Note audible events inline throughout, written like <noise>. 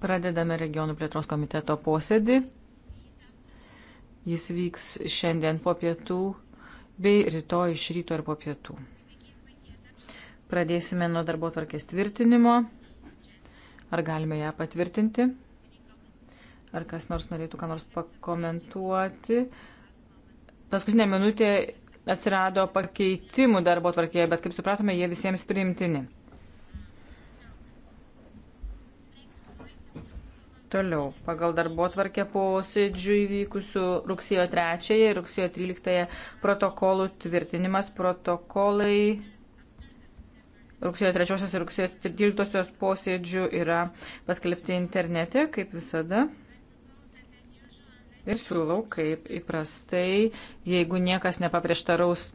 Pradedame regionų plėtros komiteto posėdį. Jis vyks šiandien po pietų bei rytoj iš ryto ir po pietų. Pradėsime nuo darbo tvarkės tvirtinimo. Ar galime ją patvirtinti? Ar kas nors norėtų ką nors pakomentuoti? Paskutinė minutė atsirado pakeitimų darbo tvarkėje, bet kaip supratome, jie visiems priimtini. Toliau, pagal darbo tvarkę posėdžių įvykusių rugsėjo 3 ir rugsėjo 13 protokolų tvirtinimas protokolai rugsėjo 3 ir rugsėjo 13 posėdžių yra paskelbti internete, kaip visada. Ir siūlau, kaip įprastai, jeigu niekas nepaprieštaraus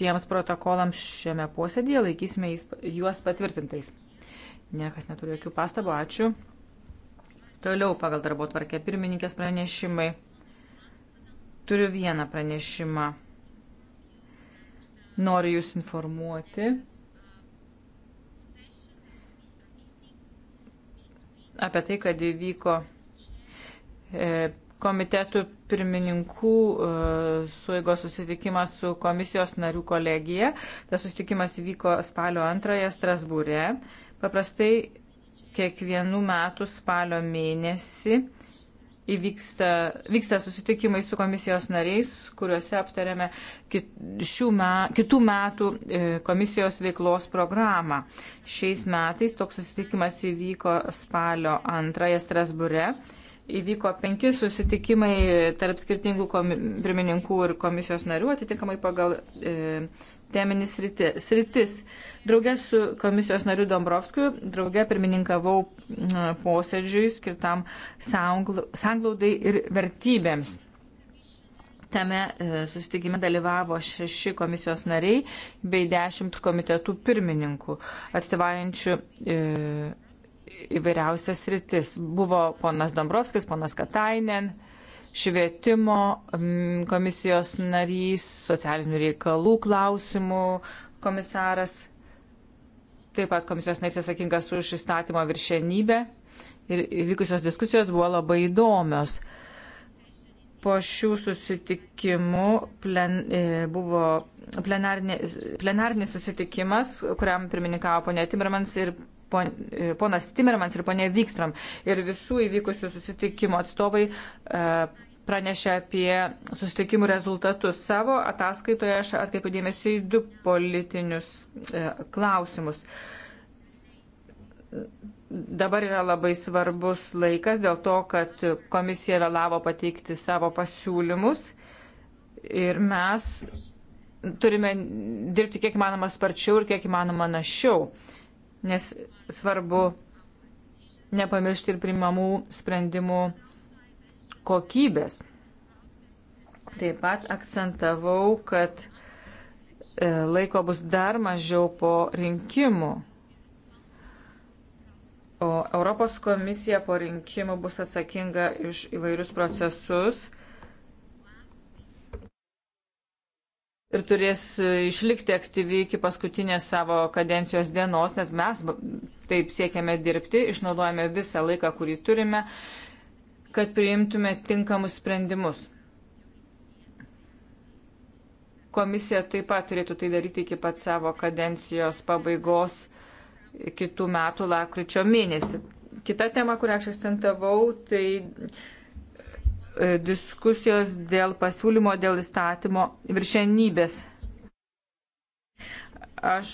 tiems protokolams šiame posėdėje, laikysime juos patvirtintais. Niekas neturi jokių pastabų, ačiū. Toliau pagal darbo tvarkę pirmininkės pranešimai. Turiu vieną pranešimą. Noriu Jūs informuoti apie tai, kad įvyko e, komitetų pirmininkų e, suigos susitikimas su komisijos narių kolegija. Tas susitikimas vyko spalio antrąją Strasbūre. Paprastai kiekvienų metų spalio mėnesį įvyksta, vyksta susitikimai su komisijos nariais, kuriuose aptarėme kit, me, kitų metų e, komisijos veiklos programą. Šiais metais toks susitikimas įvyko spalio antrąją Strasbūre. Įvyko penki susitikimai tarp skirtingų komi, pirmininkų ir komisijos narių, atitinkamai pagal e, teminis sritis. Draugės su komisijos nariu Dombrovskiu, draugė pirmininkavau posėdžiui skirtam sanglaudai ir vertybėms. Tame e, susitikime dalyvavo šeši komisijos nariai bei dešimt komitetų pirmininkų, atstovaujančių e, įvairiausias rytis. Buvo ponas Dombrovskis, ponas Katainen, švietimo komisijos narys, socialinių reikalų klausimų komisaras, taip pat komisijos narys atsakingas už įstatymo viršenybę. Ir vykusios diskusijos buvo labai įdomios. Po šių susitikimų plen, e, buvo plenarni, plenarnis susitikimas, kuriam pirmininkavo ponė Timmermans ir pon, e, ponas Timermans ir ponė Vykstrom ir visų įvykusių susitikimo atstovai e, pranešė apie susitikimų rezultatus. Savo ataskaitoje aš atkreipiu dėmesį į du politinius e, klausimus dabar yra labai svarbus laikas dėl to, kad komisija vėlavo pateikti savo pasiūlymus ir mes turime dirbti kiek įmanoma sparčiau ir kiek įmanoma našiau nes svarbu nepamiršti ir primamų sprendimų kokybės. Taip pat akcentavau, kad e, laiko bus dar mažiau po rinkimų. O Europos komisija po rinkimų bus atsakinga iš įvairius procesus ir turės e, išlikti aktyvi iki paskutinės savo kadencijos dienos, nes mes taip siekiame dirbti, išnaudojame visą laiką, kurį turime, kad priimtume tinkamus sprendimus. Komisija taip pat turėtų tai daryti iki pat savo kadencijos pabaigos kitų metų lakryčio mėnesį. Kita tema, kurią aš akcentavau, tai E, diskusijos dėl pasiūlymo dėl įstatymo viršenybės. Aš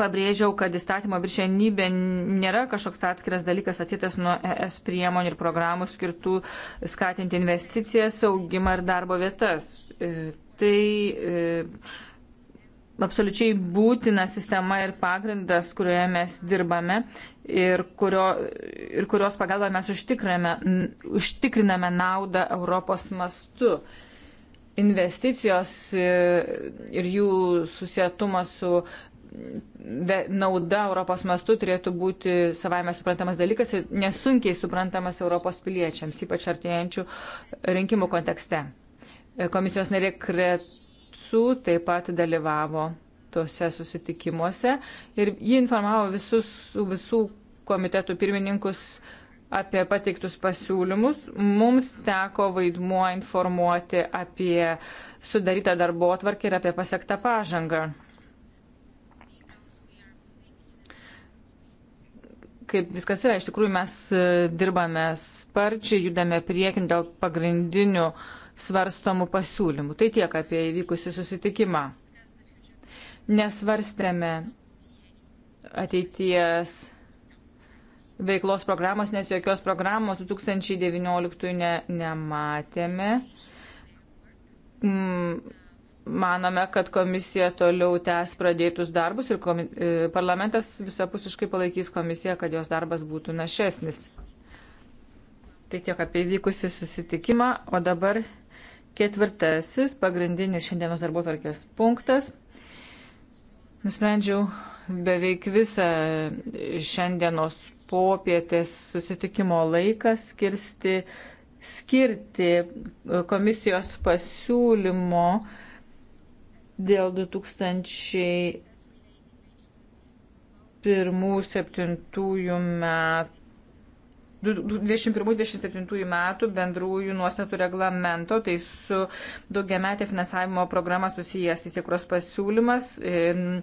pabrėžiau, kad įstatymo viršenybė nėra kažkoks atskiras dalykas atsitas nuo ES priemonių ir programų skirtų skatinti investicijas, saugimą ir darbo vietas. E, tai e, absoliučiai būtina sistema ir pagrindas, kurioje mes dirbame ir, kurio, ir kurios pagalba mes užtikriname, užtikriname naudą Europos mastu. Investicijos ir jų susietumas su nauda Europos mastu turėtų būti savaime suprantamas dalykas ir nesunkiai suprantamas Europos piliečiams, ypač artėjančių rinkimų kontekste. Komisijos narė Kret Su taip pat dalyvavo tuose susitikimuose ir ji informavo visus, visų komitetų pirmininkus apie pateiktus pasiūlymus. Mums teko vaidmuo informuoti apie sudarytą darbo atvarkį ir apie pasiektą pažangą. Kaip viskas yra, iš tikrųjų mes dirbame sparčiai, judame priekin dėl pagrindinių uh, svarstomų pasiūlymų. Tai tiek apie įvykusi susitikimą. Nesvarstėme ateities veiklos programos, nes jokios programos 2019 ne, nematėme. Mm, manome, kad komisija toliau tęs pradėtus darbus ir komi, e, parlamentas visapusiškai palaikys komisiją, kad jos darbas būtų našesnis. Tai tiek apie vykusi susitikimą, o dabar Ketvirtasis, pagrindinis šiandienos darbo tvarkės punktas. Nusprendžiau beveik visą šiandienos popietės susitikimo laiką skirsti, skirti komisijos pasiūlymo dėl 2001-2007 metų 21-27 metų bendrųjų nuostatų reglamento, tai su daugiametė finansavimo programa susijęs teisėkuros pasiūlymas, e,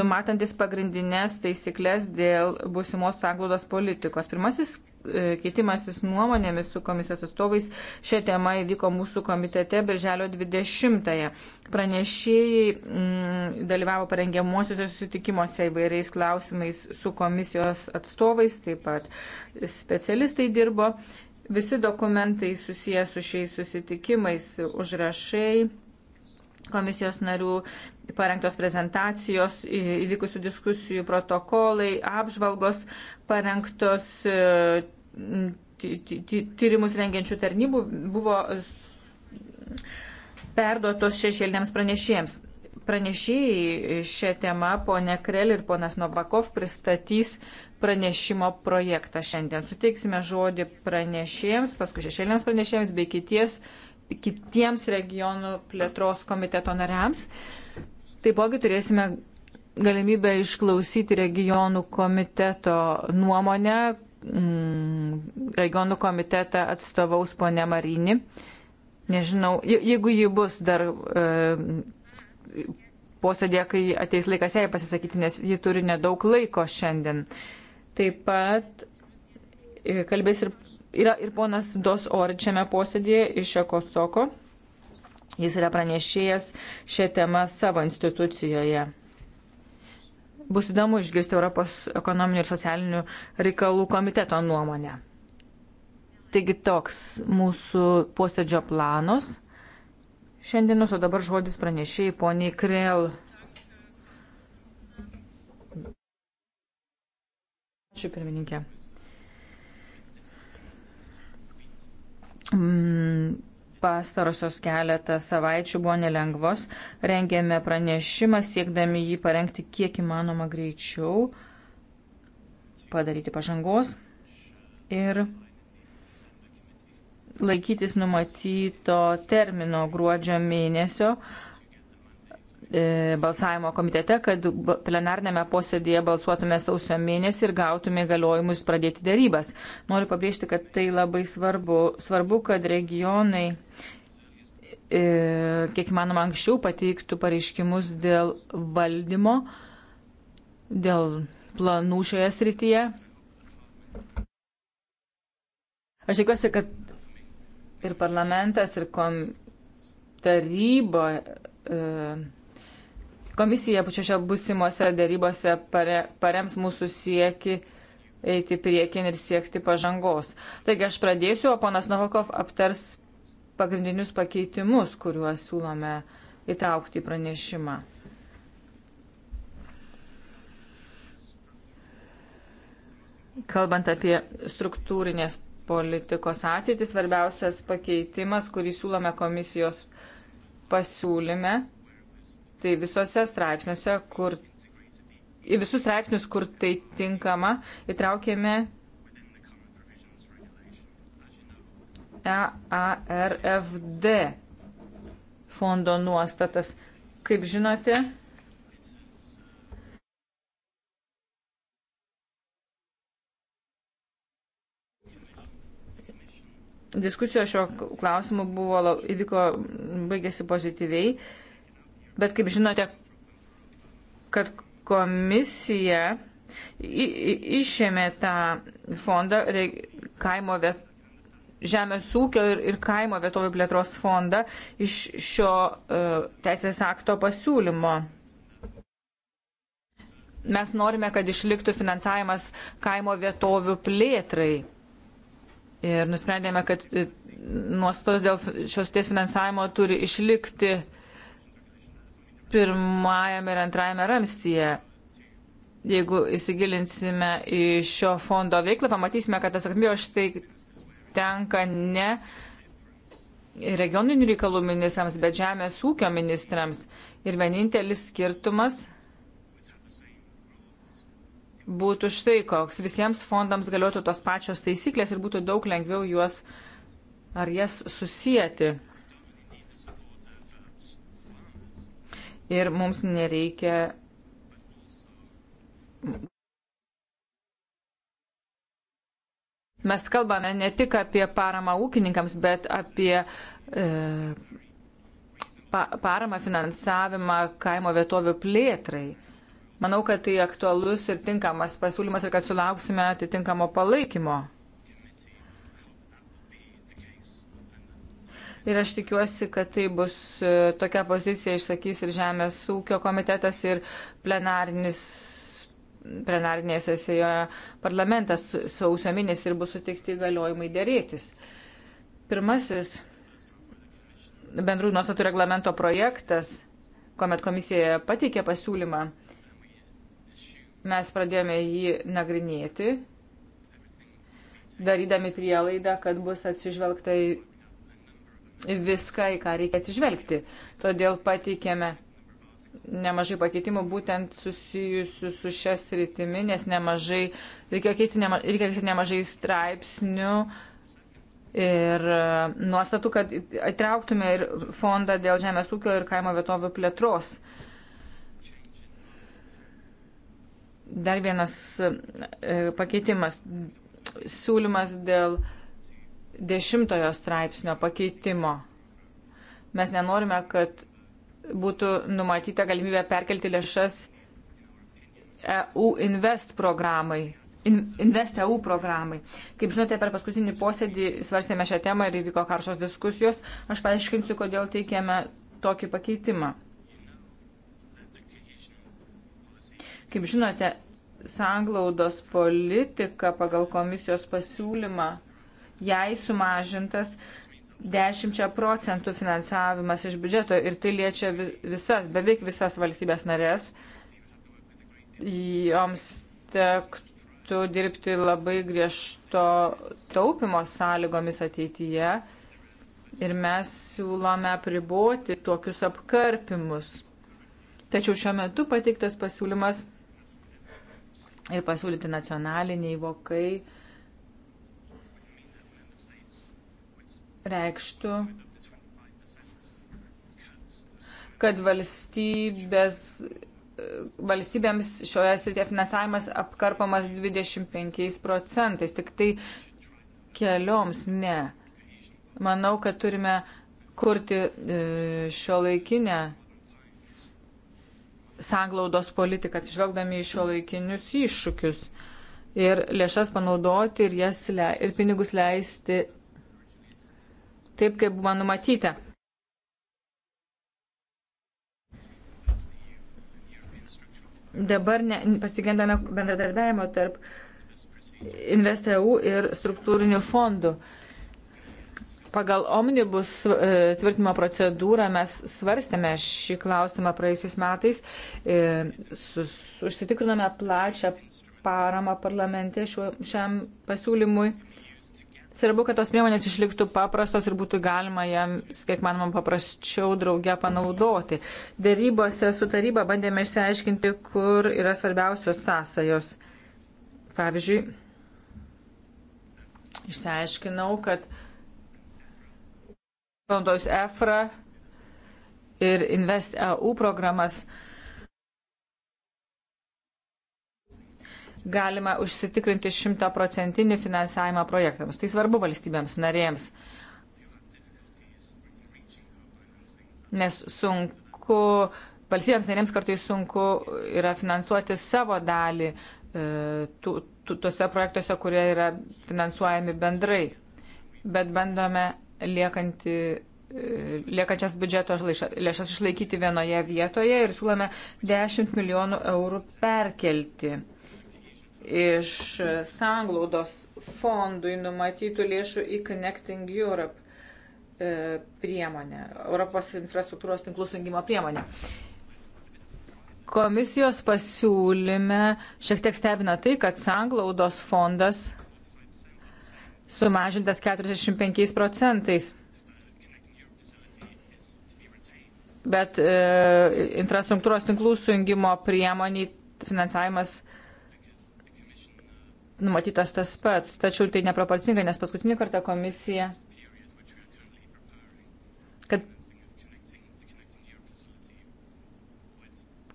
numatantis pagrindinės taisyklės dėl būsimos sanglaudos politikos. Pirmasis E, keitimasis nuomonėmis su komisijos atstovais šią temą įvyko mūsų komitete birželio 20-ąją. Pranešėjai m, mm, dalyvavo parengiamuosiuose susitikimuose įvairiais klausimais su komisijos atstovais, taip pat specialistai dirbo. Visi dokumentai susijęs su šiais susitikimais, užrašai, komisijos narių parengtos prezentacijos, įvykusių diskusijų protokolai, apžvalgos, parengtos e, tyrimus rengiančių tarnybų buvo perduotos šešėliniams pranešėjams. Pranešėjai šią temą ponė Krel ir ponas Novakov pristatys pranešimo projektą šiandien. Suteiksime žodį pranešėjams, paskui šešėliniams pranešėjams bei kities, kitiems regionų plėtros komiteto nariams. Taipogi turėsime galimybę išklausyti regionų komiteto nuomonę. Mm, regionų komitetą atstovaus ponė Marini. Nežinau, jeigu ji bus dar e, posėdė, kai ateis laikas jai pasisakyti, nes ji turi nedaug laiko šiandien. Taip pat e, kalbės ir, yra ir ponas Dos Orid šiame posėdėje iš Ekosoko. Jis yra pranešėjęs šią temą savo institucijoje. Bus įdomu išgirsti Europos ekonominių ir socialinių reikalų komiteto nuomonę. Taigi toks mūsų posėdžio planos. Šiandienos, o dabar žodis pranešėjai poniai Krell. Ačiū pirmininkė. Mm Pastarosios keletą savaičių buvo nelengvos. Rengėme pranešimą, siekdami jį parengti kiek įmanoma greičiau, padaryti pažangos ir laikytis numatyto termino gruodžio mėnesio, uh, E, balsavimo komitete, kad plenarnėme posėdėje balsuotume sausio mėnesį ir gautume įgaliojimus pradėti dėrybas. Noriu pabrėžti, kad tai labai svarbu, svarbu kad regionai e, kiek įmanoma anksčiau pateiktų pareiškimus dėl valdymo, dėl planų šioje srityje. Aš tikiuosi, kad ir parlamentas, ir kom, taryba e, Komisija pačiose busimuose darybose pare, parems mūsų sieki eiti priekin ir siekti pažangos. Taigi aš pradėsiu, o ponas Novakov aptars pagrindinius pakeitimus, kuriuos siūlome įtraukti į pranešimą. Kalbant apie struktūrinės politikos ateitį, svarbiausias pakeitimas, kurį siūlome komisijos pasiūlyme, Tai visose straipsniuose, kur į visus straipsnius, kur tai tinkama, įtraukėme EARFD fondo nuostatas. Kaip žinote, diskusijos šio klausimu buvo, įvyko, baigėsi pozityviai Bet kaip žinote, kad komisija išėmė tą fondą kaimo vietų. Žemės ūkio ir, ir kaimo vietovių plėtros fondą iš šio uh, teisės akto pasiūlymo. Mes norime, kad išliktų finansavimas kaimo vietovių plėtrai. Ir nusprendėme, kad e, nuostos dėl šios ties finansavimo turi išlikti uh, pirmajame ir antrajame ramstyje. Jeigu įsigilinsime į šio fondo veiklą, pamatysime, kad atsakomybė už tai tenka ne regioninių reikalų ministrams, bet žemės ūkio ministrams. Ir vienintelis skirtumas būtų štai koks. Visiems fondams galiotų tos pačios taisyklės ir būtų daug lengviau juos ar jas susijęti. ir mums nereikia. Mes kalbame ne tik apie paramą ūkininkams, bet apie e, pa, paramą finansavimą kaimo vietovių plėtrai. Manau, kad tai aktualus ir tinkamas pasiūlymas ir kad sulauksime atitinkamo palaikymo. Ir aš tikiuosi, kad tai bus e, tokia pozicija išsakys ir Žemės ūkio komitetas, ir plenarinis plenarinėje sesijoje parlamentas sausio mėnesį ir bus suteikti įgaliojimai dėrėtis. Pirmasis bendrų nuostatų reglamento projektas, kuomet komisija pateikė pasiūlymą, mes pradėjome jį nagrinėti, darydami prielaidą, kad bus atsižvelgta į viską, į ką reikia atsižvelgti. Todėl pateikėme nemažai pakeitimų būtent susijusių su šias rytimi, nes nemažai, reikia keisti, nema, reikia keisti nemažai straipsnių ir e, nuostatų, kad atrauktume ir fondą dėl žemės ūkio ir kaimo vietovių plėtros. Dar vienas e, pakeitimas, siūlymas dėl uh, dešimtojo straipsnio pakeitimo. Mes nenorime, kad būtų numatyta galimybė perkelti lėšas EU Invest programai. Invest EU programai. Kaip žinote, per paskutinį posėdį svarstėme šią temą ir įvyko karštos diskusijos. Aš paaiškinsiu, kodėl teikėme tokį pakeitimą. Kaip žinote, sanglaudos politika pagal komisijos pasiūlymą jai sumažintas 10 procentų finansavimas iš biudžeto ir tai liečia visas, beveik visas valstybės narės. Joms tektų dirbti labai griežto taupimo sąlygomis ateityje ir mes siūlome priboti tokius apkarpimus. Tačiau šiuo metu pateiktas pasiūlymas ir pasiūlyti nacionaliniai vokai reikštų, kad valstybės, valstybėms šioje srityje finansavimas apkarpamas 25 procentais, tik tai kelioms ne. Manau, kad turime kurti e, šio laikinę sanglaudos politiką, atsižvelgdami į šio laikinius iššūkius ir lėšas panaudoti ir, jas, ir pinigus leisti taip, kaip buvo numatyta. Dabar ne, pasigendame bendradarbiavimo tarp InvestEU ir struktūrinių fondų. Pagal omnibus e, tvirtimo procedūrą mes svarstėme šį klausimą praėjusiais metais, e, sus, užsitikrinome plačią paramą parlamente šiuo, šiam pasiūlymui. Svarbu, kad tos priemonės išliktų paprastos ir būtų galima jiems, kiek manoma, paprasčiau drauge panaudoti. Dėrybose su taryba bandėme išsiaiškinti, kur yra svarbiausios sąsajos. Pavyzdžiui, išsiaiškinau, kad Fondos EFRA ir InvestEU programas uh, galima užsitikrinti šimtaprocentinį finansavimą projektams. Tai svarbu valstybėms narėms, nes sunku, valstybėms narėms kartais sunku yra finansuoti savo dalį tu, e, tu, tuose projektuose, kurie yra finansuojami bendrai. Bet bandome liekantį e, liekačias biudžeto lėšas išlaikyti vienoje vietoje ir siūlome 10 milijonų eurų perkelti iš sanglaudos fondui numatytų lėšų į Connecting Europe e, priemonę, Europos infrastruktūros tinklų sujungimo priemonę. Komisijos pasiūlyme šiek tiek stebina tai, kad sanglaudos fondas sumažintas 45 procentais. Bet e, infrastruktūros tinklų sujungimo priemoniai finansavimas e, numatytas tas pats, tačiau tai neproporcinga, nes paskutinį kartą komisija, kad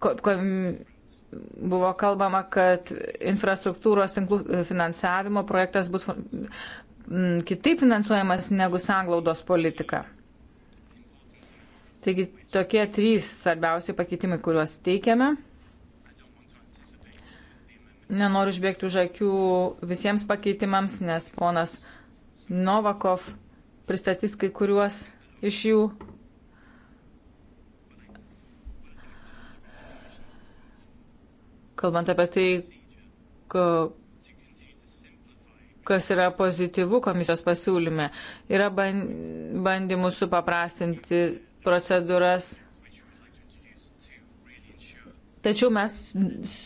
ko, ko, buvo kalbama, kad infrastruktūros tinklų finansavimo projektas bus kitaip finansuojamas negu sanglaudos politika. Taigi tokie trys svarbiausi pakeitimai, kuriuos teikiame. Nenoriu užbėgti už akių visiems pakeitimams, nes ponas Novakov pristatys kai kuriuos iš jų. Kalbant apie tai, kas yra pozityvų komisijos pasiūlyme, yra bandymų supaprastinti procedūras. Tačiau mes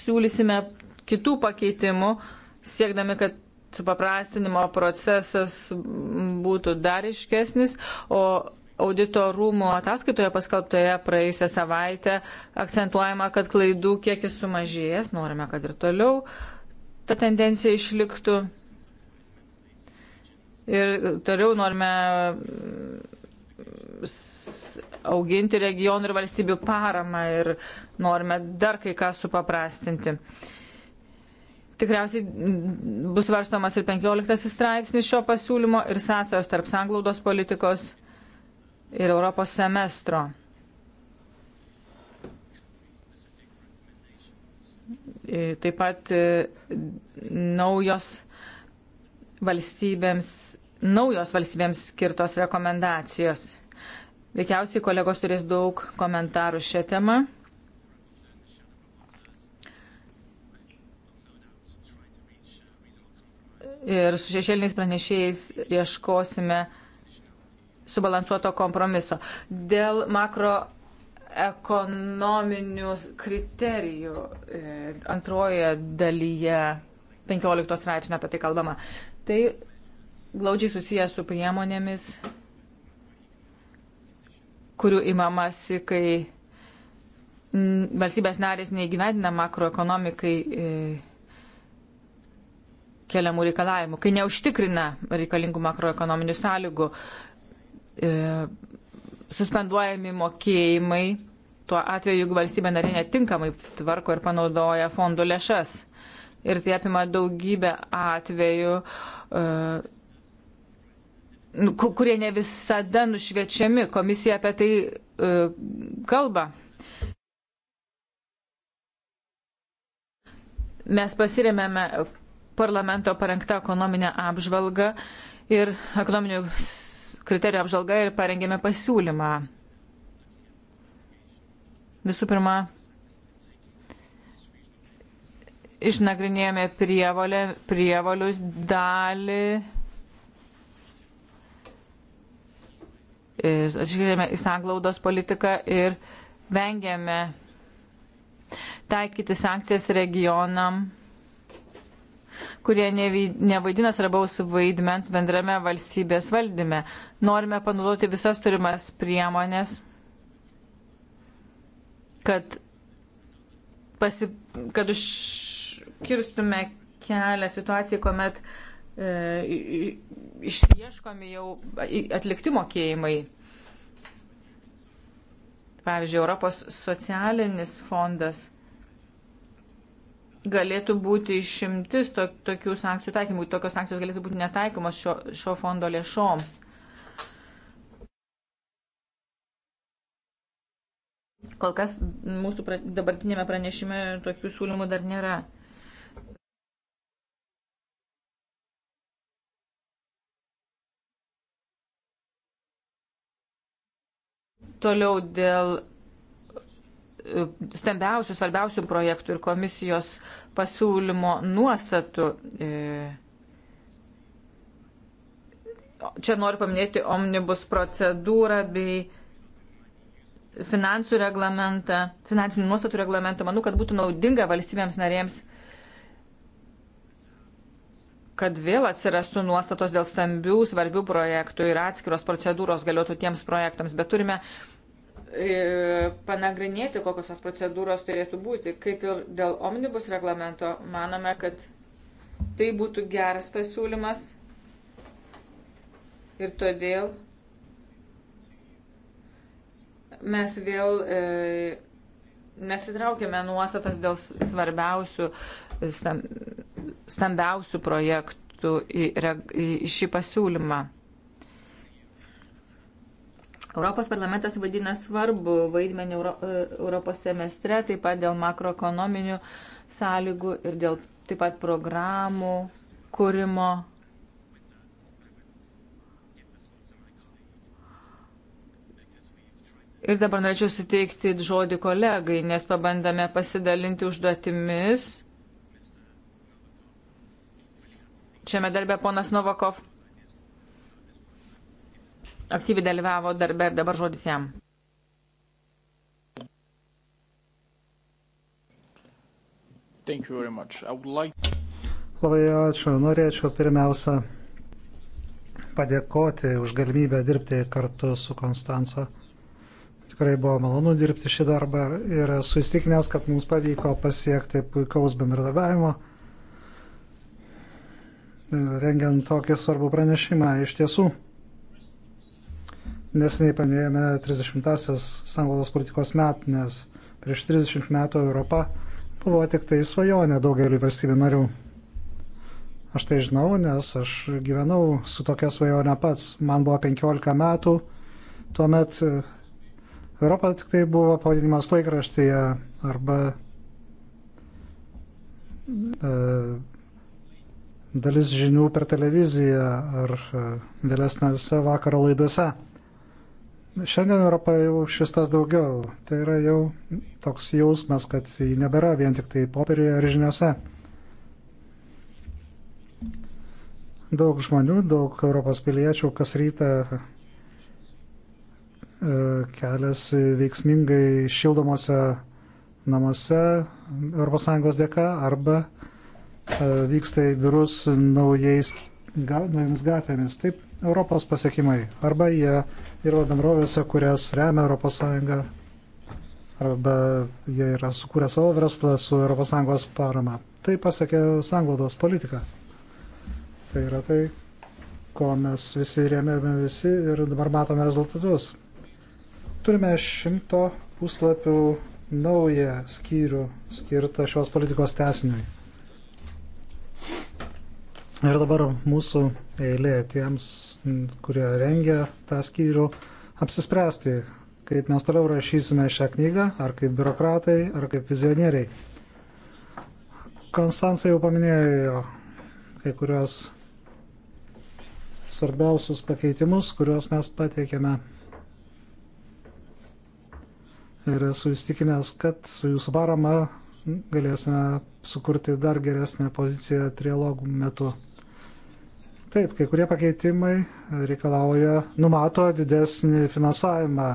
siūlysime kitų pakeitimų, siekdami, kad supaprastinimo procesas būtų dar iškesnis, o audito rūmų ataskaitoje paskelbtoje praėjusią savaitę akcentuojama, kad klaidų kiekis sumažėjęs, norime, kad ir toliau ta tendencija išliktų. Ir toliau norime mm, auginti regionų ir valstybių paramą ir norime dar kai ką supaprastinti. Uh, Tikriausiai bus varstomas ir 15 straipsnis šio pasiūlymo ir sąsajos tarp sanglaudos politikos ir Europos semestro. E, taip pat e, naujos valstybėms, naujos valstybėms skirtos rekomendacijos. Veikiausiai kolegos turės daug komentarų šią temą. ir su šešėliniais pranešėjais ieškosime subalansuoto kompromiso. Dėl makroekonominių kriterijų e, antroje dalyje 15 straipsnio apie tai kalbama. Tai glaudžiai susijęs su priemonėmis, kurių imamasi, kai valstybės narės neįgyvendina makroekonomikai e, keliamų reikalavimų, kai neužtikrina reikalingų makroekonominių sąlygų, e, suspenduojami mokėjimai, tuo atveju, jeigu valstybė narė netinkamai tvarko ir panaudoja fondų lėšas. Ir tai apima daugybę atvejų, e, nu, kurie ne visada nušviečiami. Komisija apie tai e, kalba. mes pasiremėme parlamento parengta ekonominė apžvalga ir ekonominių kriterijų apžvalga ir parengėme pasiūlymą. Visų pirma, išnagrinėjome prievolę, prievolius dalį, atžiūrėjome į sanglaudos politiką ir vengėme taikyti sankcijas regionam kurie nevaidina svarbaus vaidmens bendrame valstybės valdyme. Norime panaudoti visas turimas priemonės, kad, pasi, kad užkirstume kelią situacijai, kuomet e, išieškomi jau atlikti mokėjimai. Pavyzdžiui, Europos socialinis fondas galėtų būti išimtis to, tokių sankcijų taikymui. Tokios sankcijos galėtų būti netaikomos šio, šio fondo lėšoms. Kol kas mūsų pra, dabartinėme pranešime tokių siūlymų dar nėra. Toliau dėl stambiausių, svarbiausių projektų ir komisijos pasiūlymo nuostatų. E, čia noriu paminėti omnibus procedūrą bei finansų reglamentą, finansinių nuostatų reglamentą. Manau, kad būtų naudinga valstybėms narėms, kad vėl atsirastų nuostatos dėl stambių, svarbių projektų ir atskiros procedūros galiotų tiems projektams, bet turime E, panagrinėti, kokios tos procedūros turėtų būti. Kaip ir dėl omnibus reglamento, manome, kad tai būtų geras pasiūlymas ir todėl mes vėl e, nesitraukėme nuostatas dėl svarbiausių, stambiausių projektų į, į šį pasiūlymą. Europos parlamentas vaidina svarbu vaidmenį Euro, e, Europos semestre, taip pat dėl makroekonominių sąlygų ir dėl taip pat programų kūrimo. Ir dabar norėčiau suteikti žodį kolegai, nes pabandame pasidalinti užduotimis. Šiame darbe ponas Novakov aktyviai dalyvavo darbe ir dabar žodis jam. Like... Labai ačiū. Norėčiau pirmiausia padėkoti už galimybę dirbti kartu su Konstanco. Tikrai buvo malonu dirbti šį darbą ir esu įstikinęs, kad mums pavyko pasiekti puikaus bendradarbiavimo rengiant tokį svarbų pranešimą. Iš tiesų, nesnei paminėjome 30-asias sanglaudos politikos metinės. Prieš 30 metų Europa buvo tik tai svajonė daugeliu valstybių narių. Aš tai žinau, nes aš gyvenau su tokia svajonė pats. Man buvo 15 metų, tuomet e, Europa tik tai buvo pavadinimas laikraštyje arba e, dalis žinių per televiziją ar e, vėlesnėse vakaro laidose. Šiandien Europoje jau šis tas daugiau. Tai yra jau toks jausmas, kad ji nebėra vien tik tai popierioje ar žiniuose. Daug žmonių, daug Europos piliečių kas rytą e, kelias veiksmingai šildomose namuose ES dėka arba e, vyksta į biurus naujais, naujomis gatvėmis. Taip, Europos pasiekimai. Arba jie dirba bendrovėse, kurias remia ES, arba jie yra sukūrę savo verslą su ES parama. Tai pasiekė sanglaudos politika. Tai yra tai, ko mes visi rėmėme visi ir dabar matome rezultatus. Turime šimto puslapių naują skyrių skirtą šios politikos tesiniui. Ir dabar mūsų eilė tiems, kurie rengia tą skyrių, apsispręsti, kaip mes toliau rašysime šią knygą, ar kaip biurokratai, ar kaip vizionieriai. Konstancija jau paminėjo kai kurios svarbiausius pakeitimus, kuriuos mes pateikėme. Ir esu įstikinęs, kad su jūsų parama galėsime sukurti dar geresnę poziciją trialogų metu. Taip, kai kurie pakeitimai reikalauja, numato didesnį finansavimą.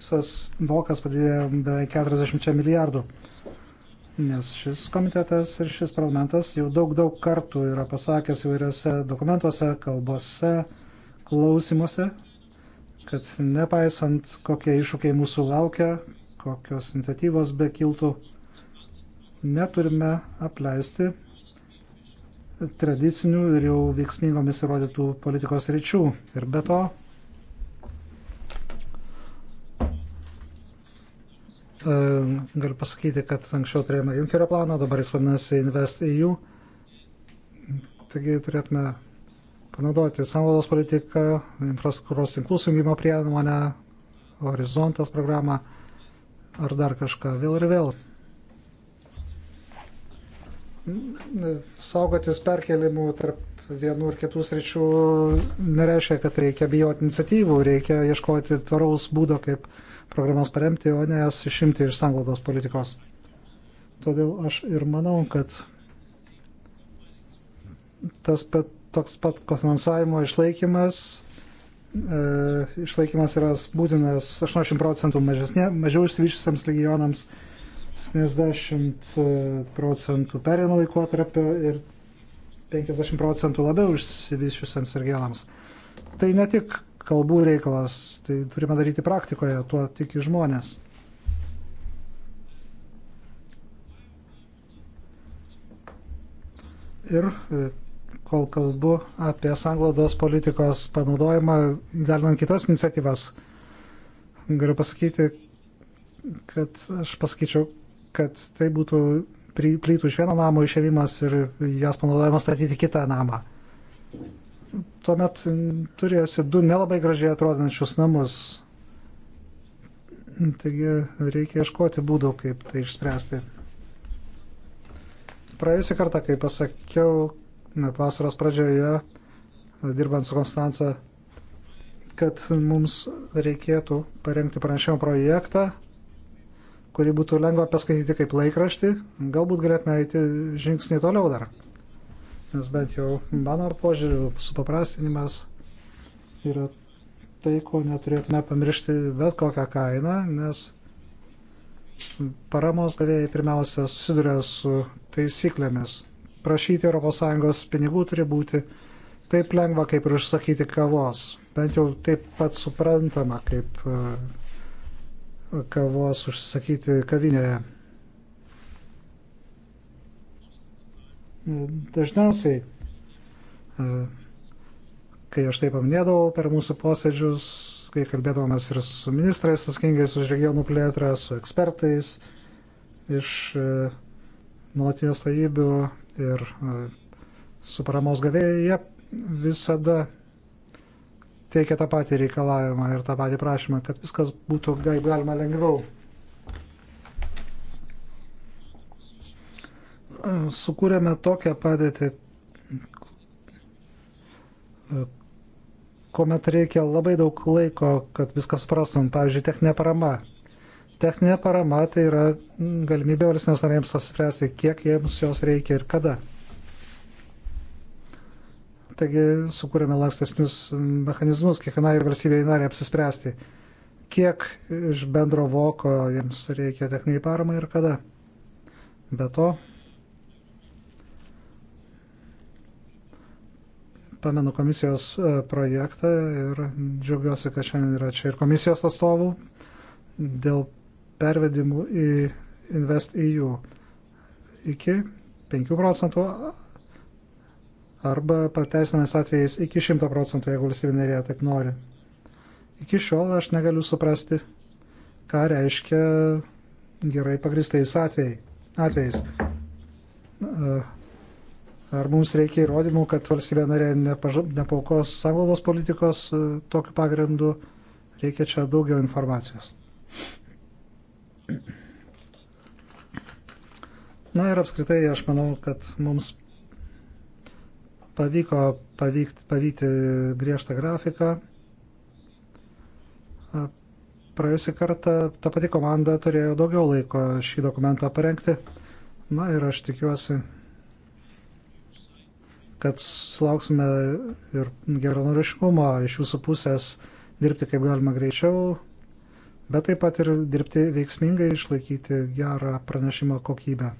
Visas vokas padidėjo beveik 40 milijardų. Nes šis komitetas ir šis parlamentas jau daug, daug kartų yra pasakęs įvairiose dokumentuose, kalbose, klausimuose, kad nepaisant, kokie iššūkiai mūsų laukia, kokios iniciatyvos bekiltų, neturime apleisti tradicinių ir jau veiksmingomis įrodytų politikos ryčių. Ir be to, e, galiu pasakyti, kad anksčiau turėjome Junkerio planą, dabar jis vadinasi InvestEU. Taigi turėtume panaudoti sanglaudos politiką, infrastruktūros tinklų sujungimo priemonę, horizontas programą ar dar kažką vėl ir vėl saugotis perkelimų tarp vienų ir kitų sričių nereiškia, kad reikia bijoti iniciatyvų, reikia ieškoti tvaraus būdo, kaip programas paremti, o ne jas išimti iš sanglaudos politikos. Todėl aš ir manau, kad tas pat, toks pat kofinansavimo išlaikymas, e, išlaikymas yra būtinas 80 procentų mažiau išsivyščiusiams regionams 70 e, procentų perėjimo laikotarpio ir 50 procentų labiau išsivyščiusiems regionams. Tai ne tik kalbų reikalas, tai turime daryti praktikoje, tuo tiki žmonės. Ir e, kol kalbu apie sanglaudos politikos panaudojimą, galinant kitas iniciatyvas, galiu pasakyti, kad aš pasakyčiau, kad tai būtų plytų iš vieno namo išėmimas ir jas panaudojimas statyti kitą namą. Tuomet turėsi du nelabai gražiai atrodančius namus. Taigi reikia ieškoti būdų, kaip tai išspręsti. Praėjusią kartą, kai pasakiau ne, vasaros pradžioje, dirbant su Konstanca, kad mums reikėtų parengti pranešimo projektą kurį būtų lengva paskaityti kaip laikraštį, galbūt galėtume eiti žingsnį toliau dar. Nes bent jau mano požiūriu supaprastinimas yra tai, ko neturėtume pamiršti bet kokią kainą, nes paramos gavėjai pirmiausia susiduria su taisyklėmis. Prašyti ES pinigų turi būti taip lengva, kaip ir užsakyti kavos. Bent jau taip pat suprantama, kaip kavos užsakyti kavinėje. Dažniausiai, e, kai aš tai paminėdavau per mūsų posėdžius, kai kalbėdavomės ir su ministrais atsakingais už regionų plėtrą, su ekspertais iš e, nuolatinės tarybių ir e, su paramos gavėjai, jie visada teikia tą patį reikalavimą ir tą patį prašymą, kad viskas būtų galima lengviau. Sukūrėme tokią padėtį, kuomet reikia labai daug laiko, kad viskas prastum. Pavyzdžiui, techninė parama. Techninė parama tai yra galimybė valstybės narėms apsispręsti, kiek jiems jos reikia ir kada. Taigi sukūrėme lankstesnius mechanizmus kiekvienai valstybei nariai apsispręsti, kiek iš bendro voko jiems reikia techniniai paramai ir kada. Be to, pamenu komisijos e, projektą ir džiaugiuosi, kad šiandien yra čia ir komisijos atstovų dėl pervedimų į InvestEU iki 5 procentų arba pateisinamais atvejais iki 100 procentų, jeigu valstybė narė taip nori. Iki šiol aš negaliu suprasti, ką reiškia gerai pagristais atvejai, atvejais. Ar mums reikia įrodymų, kad valstybė narė nepaukos sąnaudos politikos tokiu pagrindu, reikia čia daugiau informacijos. Na ir apskritai aš manau, kad mums pavyko pavykt, pavykti griežtą grafiką. Praėjusią kartą ta pati komanda turėjo daugiau laiko šį dokumentą parengti. Na ir aš tikiuosi, kad sulauksime ir geronoriškumo iš jūsų pusės dirbti kaip galima greičiau, bet taip pat ir dirbti veiksmingai, išlaikyti gerą pranešimo kokybę.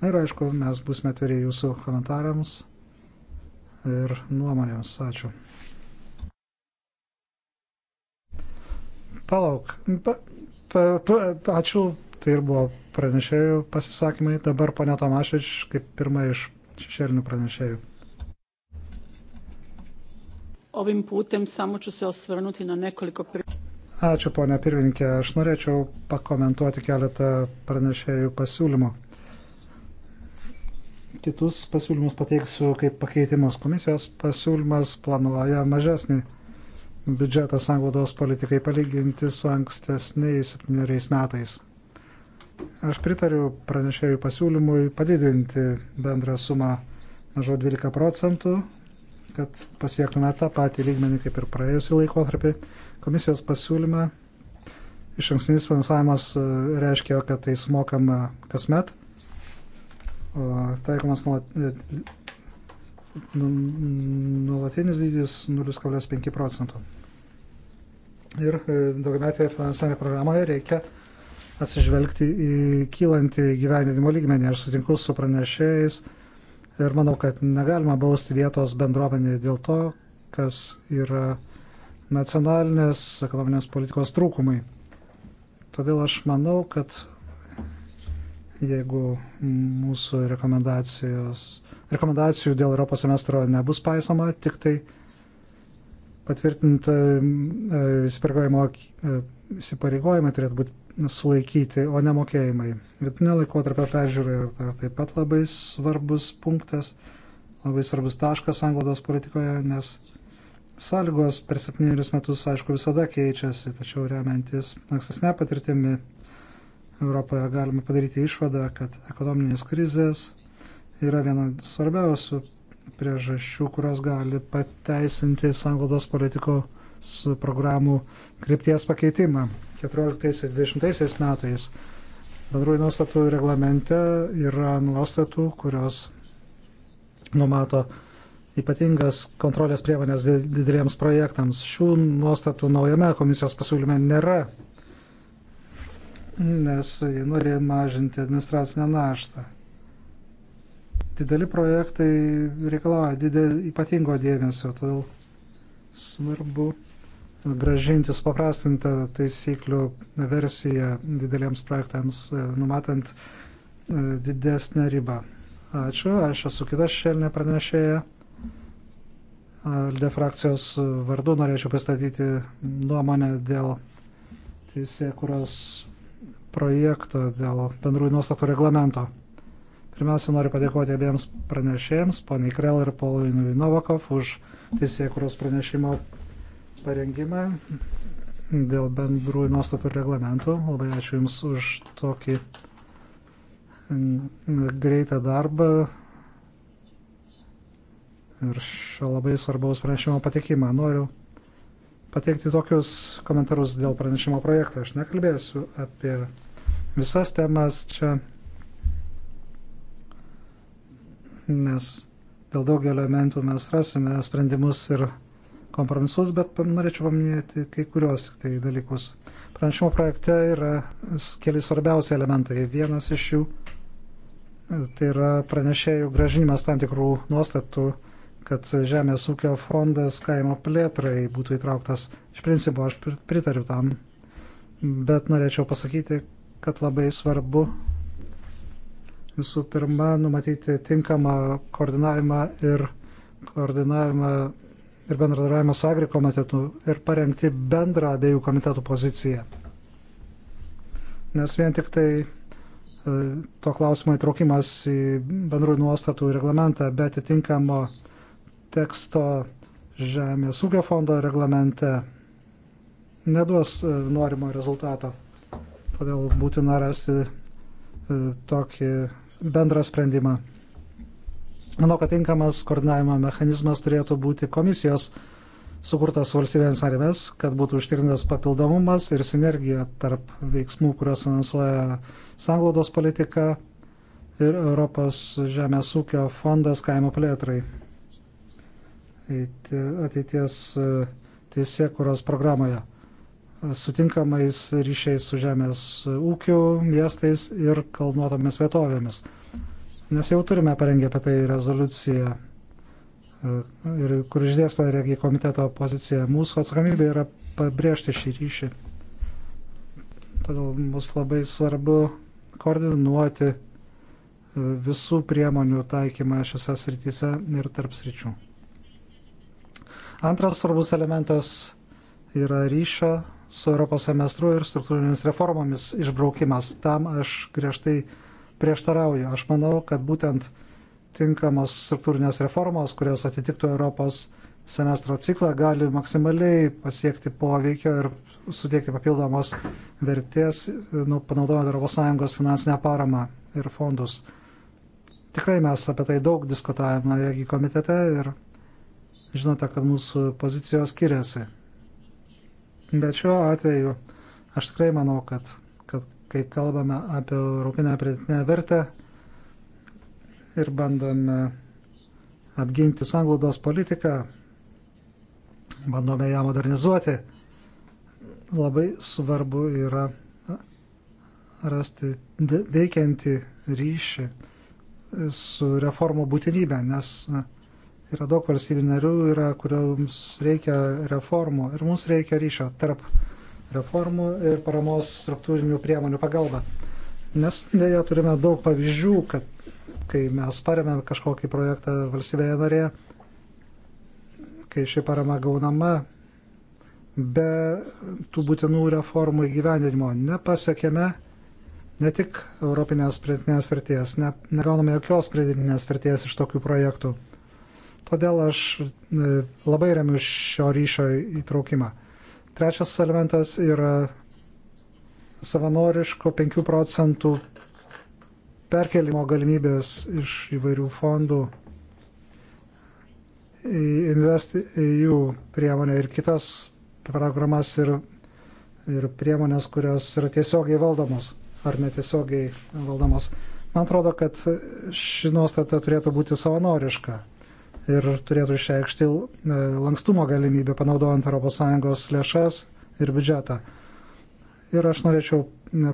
Na ir aišku, mes būsime atviri jūsų komentarams ir nuomonėms. Ačiū. Palauk. Pa, pa, pa, ačiū. Tai ir buvo pranešėjų pasisakymai. Dabar ponia Tomašič kaip pirma iš šešėlinių pranešėjų. Ovim putem samo ću se osvrnuti na nekoliko Ačiū ponia pirmininkė. Aš norėčiau pakomentuoti keletą pranešėjų pasiūlymų kitus pasiūlymus pateiksiu kaip pakeitimus. Komisijos pasiūlymas planuoja mažesnį biudžetą sanglaudos politikai palyginti su ankstesniais septyneriais metais. Aš pritariu pranešėjų pasiūlymui padidinti bendrą sumą mažo 12 procentų, kad pasiektume tą patį lygmenį kaip ir praėjusį laikotarpį. Komisijos pasiūlymą iš ankstinis finansavimas e, reiškia, kad tai sumokama kasmet, taikomas e, nu, nuolatinis dydis 0,5 procentų. Ir e, daugiametėje finansavimo programoje reikia atsižvelgti į kylantį gyvenimo lygmenį. Aš sutinku su pranešėjais ir manau, kad negalima bausti vietos bendruomenį dėl to, kas yra nacionalinės ekonominės politikos trūkumai. Todėl aš manau, kad jeigu mūsų rekomendacijų dėl Europos semestro nebus paisoma, tik tai patvirtinti e, e, įsipareigojimai turėtų būti sulaikyti, o ne mokėjimai. Vidinio laikotarpio peržiūroje taip pat labai svarbus punktas, labai svarbus taškas anglodos politikoje, nes sąlygos per septynerius metus, aišku, visada keičiasi, tačiau remiantis ankstesnė patirtimi Europoje galime padaryti išvadą, kad ekonominės krizės yra viena svarbiausių priežasčių, kurios gali pateisinti sanglaudos politikos programų krypties pakeitimą. 14-20 metais bendrųjų nuostatų reglamente yra nuostatų, kurios numato ypatingas kontrolės priemonės dideliems projektams. Šių nuostatų naujame komisijos pasiūlyme nėra nes jie norėjo mažinti administracinę naštą. Dideli projektai reikalauja didel, ypatingo dėmesio, todėl svarbu gražinti supaprastintą taisyklių versiją dideliems projektams, e, numatant e, didesnę ribą. Ačiū, aš esu kita šelnė pranešėja. Alde frakcijos vardu norėčiau pristatyti nuomonę dėl teisėkuros projekto dėl bendrųjų nuostatų reglamento. Pirmiausia, noriu padėkoti abiems pranešėjams, poniai Krell ir Polui Novakov, už teisėkuros pranešimo parengimą dėl bendrųjų nuostatų reglamentų. Labai ačiū Jums už tokį greitą darbą ir šio labai svarbaus pranešimo patekimą. Noriu pateikti tokius komentarus dėl pranešimo projekto. Aš nekalbėsiu apie visas temas čia, nes dėl daugelio elementų mes rasime sprendimus ir kompromisus, bet norėčiau paminėti kai kurios tik tai dalykus. Pranešimo projekte yra keli svarbiausi elementai. Vienas iš jų e, tai yra pranešėjų gražinimas tam tikrų nuostatų, kad Žemės ūkio fondas kaimo plėtrai būtų įtrauktas. Iš principo aš pritariu tam, bet norėčiau pasakyti, kad labai svarbu visų pirma numatyti tinkamą koordinavimą ir koordinavimą ir bendradarbiavimą su Agri komitetu ir parengti bendrą abiejų komitetų poziciją. Nes vien tik tai e, to klausimo įtraukimas į bendrųjų nuostatų reglamentą be atitinkamo teksto Žemės ūkio fondo reglamente neduos e, norimo rezultato. Todėl būtina rasti e, tokį bendrą sprendimą. Manau, kad tinkamas koordinavimo mechanizmas turėtų būti komisijos sukurtas valstybėms narėmis, kad būtų užtikrintas papildomumas ir sinergija tarp veiksmų, kuriuos finansuoja sanglaudos politika ir Europos žemės ūkio fondas kaimo plėtrai. Ateities e, teisėkuros programoje sutinkamais ryšiais su žemės ūkiu, miestais ir kalnuotomis vietovėmis. Nes jau turime parengę apie tai rezoliuciją, e, kur išdėsta regijų komiteto pozicija. Mūsų atsakomybė yra pabrėžti šį ryšį. Todėl bus labai svarbu koordinuoti e, visų priemonių taikymą šiose srityse ir tarp sričių. Antras svarbus elementas yra ryšio su Europos semestru ir struktūrinėmis reformomis išbraukimas. Tam aš griežtai prieštarauju. Aš manau, kad būtent tinkamos struktūrinės reformos, kurios atitiktų Europos semestro ciklą, gali maksimaliai pasiekti poveikio ir suteikti papildomos vertės, nu, panaudojant ES finansinę paramą ir fondus. Tikrai mes apie tai daug diskutavome regijų komitete ir žinote, kad mūsų pozicijos skiriasi. Bet šiuo atveju aš tikrai manau, kad, kad kai kalbame apie europinę pridėtinę vertę ir bandome apginti sanglaudos politiką, bandome ją modernizuoti, labai svarbu yra rasti veikiantį ryšį su reformų būtinybė, nes Yra daug valstybių narių, yra, kuriams reikia reformų ir mums reikia ryšio tarp reformų ir paramos struktūrinių priemonių pagalba. Nes dėja turime daug pavyzdžių, kad kai mes paremėm kažkokį projektą valstybėje narėje, kai ši parama gaunama be tų būtinų reformų įgyvendinimo nepasiekėme ne tik Europinės pridėtinės vertės, ne, negauname jokios pridėtinės vertės iš tokių projektų. Todėl aš e, labai remiu šio ryšio įtraukimą. Trečias elementas yra savanoriško 5 procentų perkelimo galimybės iš įvairių fondų į InvestEU priemonę ir kitas programas ir, ir priemonės, kurios yra tiesiogiai valdomos ar netiesiogiai valdomos. Man atrodo, kad ši nuostata turėtų būti savanoriška ir turėtų išreikšti e, lankstumo galimybę panaudojant ES lėšas ir biudžetą. Ir aš norėčiau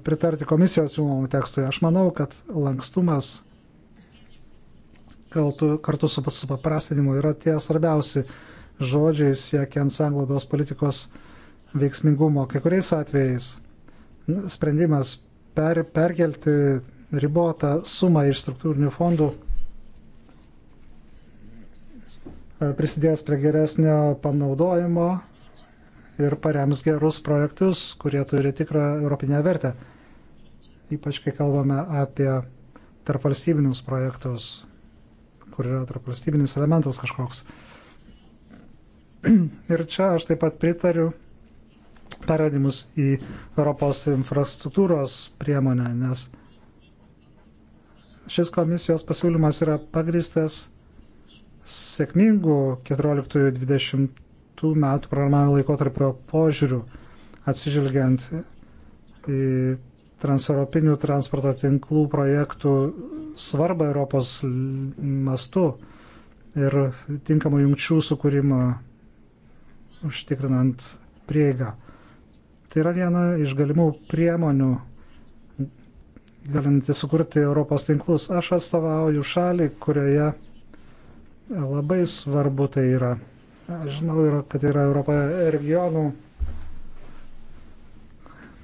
pritarti komisijos siūlomam tekstui. Aš manau, kad lankstumas kartu su supaprastinimu yra tie svarbiausi žodžiai siekiant sanglaudos politikos veiksmingumo. Kai kuriais atvejais sprendimas per, perkelti ribotą sumą iš struktūrinių fondų E, prisidės prie geresnio panaudojimo ir parems gerus projektus, kurie turi tikrą europinę vertę. Ypač kai kalbame apie tarpvalstybinius projektus, kur yra tarpvalstybinis elementas kažkoks. <clears throat> Ir čia aš taip pat pritariu pervedimus į Europos infrastruktūros priemonę, nes šis komisijos pasiūlymas yra pagristas sėkmingų 14-20 metų programavimo laikotarpio požiūrių, atsižvelgiant į transeuropinių transporto tinklų projektų svarbą Europos mastu ir tinkamų jungčių sukūrimą užtikrinant prieigą. Tai yra viena iš galimų priemonių galinti sukurti Europos tinklus. Aš atstovauju šalį, kurioje Labai svarbu tai yra. Aš žinau, kad yra Europoje regionų,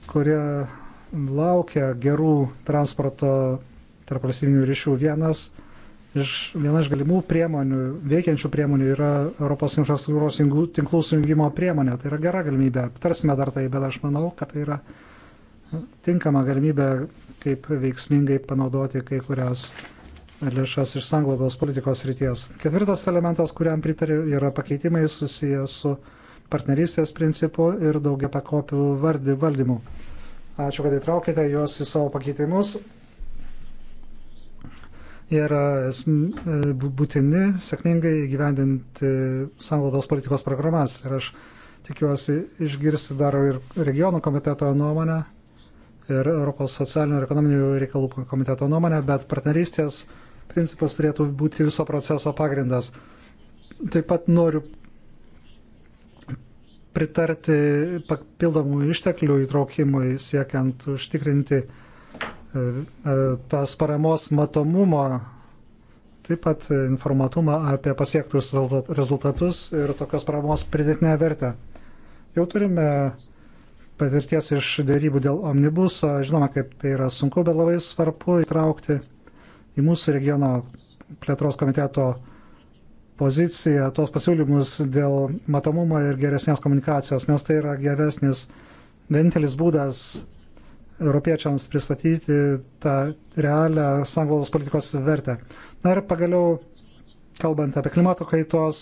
kurie laukia gerų transporto tarp valstybinių ryšių. Vienas iš, viena iš galimų priemonių, veikiančių priemonių yra Europos infrastruktūros tinklų sujungimo priemonė. Tai yra gera galimybė. Aptarsime dar tai, bet aš manau, kad tai yra tinkama galimybė, kaip veiksmingai panaudoti kai kurias lėšas iš sanglaudos politikos ryties. Ketvirtas elementas, kuriam pritariu, yra pakeitimai susijęs su partnerystės principu ir daugia pakopių vardy, valdymu. Ačiū, kad įtraukite juos į savo pakeitimus. Jie yra e, būtini sėkmingai įgyvendinti sanglaudos politikos programas. Ir aš tikiuosi išgirsti dar ir regionų komiteto nuomonę ir Europos socialinių ir ekonominių reikalų komiteto nuomonę, bet partnerystės uh, principas turėtų būti viso proceso pagrindas. Taip pat noriu pritarti papildomų išteklių įtraukimui, siekiant užtikrinti e, e, tas paramos matomumo, taip pat informatumą apie pasiektus rezultatus ir tokios paramos pridėtinę vertę. Jau turime patirties iš dėrybų dėl omnibuso, žinoma, kaip tai yra sunku, bet labai svarbu įtraukti į mūsų regiono plėtros komiteto poziciją, tuos pasiūlymus dėl matomumo ir geresnės komunikacijos, nes tai yra geresnis, vienintelis būdas europiečiams pristatyti tą realią sanglaudos politikos vertę. Na ir pagaliau, kalbant apie klimato kaitos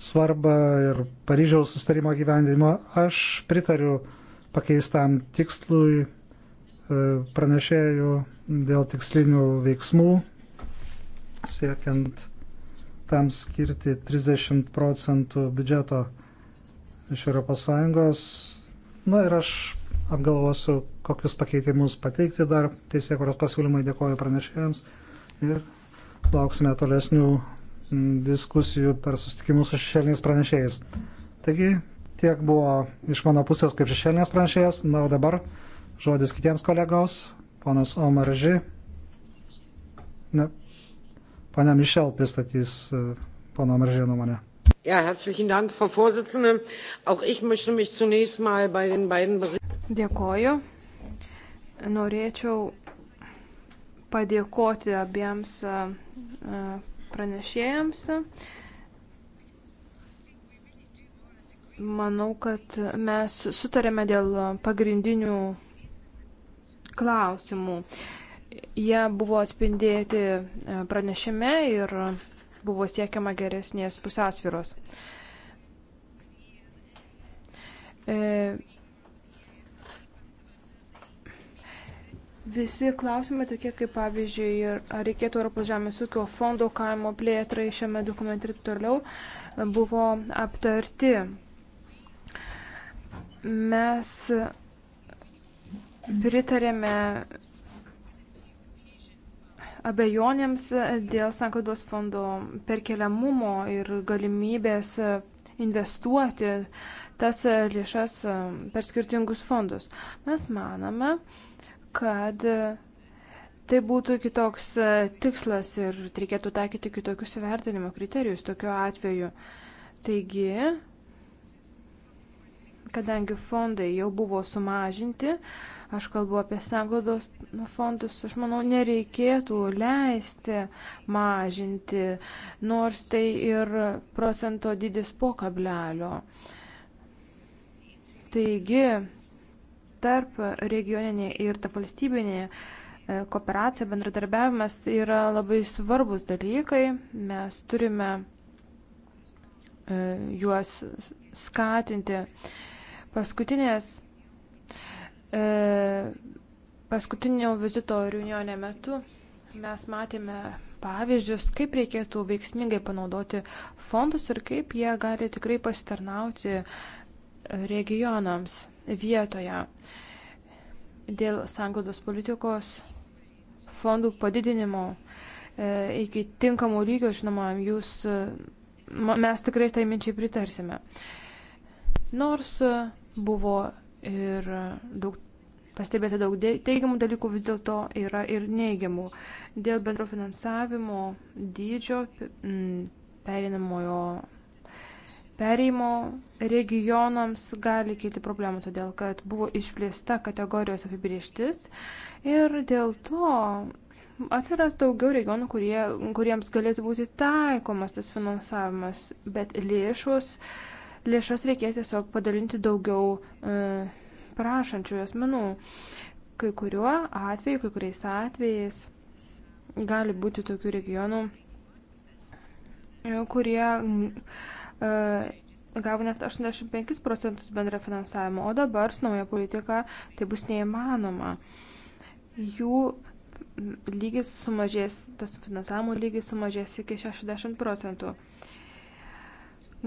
svarbą ir Paryžiaus sustarimo gyvendinimo, aš pritariu pakeistam tikslui E, pranešėjų dėl tikslinių veiksmų, siekiant tam skirti 30 procentų biudžeto iš ES. Na ir aš apgalvosiu, kokius pakeitimus pateikti dar. Teisėkuros pasiūlymai dėkoju pranešėjams ir lauksime tolesnių diskusijų per susitikimus su šešėliniais pranešėjais. Taigi tiek buvo iš mano pusės kaip šešėlinės pranešėjas. Na, o dabar Žodis kitiems kolegos, ponas Omarži. Ne, Pane Mišel pristatys e, pono Maržė nuomonę. Ja, herzlichen Dank, Frau Vorsitzende. Auch ich möchte mich zunächst mal bei den beiden Dėkoju. Norėčiau padėkoti abiems e, e, pranešėjams. Manau, kad mes sutarėme dėl pagrindinių klausimų. Jie buvo atspindėti e, pranešime ir buvo siekiama geresnės pusiausviros. E, visi klausimai tokie kaip pavyzdžiui, ar reikėtų Europos žemės ūkio fondo kaimo plėtrai šiame dokumente ir toliau buvo aptarti. Mes Pritarėme abejonėms dėl sankados fondo perkeliamumo ir galimybės investuoti tas lėšas per skirtingus fondus. Mes manome, kad tai būtų kitoks tikslas ir reikėtų taikyti kitokius įvertinimo kriterijus tokiu atveju. Taigi, kadangi fondai jau buvo sumažinti, Aš kalbu apie sanglaudos fondus. Aš manau, nereikėtų leisti mažinti, nors tai ir procento dydis po kablelio. Taigi, tarp regioninė ir ta valstybinė e, kooperacija, bendradarbiavimas yra labai svarbus dalykai. Mes turime e, juos skatinti. Paskutinės E, paskutinio vizito Reunionė metu mes matėme pavyzdžius, kaip reikėtų veiksmingai panaudoti fondus ir kaip jie gali tikrai pasitarnauti regionams vietoje. Dėl sanglaudos politikos fondų padidinimo e, iki tinkamų lygio, žinoma, jūs, mes tikrai tai minčiai pritarsime. Nors buvo ir e, daug, pastebėta daug teigiamų dalykų, vis dėlto yra ir neigiamų. Dėl bendro finansavimo dydžio perinamojo perėjimo regionams gali kilti problemų, todėl kad buvo išplėsta kategorijos apibrieštis ir dėl to atsiras daugiau regionų, kurie, kuriems galėtų būti taikomas tas finansavimas, bet lėšus uh, lėšas reikės tiesiog padalinti daugiau e, prašančių asmenų. Kai kuriuo atveju, kai kuriais atvejais gali būti tokių regionų, e, kurie e, gavo net 85 procentus bendrą finansavimą, o dabar su nauja politika tai bus neįmanoma. Jų lygis sumažės, tas finansavimo lygis sumažės iki 60 procentų.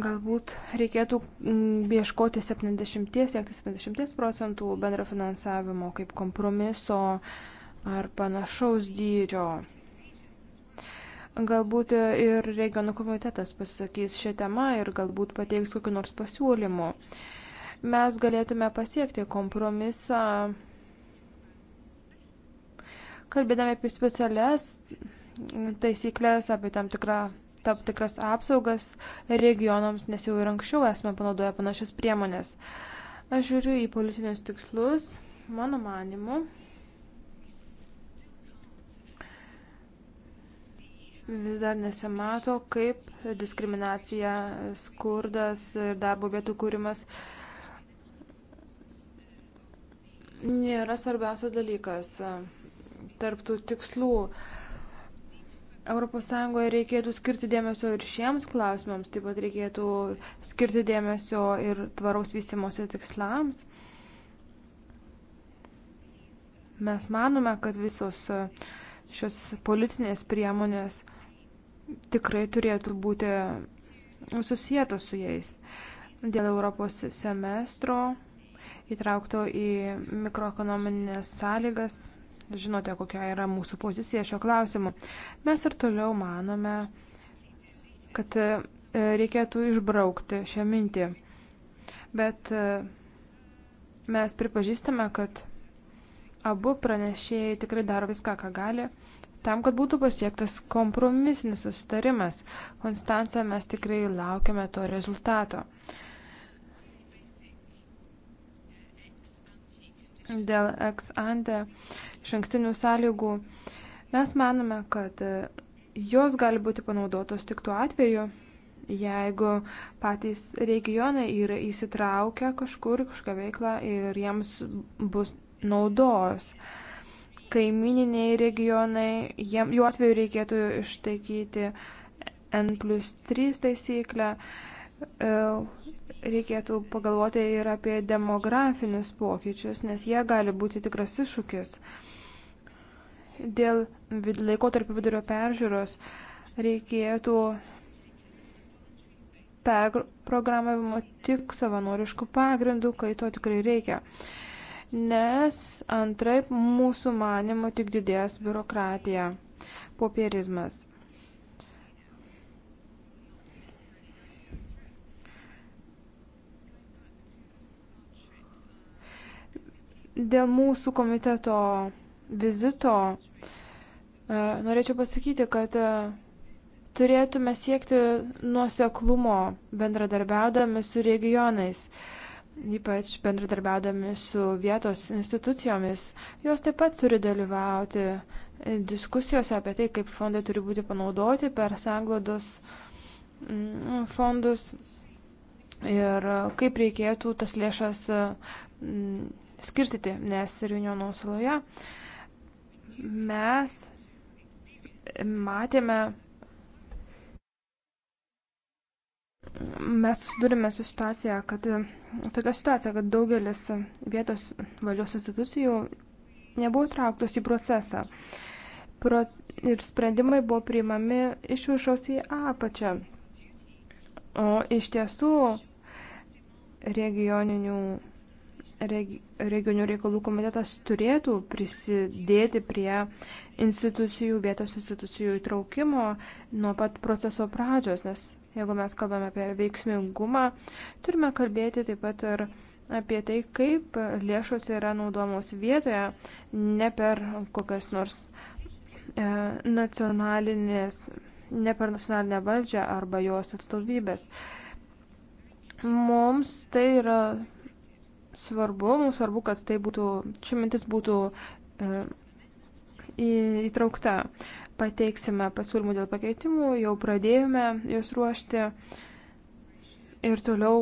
Galbūt reikėtų mm, ieškoti 70, siekti 70 procentų bendro finansavimo kaip kompromiso ar panašaus dydžio. Galbūt ir regionų komitetas pasisakys šią temą ir galbūt pateiks kokiu nors pasiūlymu. Mes galėtume pasiekti kompromisą, kalbėdami apie specialias taisyklės, apie tam tikrą tam tikras apsaugas regionams, nes jau ir anksčiau esame panaudoję panašias priemonės. Aš žiūriu į politinius tikslus, mano manimu. Vis dar nesimato, kaip diskriminacija, skurdas ir darbo vietų kūrimas nėra svarbiausias dalykas tarptų tikslų. Uh, ES reikėtų skirti dėmesio ir šiems klausimams, taip pat reikėtų skirti dėmesio ir tvaraus vystimosi tikslams. Mes manome, kad visos e, šios politinės priemonės tikrai turėtų būti susijėtos su jais. Dėl Europos semestro įtraukto į mikroekonominės sąlygas Žinote, kokia yra mūsų pozicija šio klausimu. Mes ir toliau manome, kad e, reikėtų išbraukti šią mintį. Bet e, mes pripažįstame, kad abu pranešėjai tikrai daro viską, ką gali, tam, kad būtų pasiektas kompromisinis susitarimas. Konstancija, mes tikrai laukiame to rezultato. Dėl ex ante iš ankstinių sąlygų. Mes manome, kad jos gali būti panaudotos tik tuo atveju, jeigu patys regionai yra įsitraukę kažkur kažką veiklą ir jiems bus naudos. Kaimininiai regionai, jiem, jų atveju reikėtų ištaikyti N plus 3 taisyklę, e, reikėtų pagalvoti ir apie demografinius pokyčius, nes jie gali būti tikras iššūkis dėl laikotarpio vidurio peržiūros reikėtų perprogramavimo tik savanoriškų pagrindų, kai to tikrai reikia. Nes antraip mūsų manimo tik didės biurokratija, popierizmas. Dėl mūsų komiteto vizito e, norėčiau pasakyti, kad e, turėtume siekti nuoseklumo bendradarbiaudami su regionais, ypač bendradarbiaudami su vietos institucijomis. Jos taip pat turi dalyvauti e, diskusijose apie tai, kaip fondai turi būti panaudoti per sanglodos mm, fondus ir kaip reikėtų tas lėšas mm, skirstyti, nes Reuniono saloje uh, mes matėme, mes susidurime su situacija, kad tokia situacija, kad daugelis vietos valdžios institucijų nebuvo trauktos į procesą. Pro, ir sprendimai buvo priimami iš viršaus į apačią. O iš tiesų regioninių regionių reikalų komitetas turėtų prisidėti prie institucijų, vietos institucijų įtraukimo nuo pat proceso pradžios, nes jeigu mes kalbame apie veiksmingumą, turime kalbėti taip pat ir apie tai, kaip lėšos yra naudomos vietoje, ne per kokias nors e, nacionalinės, ne per nacionalinę valdžią arba jos atstovybės. Mums tai yra svarbu, mums svarbu, kad tai būtų, ši mintis būtų e, įtraukta. Pateiksime pasiūlymų dėl pakeitimų, jau pradėjome juos ruošti ir toliau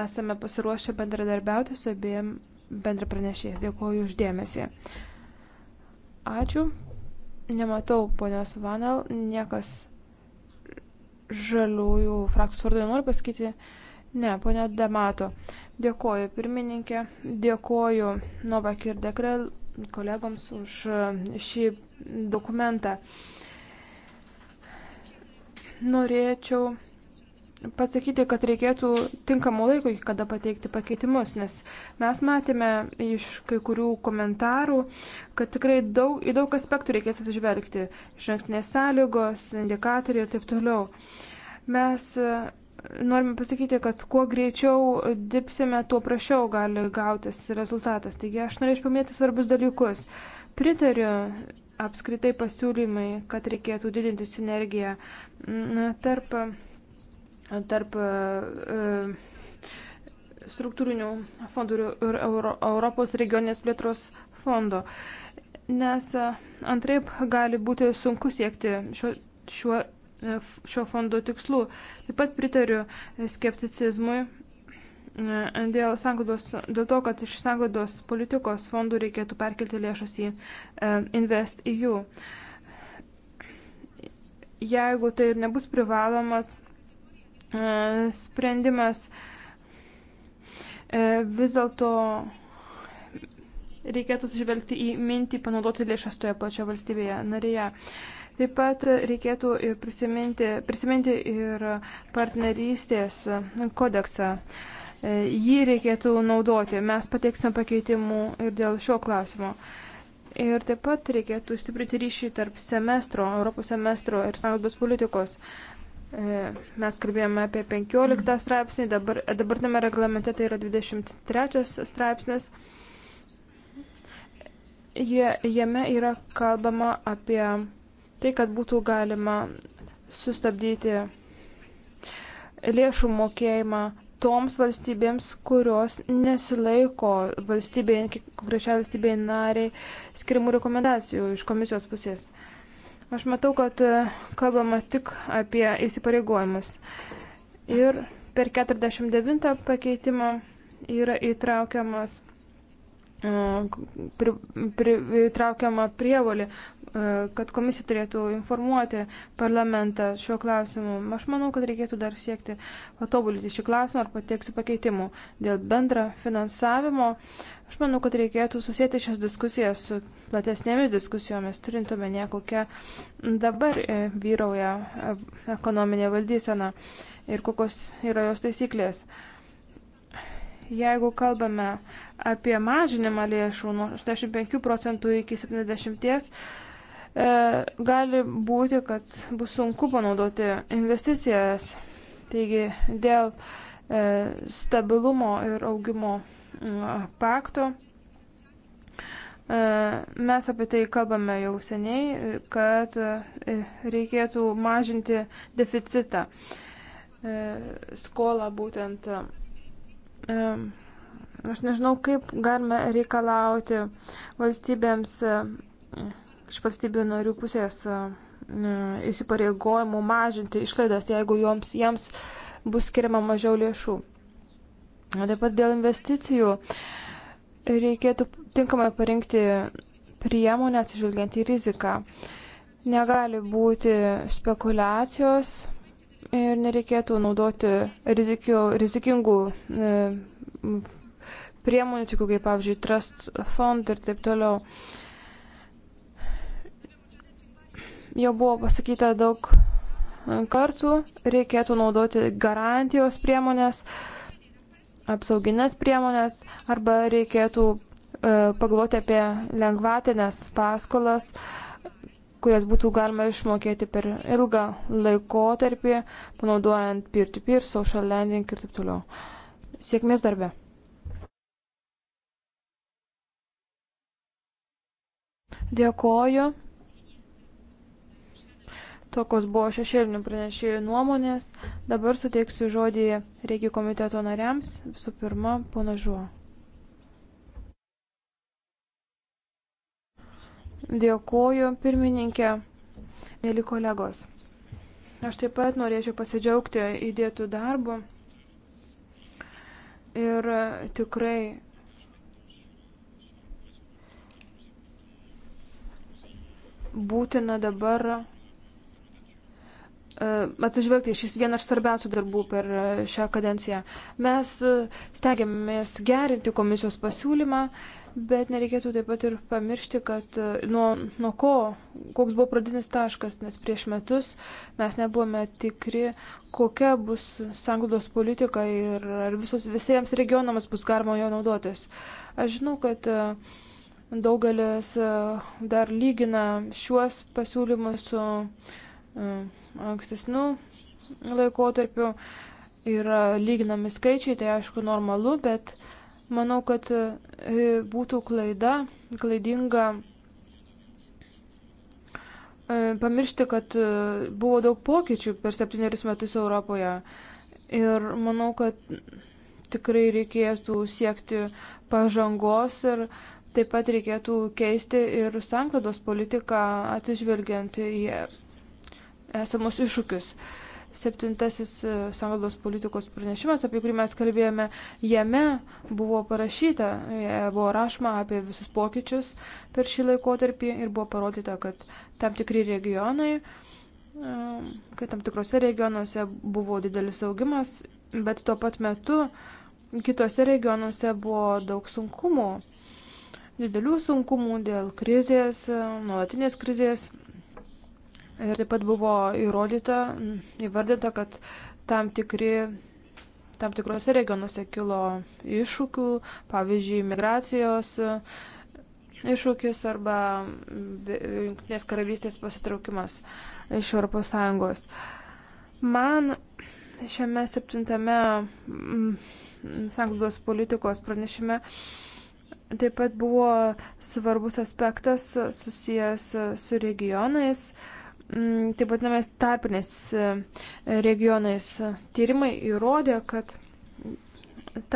esame pasiruošę bendradarbiauti su abiem bendrapranešėjais. Dėkuoju uždėmesį. Ačiū. Nematau ponios Vanel, niekas žaliųjų frakcijos vardu nenori pasakyti. Ne, ponia Demato. Dėkoju pirmininkė, dėkoju Novak ir Dekrel kolegoms už e, šį dokumentą. Norėčiau pasakyti, kad reikėtų tinkamų laiko, kada pateikti pakeitimus, nes mes matėme iš kai kurių komentarų, kad tikrai daug, į daug aspektų reikės atsižvelgti. Išankstinės sąlygos, indikatoriai ir taip toliau. Mes norime pasakyti, kad kuo greičiau dirbsime, tuo prašiau gali gautis rezultatas. Taigi aš norėčiau paminėti svarbus dalykus. Pritariu apskritai pasiūlymai, kad reikėtų didinti sinergiją mm, tarp, tarp e, struktūrinių fondų ir Euro, Europos regioninės plėtros fondo. Nes e, antraip gali būti sunku siekti šio, šiuo E, šio fondo tikslų. Taip pat pritariu skepticizmui e, dėl, sanglaudos, dėl to, kad iš sanglaudos politikos fondų reikėtų perkelti lėšas į e, InvestEU. Jeigu tai ir nebus privalomas sprendimas, vis dėlto reikėtų sužvelgti į mintį panaudoti lėšas toje pačioje valstybėje narėje. Taip pat reikėtų ir prisiminti, prisiminti ir partnerystės kodeksą. Jį reikėtų naudoti. Mes pateiksim pakeitimų ir dėl šio klausimo. Ir taip pat reikėtų stiprinti ryšį tarp semestro, Europos semestro ir sąnaudos politikos. E, mes kalbėjome apie 15 straipsnį, dabar, dabartame reglamente tai yra 23 straipsnis. Je, jame yra kalbama apie tai, kad būtų galima sustabdyti lėšų mokėjimą toms valstybėms, kurios nesilaiko valstybė, konkrečiai valstybė nariai skirimų rekomendacijų iš komisijos pusės. Aš matau, kad e, kalbama tik apie įsipareigojimus. Ir per 49 pakeitimą yra įtraukiamas E, pri, pri, traukiama prievolė, e, kad komisija turėtų informuoti parlamentą šiuo klausimu. Aš manau, kad reikėtų dar siekti patobulinti šį klausimą ar patieksiu pakeitimų. Dėl bendra finansavimo, aš manau, kad reikėtų susėti šias diskusijas su platesnėmis diskusijomis, turint omenyje, kokia dabar e, vyrauja ekonominė valdysena ir kokios yra jos taisyklės. Jeigu kalbame apie mažinimą lėšų nuo 85 procentų iki 70, e, gali būti, kad bus sunku panaudoti investicijas. Taigi dėl e, stabilumo ir augimo e, pakto mes apie tai kalbame jau seniai, kad e, reikėtų mažinti deficitą e, skolą būtent e, Aš nežinau, kaip galime reikalauti valstybėms e, iš valstybių narių pusės e, įsipareigojimų mažinti išlaidas, jeigu joms, jiems bus skiriama mažiau lėšų. Taip pat dėl investicijų reikėtų tinkamai parinkti priemonę atsižvelgiant į riziką. Negali būti spekulacijos ir nereikėtų naudoti rizikio, rizikingų e, priemonių, tokių kaip, pavyzdžiui, Trust Fund ir taip toliau. Jau buvo pasakyta daug kartų, reikėtų naudoti garantijos priemonės, apsauginės priemonės arba reikėtų e, pagalvoti apie lengvatinės paskolas, kurias būtų galima išmokėti per ilgą laikotarpį, panaudojant peer-to-peer, -peer, social lending ir taip toliau. Sėkmės darbe. Dėkoju. Tokios buvo šešėlinių pranešėjų nuomonės. Dabar suteiksiu žodį reikia komiteto nariams. Visų pirma, pana Žuo. Dėkoju, pirmininkė, mėly kolegos. Aš taip pat norėčiau pasidžiaugti įdėtų darbu. Ir tikrai būtina dabar e, atsižvelgti šis vienas svarbiausių darbų per e, šią kadenciją. Mes e, stengiamės gerinti komisijos pasiūlymą, bet nereikėtų taip pat ir pamiršti, kad nuo, nuo ko, koks buvo pradinis taškas, nes prieš metus mes nebuvome tikri, kokia bus sanglaudos politika ir ar visos, visiems regionams bus galima jo naudotis. Aš žinau, kad uh, Daugelis e, dar lygina šiuos pasiūlymus su e, ankstesniu laikotarpiu. Yra lyginami skaičiai, tai aišku normalu, bet manau, kad e, būtų klaida, klaidinga pamiršti, kad buvo daug pokyčių per septynerius metus Europoje. Ir manau, kad tikrai reikėtų siekti pažangos ir uh, Taip pat reikėtų keisti ir sanklados politiką atsižvelgiant į esamus iššūkius. Septintasis e, sanklados politikos pranešimas, apie kurį mes kalbėjome, jame buvo parašyta, e, buvo rašoma apie visus pokyčius per šį laikotarpį ir buvo parodyta, kad tam tikri regionai, e, kad tam tikrose regionuose buvo didelis augimas, bet tuo pat metu kitose regionuose buvo daug sunkumų didelių sunkumų dėl krizės, nuolatinės krizės. Ir taip pat buvo įrodyta, įvardinta, kad tam tikri tam tikrose regionuose kilo iššūkių, pavyzdžiui, migracijos e, iššūkis arba Junktinės karalystės pasitraukimas iš ES. Man šiame septintame sanglaudos politikos pranešime Taip pat buvo svarbus aspektas susijęs su regionais, mm, taip pat namės tarpinės e, regionais. Tyrimai įrodė, kad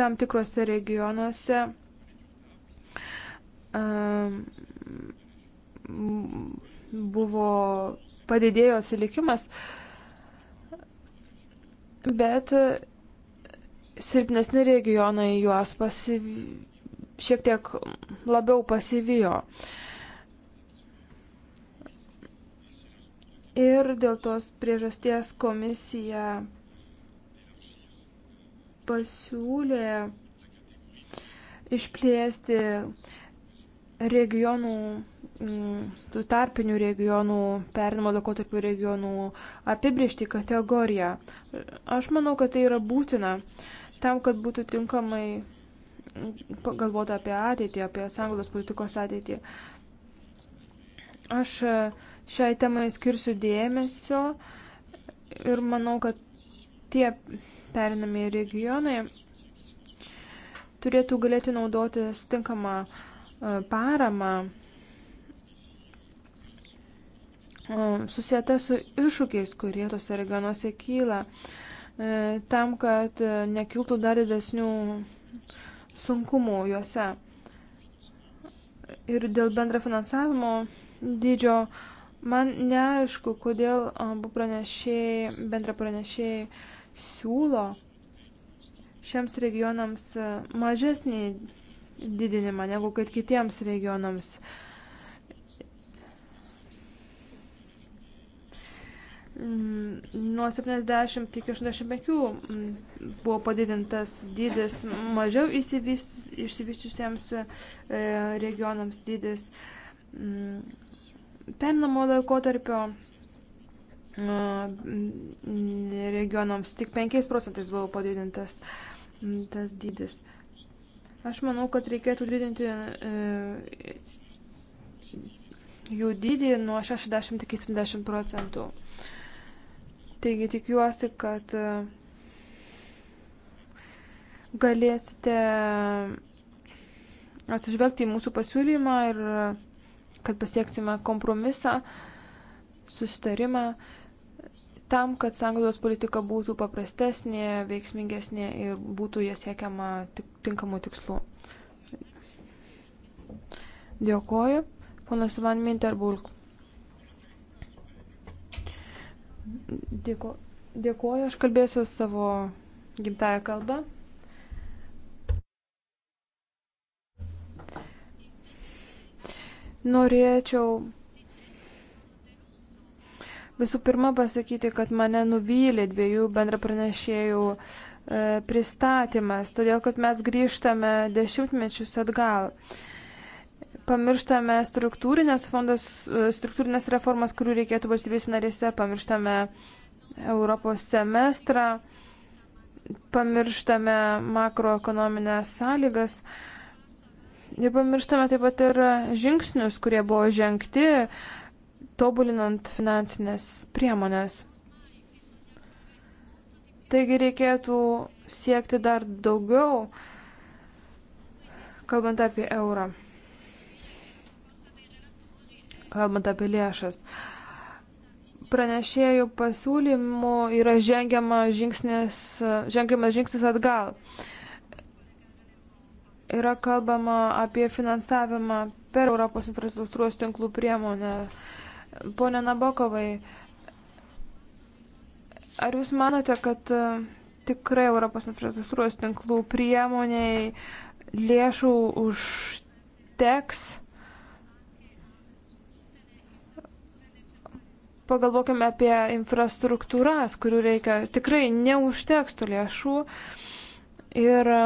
tam tikrose regionuose e, buvo padidėjo atsilikimas, bet silpnesni regionai juos pasivy šiek tiek labiau pasivijo. Ir dėl tos priežasties komisija pasiūlė išplėsti regionų, tų tarpinių regionų, perinimo laikotarpių regionų apibriežti kategoriją. Aš manau, kad tai yra būtina tam, kad būtų tinkamai galvoti apie ateitį, apie sąjungos politikos ateitį. Aš e, šiai temai skirsiu dėmesio ir manau, kad tie perinami regionai turėtų galėti naudotis tinkamą e, paramą e, susijęta su iššūkiais, kurie tose regionuose kyla, tam, kad nekiltų dar didesnių sunkumų juose. Ir dėl bendrafinansavimo dydžio man neaišku, kodėl abu pranešėjai, bendra pranešėjai siūlo šiems regionams mažesnį didinimą negu kad kitiems regionams. Uh, nuo 70 iki 85 mm, buvo padidintas dydis, mažiau išsivystusiems e, regionams dydis. Mm, Pernamo laikotarpio e, mm, regionams tik 5 procentais buvo padidintas tas dydis. Aš manau, kad reikėtų didinti e, jų dydį nuo 60 iki 70 procentų. Taigi tikiuosi, kad e, galėsite atsižvelgti į mūsų pasiūlymą ir e, kad pasieksime kompromisą, susitarimą tam, kad sanglaudos politika būtų paprastesnė, veiksmingesnė ir būtų jie siekiama tinkamų tikslų. Dėkoju. Ponas Van Minterbulk. Dėko, dėkoju, aš kalbėsiu savo gimtają kalbą. Norėčiau visų pirma pasakyti, kad mane nuvylė dviejų bendrapranešėjų e, pristatymas, todėl kad mes grįžtame dešimtmečius atgal. E, pamirštame struktūrinės fondas, e, struktūrinės reformas, kurių reikėtų valstybės narėse, pamirštame Europos semestrą, pamirštame makroekonominės sąlygas. Ir pamirštame taip pat ir žingsnius, kurie buvo žengti, tobulinant finansinės priemonės. Taigi reikėtų siekti dar daugiau, kalbant apie eurą kalbant apie lėšas. Pranešėjų pasiūlymų yra žengiamas žingsnis, žengiamas žingsnis atgal. Yra kalbama apie finansavimą per Europos infrastruktūros tinklų priemonę. Pone Nabokovai, ar Jūs manote, kad e, tikrai Europos infrastruktūros tinklų priemoniai lėšų užteks? pagalvokime apie infrastruktūras, kurių reikia. Tikrai neužteks tų lėšų. Ir e,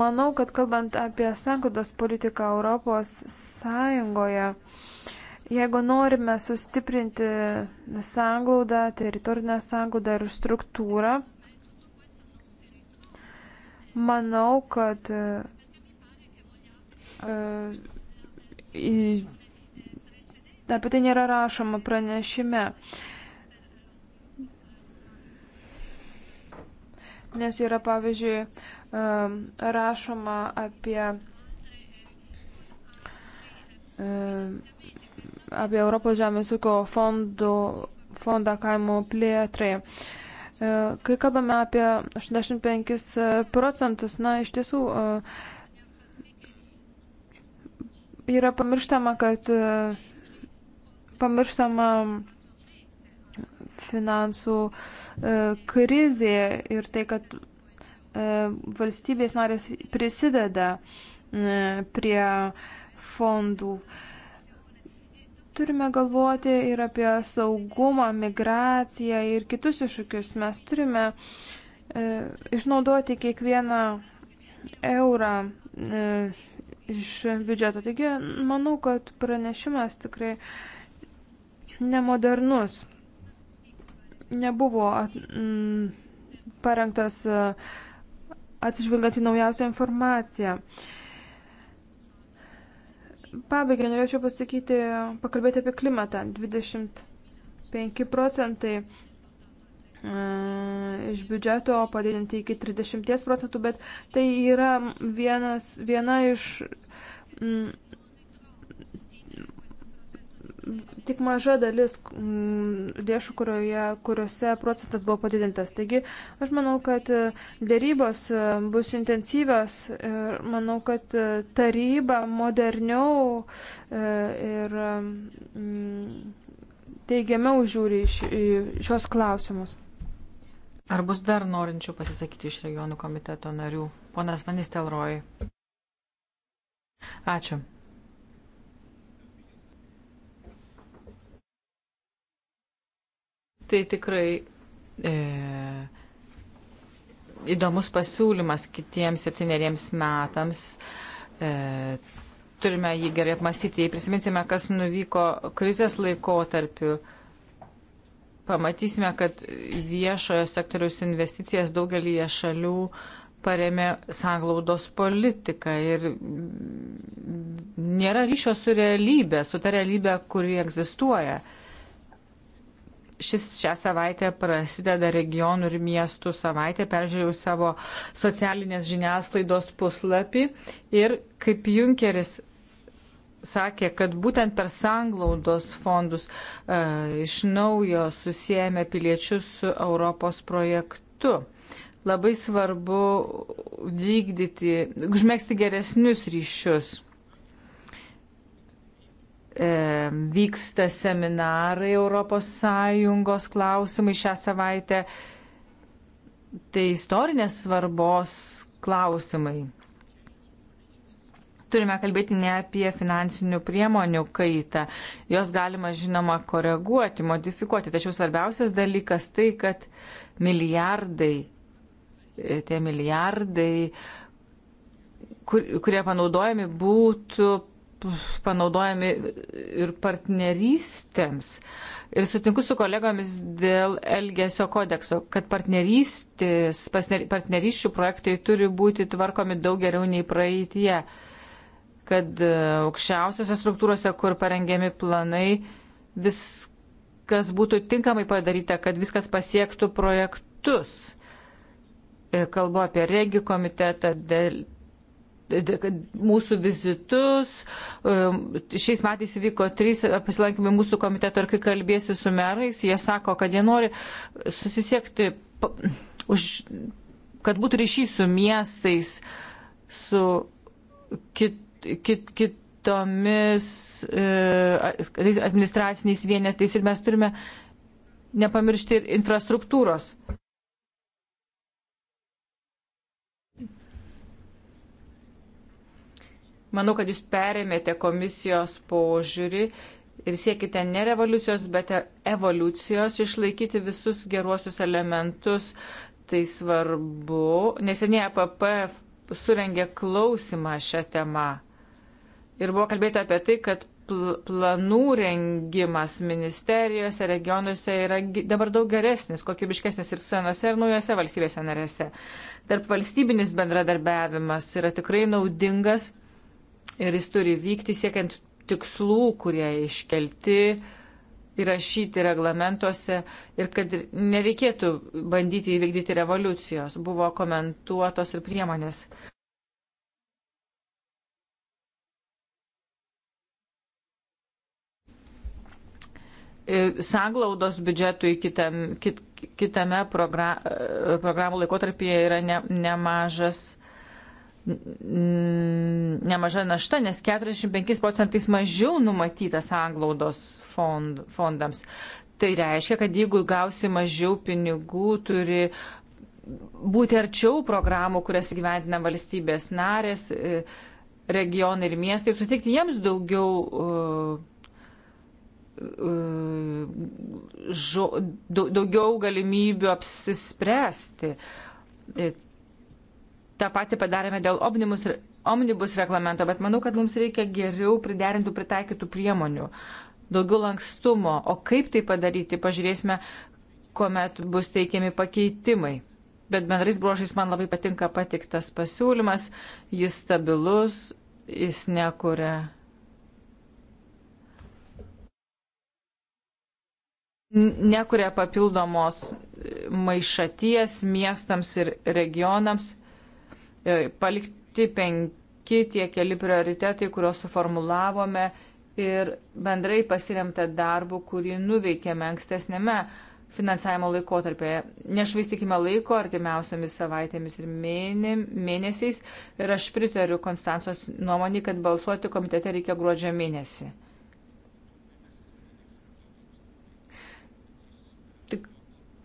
manau, kad kalbant apie sankodos politiką Europos Sąjungoje, jeigu norime sustiprinti sanglaudą, teritorinę sanglaudą ir struktūrą, manau, kad uh, Apie tai nėra rašoma pranešime. Nes yra, pavyzdžiui, rašoma apie, apie Europos žemės ūkio fondų, fondą kaimo plėtrai. E, kai kalbame apie 85 e, procentus, na, iš tiesų e, yra pamirštama, kad pamirštama finansų e, krizė ir tai, kad e, valstybės narės prisideda e, prie fondų. Turime galvoti ir apie saugumą, migraciją ir kitus iššūkius. Mes turime išnaudoti kiekvieną eurą iš biudžeto. Taigi, manau, kad pranešimas tikrai uh, nemodernus. Nebuvo at, m, mm, parengtas e, atsižvelgiant į naujausią informaciją. Pabaigai norėčiau pasakyti, pakalbėti apie klimatą. 25 procentai e, iš biudžeto padidinti iki 30 procentų, bet tai yra vienas, viena iš tik maža dalis mm, lėšų, kurioje, kuriuose procentas buvo padidintas. Taigi aš manau, kad e, dėrybos e, bus intensyvios ir manau, kad e, taryba moderniau ir mm, teigiamiau žiūri į šios klausimus. Ar bus dar norinčių pasisakyti iš regionų komiteto narių? Ponas Vanistelroj. Ačiū. Tai tikrai e, įdomus pasiūlymas kitiems septyneriems metams. E, turime jį gerai apmastyti. Jei prisiminsime, kas nuvyko krizės laikotarpiu, pamatysime, kad viešojo sektoriaus investicijas daugelį šalių paremė sanglaudos politika ir nėra ryšio su realybė, su ta realybė, kuri egzistuoja. E, Šis šią savaitę prasideda regionų ir miestų savaitė. Peržiūrėjau savo socialinės žiniasklaidos puslapį ir kaip Junkeris sakė, kad būtent per sanglaudos fondus e, iš naujo susijęme piliečius su Europos projektu. Labai svarbu vykdyti, užmėgsti geresnius ryšius e, vyksta seminarai ES klausimai šią savaitę. Tai istorinės svarbos klausimai. Turime kalbėti ne apie finansinių priemonių kaitą. Jos galima, žinoma, koreguoti, modifikuoti. Tačiau svarbiausias dalykas tai, kad milijardai, e, tie milijardai, kur, kurie panaudojami, būtų panaudojami ir partnerystėms. Ir sutinku su kolegomis dėl Elgesio kodekso, kad partnerysčių projektai turi būti tvarkomi daug geriau nei praeitie. Kad e, aukščiausiose struktūrose, kur parengiami planai, viskas būtų tinkamai padaryta, kad viskas pasiektų projektus. E, kalbu apie regijų komitetą, mūsų vizitus. Um, šiais metais įvyko trys pasilankymai mūsų komiteto ir kai kalbėsi su merais, jie sako, kad jie nori susisiekti, už, kad būtų ryšys su miestais, su kit, kit, kitomis e, administraciniais vienetais ir mes turime nepamiršti ir infrastruktūros. Manau, kad jūs perėmėte komisijos požiūrį ir siekite ne revoliucijos, bet evoliucijos, išlaikyti visus geruosius elementus. Tai svarbu. Neseniai APP e surengė klausimą šią temą. Ir buvo kalbėta apie tai, kad pl planų rengimas ministerijose, regionuose yra dabar daug geresnis, kokybiškesnis ir senose, ir naujose valstybėse narėse. Tarp valstybinis bendradarbiavimas yra tikrai naudingas ir jis turi vykti siekiant tikslų, kurie iškelti, įrašyti reglamentuose ir kad nereikėtų bandyti įvykdyti revoliucijos. Buvo komentuotos ir priemonės. E, Sanglaudos biudžetui kitam, kit, kitame progra, e, programų laikotarpyje yra ne, nemažas nemaža našta, nes 45 procentais mažiau numatytas anglaudos fond, fondams. Tai reiškia, kad jeigu gausi mažiau pinigų, turi būti arčiau programų, kurias gyventina valstybės narės, e, regionai ir miestai, ir suteikti jiems daugiau uh, uh, žo, daugiau galimybių apsispręsti. Uh, tą patį padarėme dėl omnibus, omnibus reglamento, bet manau, kad mums reikia geriau priderintų pritaikytų priemonių, daugiau lankstumo. O kaip tai padaryti, pažiūrėsime, kuomet bus teikiami pakeitimai. Bet bendrais bruožais man labai patinka patiktas pasiūlymas, jis stabilus, jis nekuria. Nekuria papildomos maišaties miestams ir regionams E, palikti penki tie keli prioritetai, kuriuos suformulavome ir bendrai pasiremta darbu, kurį nuveikėme ankstesnėme finansavimo laikotarpėje. Nešvaistikime laiko artimiausiamis savaitėmis ir mėne, mėnesiais ir aš pritariu Konstantos nuomonį, kad balsuoti komitete reikia gruodžio mėnesį.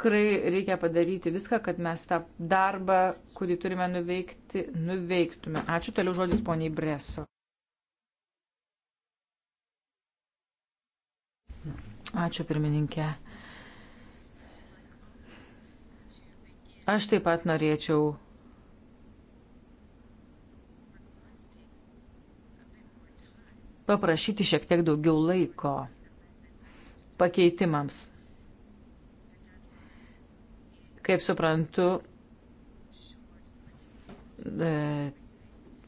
tikrai reikia padaryti viską, kad mes tą darbą, kurį turime nuveikti, nuveiktume. Ačiū, toliau žodis poniai Breso. Ačiū, pirmininkė. Aš taip pat norėčiau paprašyti šiek tiek daugiau laiko pakeitimams Kaip suprantu, e,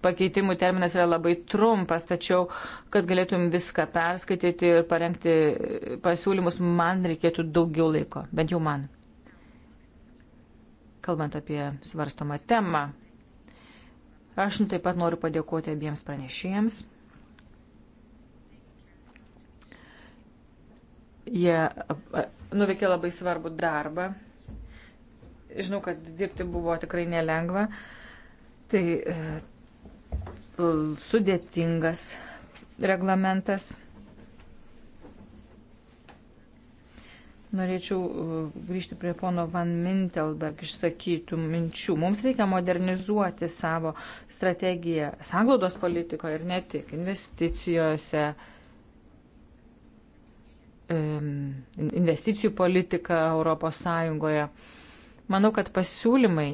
pakeitimų terminas yra labai trumpas, tačiau, kad galėtum viską perskaityti ir parengti pasiūlymus, man reikėtų daugiau laiko, bent jau man. Kalbant apie svarstomą temą, aš taip pat noriu padėkoti abiems pranešėjams. Jie nuveikė labai svarbų darbą Žinau, kad dirbti buvo tikrai nelengva. Tai e, sudėtingas reglamentas. Norėčiau e, grįžti prie pono Van Mintelberg išsakytų minčių. Mums reikia modernizuoti savo strategiją sanglaudos politikoje ir ne tik investicijose, investicijų politiką Europos Sąjungoje. Manau, kad pasiūlymai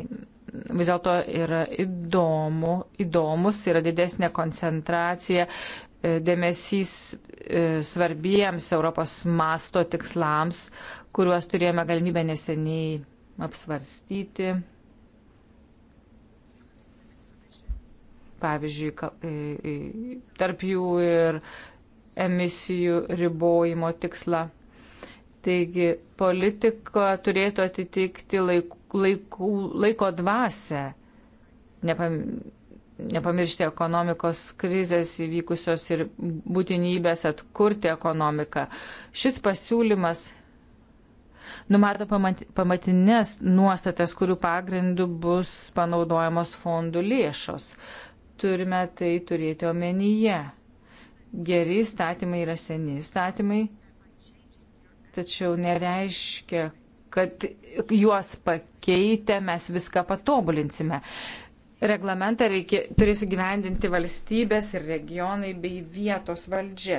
vis dėlto yra įdomu, įdomus, yra didesnė koncentracija, e, dėmesys e, svarbiems Europos masto tikslams, kuriuos turėjome galimybę neseniai apsvarstyti. Pavyzdžiui, e, tarp jų ir emisijų ribojimo tikslą. Taigi politika turėtų atitikti laikų, laikų, laiko dvasę. Nepam, nepamiršti ekonomikos krizės įvykusios ir būtinybės atkurti ekonomiką. Šis pasiūlymas numato pamatinės nuostatas, kurių pagrindų bus panaudojamos fondų lėšos. Turime tai turėti omenyje. Geri įstatymai yra seni įstatymai, tačiau nereiškia, kad juos pakeitę mes viską patobulinsime. Reglamentą reikia, turės gyvendinti valstybės ir regionai bei vietos valdžia.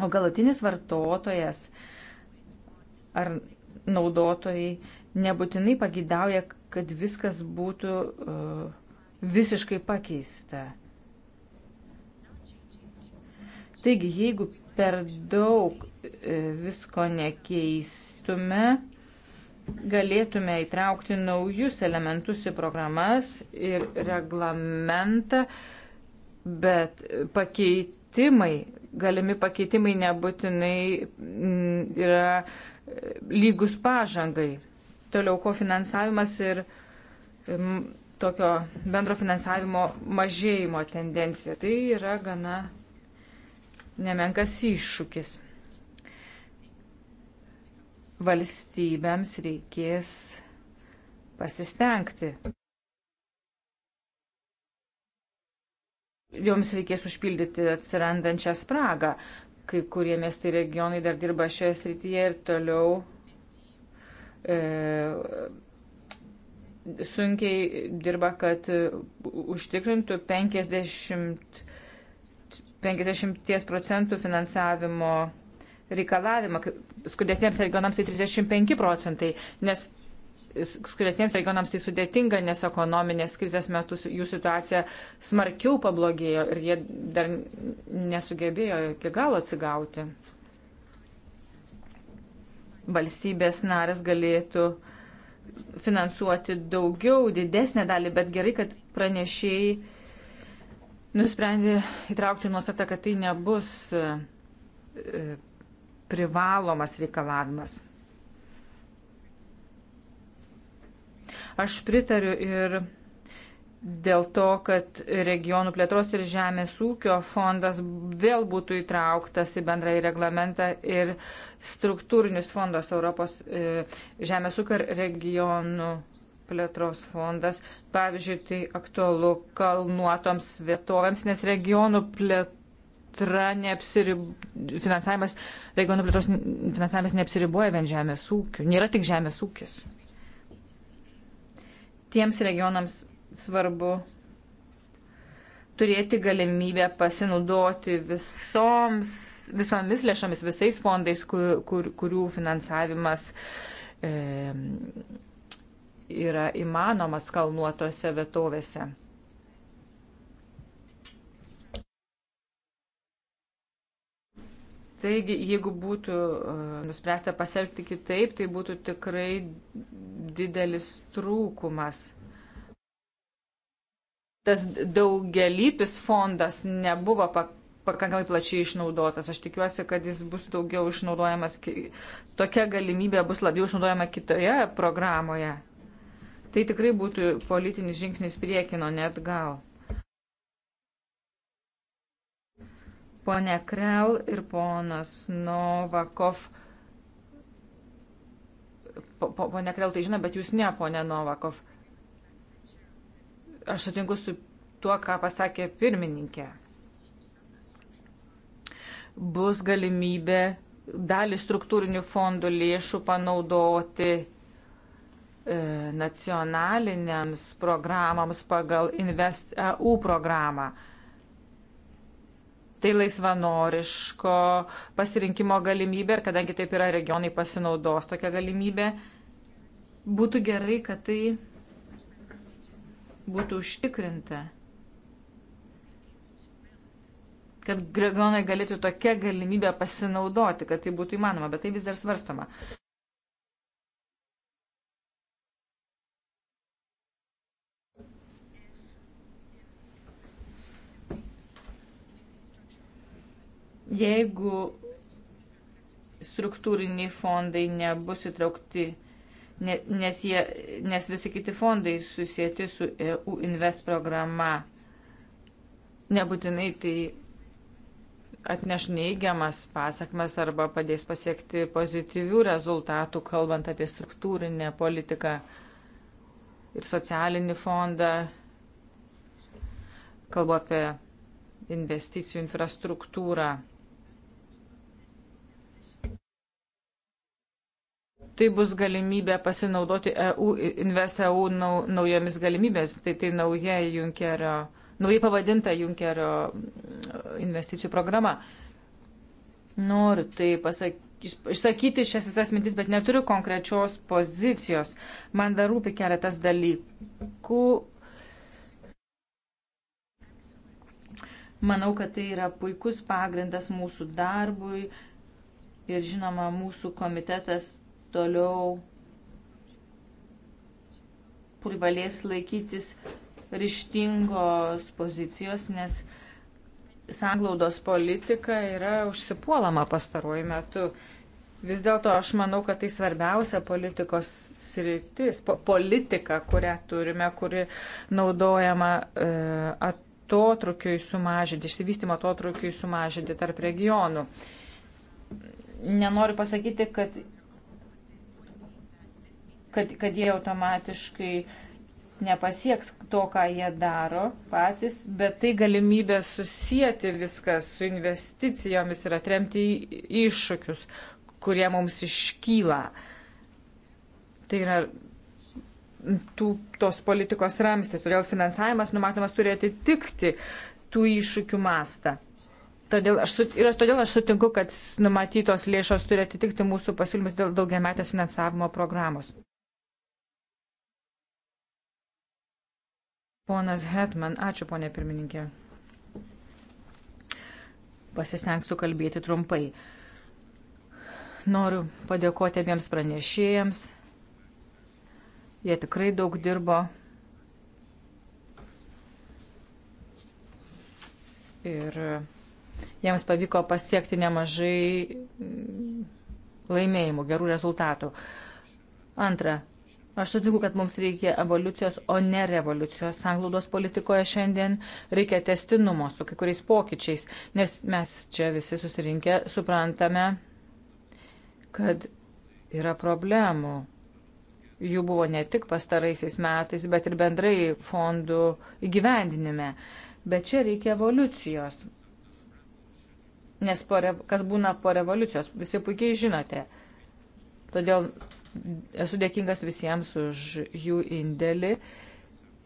O galutinis vartotojas ar naudotojai nebūtinai pagidauja, kad viskas būtų uh, visiškai pakeista. Taigi, jeigu per daug e, visko nekeistume, galėtume įtraukti naujus elementus į programas ir reglamentą, bet pakeitimai, galimi pakeitimai nebūtinai mm, yra e, lygus pažangai. Toliau kofinansavimas ir tokio bendro finansavimo mažėjimo tendencija. Tai yra gana nemenkas iššūkis. Valstybėms reikės pasistengti. Joms reikės užpildyti atsirandančią spragą. Kai kurie miestai regionai dar dirba šioje srityje ir toliau e, sunkiai dirba, kad užtikrintų 50 50 procentų finansavimo reikalavimą, skurdesniems regionams tai 35 procentai, nes skurdesniems regionams tai sudėtinga, nes ekonominės krizės metu jų situacija smarkiau pablogėjo ir jie dar nesugebėjo iki galo atsigauti. Valstybės naras galėtų finansuoti daugiau, didesnę dalį, bet gerai, kad pranešėjai nusprendė įtraukti nuostatą, kad tai nebus e, e, privalomas reikalavimas. Aš pritariu ir dėl to, kad regionų plėtros ir žemės ūkio fondas vėl būtų įtrauktas į bendrąjį reglamentą ir struktūrinius fondus Europos e, žemės ūkio ir regionų plėtros fondas. Pavyzdžiui, tai aktualu kalnuotoms vietovėms, nes regionų plėtra neapsirib... finansavimas, regionų plėtros finansavimas neapsiriboja vien žemės ūkiu. Nėra tik žemės ūkis. Tiems regionams svarbu turėti galimybę pasinaudoti visoms, visomis lėšomis, visais fondais, kur, kur, kurių finansavimas e, yra įmanomas kalnuotose vietovėse. Taigi, jeigu būtų e, nuspręsta pasielgti kitaip, tai būtų tikrai didelis trūkumas. Tas daugelypis fondas nebuvo pakankamai plačiai išnaudotas. Aš tikiuosi, kad jis bus daugiau išnaudojamas, tokia galimybė bus labiau išnaudojama kitoje programoje. Tai tikrai būtų politinis žingsnis priekino, net gal. Pone Krell ir ponas Novakov. Pone Krell tai žino, bet jūs ne, pone Novakov. Aš sutinku su tuo, ką pasakė pirmininkė. Bus galimybė dalį struktūrinių fondų lėšų panaudoti E, nacionaliniams programams pagal InvestEU programą. Tai laisvanoriško pasirinkimo galimybė ir kadangi taip yra regionai pasinaudos tokia galimybė, būtų gerai, kad tai būtų užtikrinta. Kad regionai galėtų tokią galimybę pasinaudoti, kad tai būtų įmanoma, bet tai vis dar svarstoma. Jeigu struktūriniai fondai nebus įtraukti, nes, jie, nes visi kiti fondai susijęti su EU Invest programa, nebūtinai tai atneš neigiamas pasakmes arba padės pasiekti pozityvių rezultatų, kalbant apie struktūrinę politiką ir socialinį fondą. Kalbu apie investicijų infrastruktūrą. tai bus galimybė pasinaudoti EU, Invest EU nau, naujomis galimybės. Tai tai nauja Junkerio, naujai pavadinta Junkerio mm, investicijų programa. Noriu tai pasakyti. Išsakyti šias visas mintis, bet neturiu konkrečios pozicijos. Man dar rūpi keletas dalykų. Manau, kad tai yra puikus pagrindas mūsų darbui ir žinoma, mūsų komitetas toliau privalės laikytis ryštingos pozicijos, nes sanglaudos politika yra užsipuolama pastaruoju metu. Vis dėlto aš manau, kad tai svarbiausia politikos sritis, po, politika, kurią turime, kuri naudojama e, atotrukiui sumažinti, išsivystimo atotrukiui sumažinti tarp regionų. Nenoriu pasakyti, kad kad, kad jie automatiškai nepasieks to, ką jie daro patys, bet tai galimybė susijęti viską su investicijomis ir atremti iššūkius, kurie mums iškyla. Tai yra tų, tos politikos ramstis, todėl finansavimas numatomas turi atitikti tų iššūkių mastą. Todėl aš, ir todėl aš sutinku, kad numatytos lėšos turi atitikti mūsų pasiūlymus dėl daugiametės finansavimo programos. Ponas Hetman, ačiū ponė pirmininkė. Pasistengsiu kalbėti trumpai. Noriu padėkoti abiems pranešėjams. Jie tikrai daug dirbo. Ir jiems pavyko pasiekti nemažai laimėjimų, gerų rezultatų. Antra, Aš sutinku, kad mums reikia evoliucijos, o ne revoliucijos. Sanglaudos politikoje šiandien reikia testinumo su kai kuriais pokyčiais, nes mes čia visi susirinkę suprantame, kad yra problemų. Jų buvo ne tik pastaraisiais metais, bet ir bendrai fondų įgyvendinime. Bet čia reikia evoliucijos. Nes po, kas būna po revoliucijos, visi puikiai žinote. Todėl Esu dėkingas visiems už jų indėlį.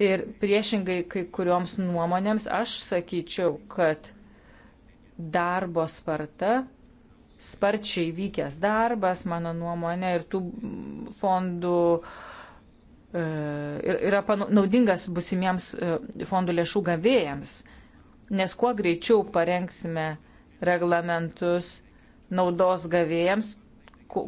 Ir priešingai kai kurioms nuomonėms aš sakyčiau, kad darbo sparta, sparčiai vykęs darbas, mano nuomonė, ir tų fondų e, yra naudingas busimiems e, fondų lėšų gavėjams, nes kuo greičiau parengsime reglamentus naudos gavėjams,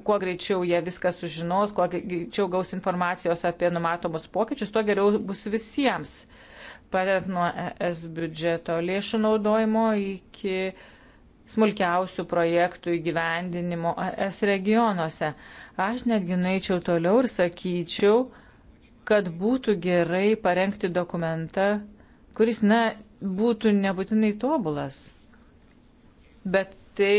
kuo greičiau jie viską sužinos, kuo greičiau gaus informacijos apie numatomus pokyčius, tuo geriau bus visiems. Padedant nuo ES biudžeto lėšų naudojimo iki smulkiausių projektų įgyvendinimo ES regionuose. Aš netgi naičiau toliau ir sakyčiau, kad būtų gerai parengti dokumentą, kuris, na, būtų nebūtinai tobulas, bet tai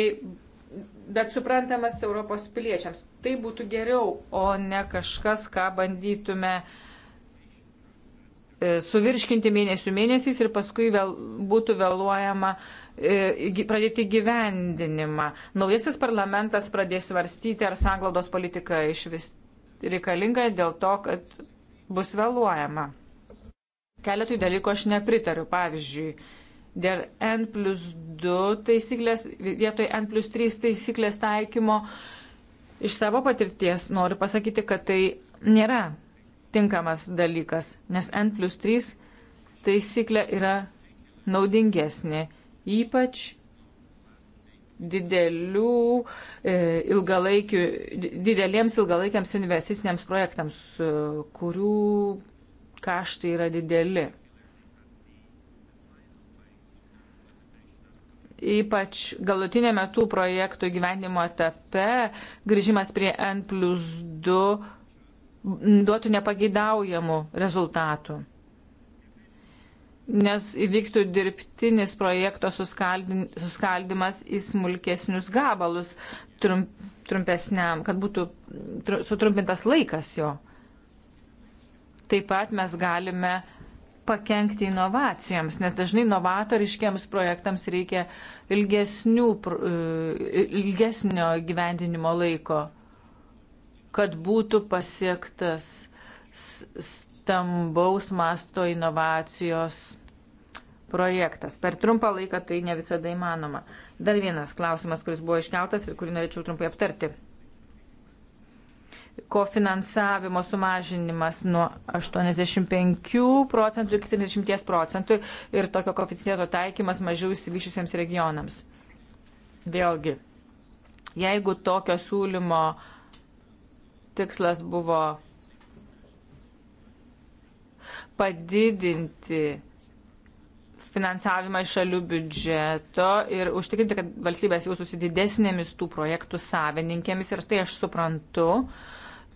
bet suprantamas Europos piliečiams. Tai būtų geriau, o ne kažkas, ką bandytume e, suvirškinti mėnesių mėnesiais ir paskui vėl, būtų vėluojama e, pradėti gyvendinimą. Naujasis parlamentas pradės svarstyti, ar sanglaudos politika iš vis reikalinga dėl to, kad bus vėluojama. Keletui dalykų aš nepritariu. Pavyzdžiui, Dėl N plus 2 taisyklės, vietoj N plus 3 taisyklės taikymo, iš savo patirties noriu pasakyti, kad tai nėra tinkamas dalykas, nes N plus 3 taisyklė yra naudingesnė, ypač didelių, e, ilgalaikių, dideliems ilgalaikiams investiciniams projektams, e, kurių kaštai yra dideli. ypač galutinėme tų projektų gyvenimo etape, grįžimas prie N plus 2 duotų nepageidaujamų rezultatų. Nes įvyktų dirbtinis projekto suskaldimas į smulkesnius gabalus trump, trumpesniam, kad būtų tru, sutrumpintas laikas jo. Taip pat mes galime uh, pakengti inovacijoms, nes dažnai novatoriškiams projektams reikia ilgesnių, e, ilgesnio gyvendinimo laiko, kad būtų pasiektas stambaus masto inovacijos projektas. Per trumpą laiką tai ne visada įmanoma. Dar vienas klausimas, kuris buvo iškeltas ir kurį norėčiau trumpai aptarti kofinansavimo sumažinimas nuo 85 procentų iki 30 procentų ir tokio koeficiento taikymas mažiau įsivyšusiems regionams. Vėlgi, jeigu tokio siūlymo tikslas buvo padidinti finansavimą iš šalių biudžeto ir užtikrinti, kad valstybės jaustųsi didesnėmis tų projektų savininkėmis ir tai aš suprantu, uh,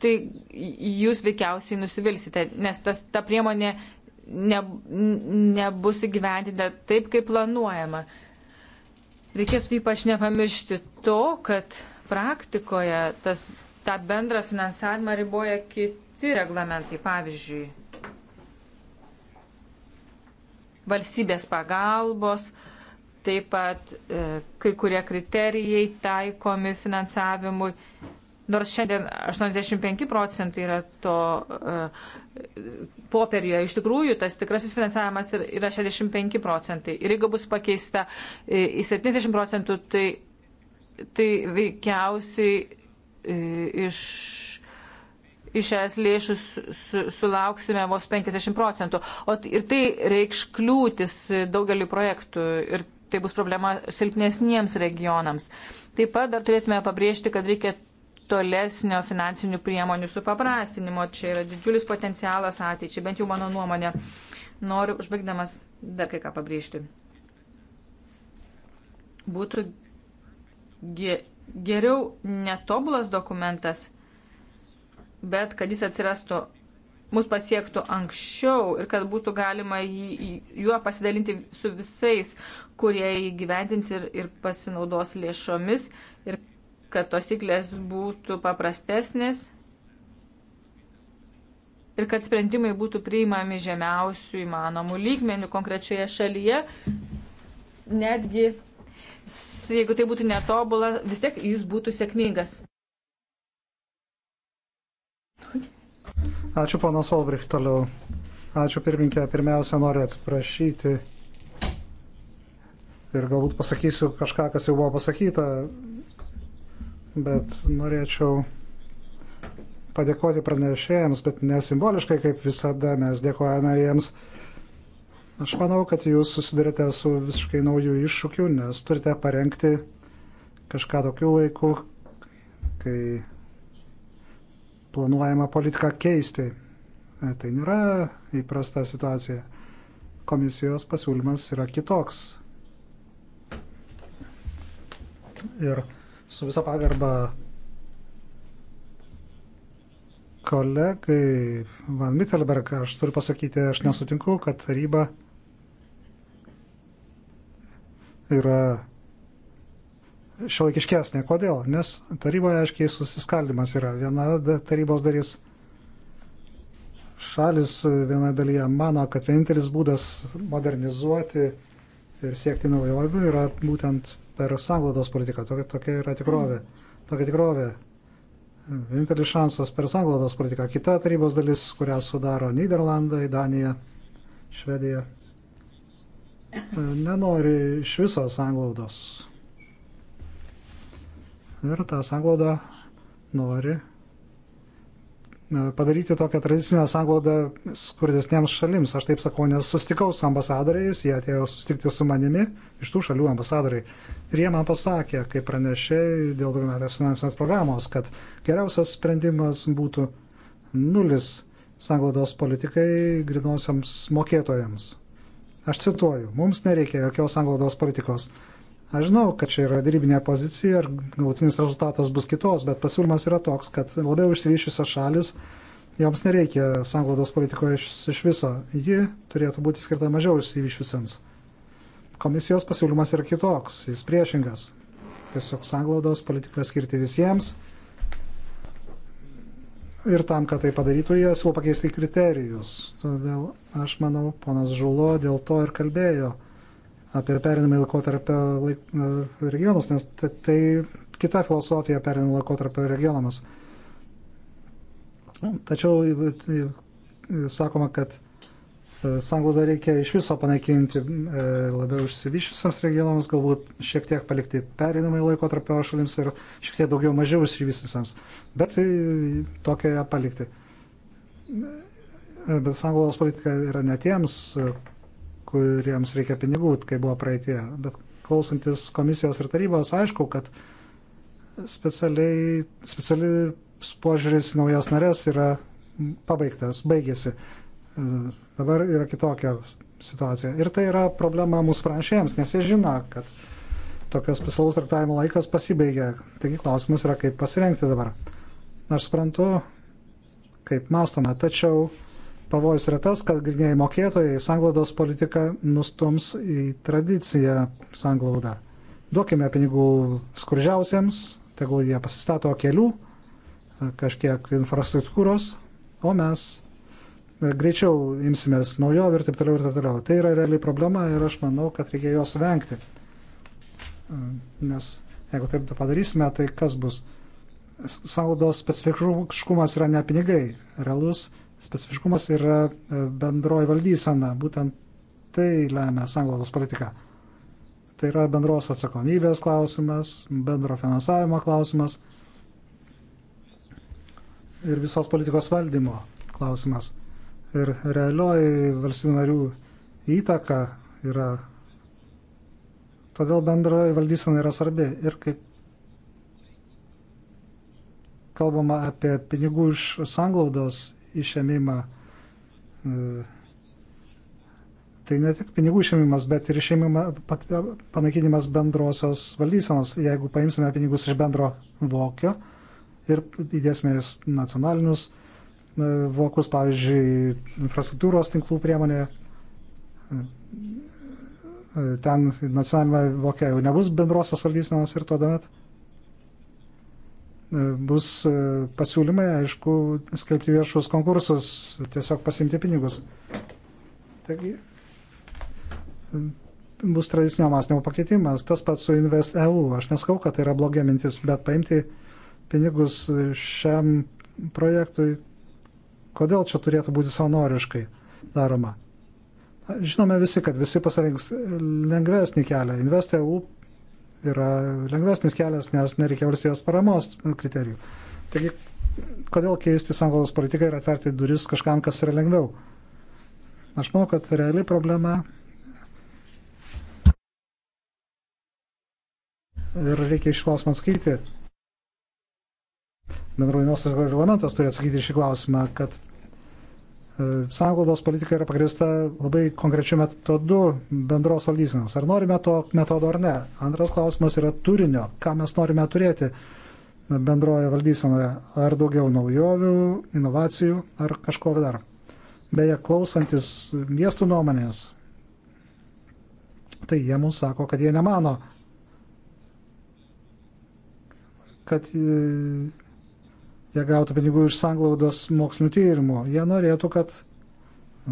tai jūs veikiausiai nusivilsite, nes tas, ta priemonė ne, nebus įgyvendinta taip, kaip planuojama. Reikėtų ypač nepamiršti to, kad praktikoje tas, tą bendrą finansavimą riboja kiti reglamentai. Pavyzdžiui, valstybės pagalbos, taip pat e, kai kurie kriterijai taikomi finansavimui Nors šiandien 85 procentai yra to uh, e, popieriuje, iš tikrųjų tas tikrasis finansavimas yra 65 procentai. Ir jeigu bus pakeista e, į 70 procentų, tai, tai veikiausiai e, iš. Iš es lėšų sulauksime vos 50 procentų. O ir tai reikš kliūtis daugeliu projektų ir tai bus problema silpnesniems regionams. Taip pat dar turėtume pabrėžti, kad reikia tolesnio finansinių priemonių supaprastinimo. Čia yra didžiulis potencialas ateičiai, bent jau mano nuomonė. Noriu, užbaigdamas, dar kai ką pabrėžti. Būtų ge, geriau netobulas dokumentas, bet kad jis atsirastų, mus pasiektų anksčiau ir kad būtų galima jį, juo pasidalinti su visais, kurie įgyvendins ir, ir pasinaudos lėšomis ir kad tos iklės būtų paprastesnės ir kad sprendimai būtų priimami žemiausių įmanomų lygmenių konkrečioje šalyje, netgi jeigu tai būtų netobula, vis tiek jis būtų sėkmingas. Ačiū ponas Olbrich toliau. Ačiū pirminkė. Pirmiausia, noriu atsiprašyti ir galbūt pasakysiu kažką, kas jau buvo pasakyta bet norėčiau padėkoti pranešėjams, bet nesimboliškai, kaip visada mes dėkojame jiems. Aš manau, kad jūs susidurite su visiškai naujų iššūkių, nes turite parengti kažką tokiu laiku, kai planuojama politiką keisti. Tai nėra įprasta situacija. Komisijos pasiūlymas yra kitoks. Ir Su visa pagarba kolegai Van Mittelberg, aš turiu pasakyti, aš nesutinku, kad taryba yra šiolaikiškesnė. Kodėl? Nes taryboje aiškiai susiskaldimas yra. Viena tarybos darys šalis vienoje dalyje mano, kad vienintelis būdas modernizuoti ir siekti naujovių yra būtent per sanglaudos politiką. Tokia, tokia yra tikrovė. Tokia tikrovė. Vienintelis šansas per sanglaudos politiką. Kita tarybos dalis, kurią sudaro Niderlandai, Danija, Švedija, nenori iš viso sanglaudos. Ir tą sanglaudą nori padaryti tokią tradicinę sanglaudą skurdesniems šalims. Aš taip sakau, nes sustikau su ambasadoriais, jie atėjo sustikti su manimi, iš tų šalių ambasadoriai. Ir jie man pasakė, kaip pranešėjai dėl daugiametės finansinės programos, kad geriausias sprendimas būtų nulis sanglaudos politikai grinosiams mokėtojams. Aš cituoju, mums nereikia jokios sanglaudos politikos. Aš žinau, kad čia yra darybinė pozicija ir galutinis rezultatas bus kitos, bet pasiūlymas yra toks, kad labiau išsivyščiusios šalis, joms nereikia sanglaudos politikoje iš, iš viso. Ji turėtų būti skirta mažiau išsivyščiusiems. Komisijos pasiūlymas yra kitoks, jis priešingas. Tiesiog sanglaudos politiką skirti visiems. Ir tam, kad tai padarytų, jie siūlo pakeisti kriterijus. Todėl aš manau, ponas Žulo dėl to ir kalbėjo apie perinamą laikotarpio laik, e, regionus, nes tai kita filosofija perinamą laikotarpio regionams. Tačiau e, e, sakoma, kad sanglaudą reikia iš viso panaikinti labiau išsivyščiusiams regionams, galbūt šiek tiek palikti perinamai laiko tarp šalims ir šiek tiek daugiau mažiau išsivyščiusiams, bet tokią palikti. Bet sanglaudos politika yra ne tiems, kuriems reikia pinigų, kai buvo praeitie. Bet klausantis komisijos ir tarybos, aišku, kad specialiai, speciali požiūris naujas narės yra pabaigtas, baigėsi. Dabar yra kitokia situacija. Ir tai yra problema mūsų pranešėjams, nes jie žino, kad tokios specialus traktavimo laikas pasibaigė. Taigi klausimas yra, kaip pasirengti dabar. Aš suprantu, kaip mąstome, tačiau Pavojus yra tas, kad griniai mokėtojai sanglaudos politiką nustums į tradiciją sanglaudą. Duokime pinigų skurdžiausiems, tegul jie pasistato kelių, kažkiek infrastruktūros, o mes e, greičiau imsimės naujovių ir taip toliau ir taip toliau. Tai yra realiai problema ir aš manau, kad reikia jos vengti. E, nes jeigu taip padarysime, tai kas bus? Saudos specifiškumas yra ne pinigai. Realus Specifiškumas yra e, bendroji valdysena, būtent tai lemia sanglaudos politika. Tai yra bendros atsakomybės klausimas, bendro finansavimo klausimas ir visos politikos valdymo klausimas. Ir realioji valstybių narių įtaka yra. Todėl bendroji valdysena yra svarbi. Ir kai kalbama apie pinigų iš sanglaudos išėmimą. E, tai ne tik pinigų išėmimas, bet ir išėmimą, panaikinimas bendrosios valdysenos. Jeigu paimsime pinigus iš bendro vokio ir įdėsime jas nacionalinius e, vokus, pavyzdžiui, infrastruktūros tinklų priemonėje, e, ten nacionalinėme vokė jau nebus bendrosios valdysenos ir tuomet bus e, pasiūlymai, aišku, skelbti viešus konkursus, tiesiog pasimti pinigus. Taigi e, bus tradicinio mąstymo pakeitimas, tas pats su InvestEU. Aš neskau, kad tai yra blogia mintis, bet paimti pinigus šiam projektui, kodėl čia turėtų būti savanoriškai daroma. Žinome visi, kad visi pasirinks lengvesnį kelią. InvestEU yra lengvesnis kelias, nes nereikia valstybės paramos kriterijų. Taigi, kodėl keisti sanglaudos politiką ir atverti duris kažkam, kas yra lengviau? Aš manau, kad reali problema ir reikia iš klausimą atsakyti. Bendruomenės reglamentas turi atsakyti šį klausimą, kad E, Sanglaudos politika yra pagrįsta labai konkrečiu metodu bendros valdysenos. Ar norime to metodo ar ne? Antras klausimas yra turinio. Ką mes norime turėti bendroje valdysenoje? Ar daugiau naujovių, inovacijų ar kažko dar? Beje, klausantis miestų nuomonės, tai jie mums sako, kad jie nemano, kad e, jie gautų pinigų iš sanglaudos mokslinių tyrimų. Jie norėtų, kad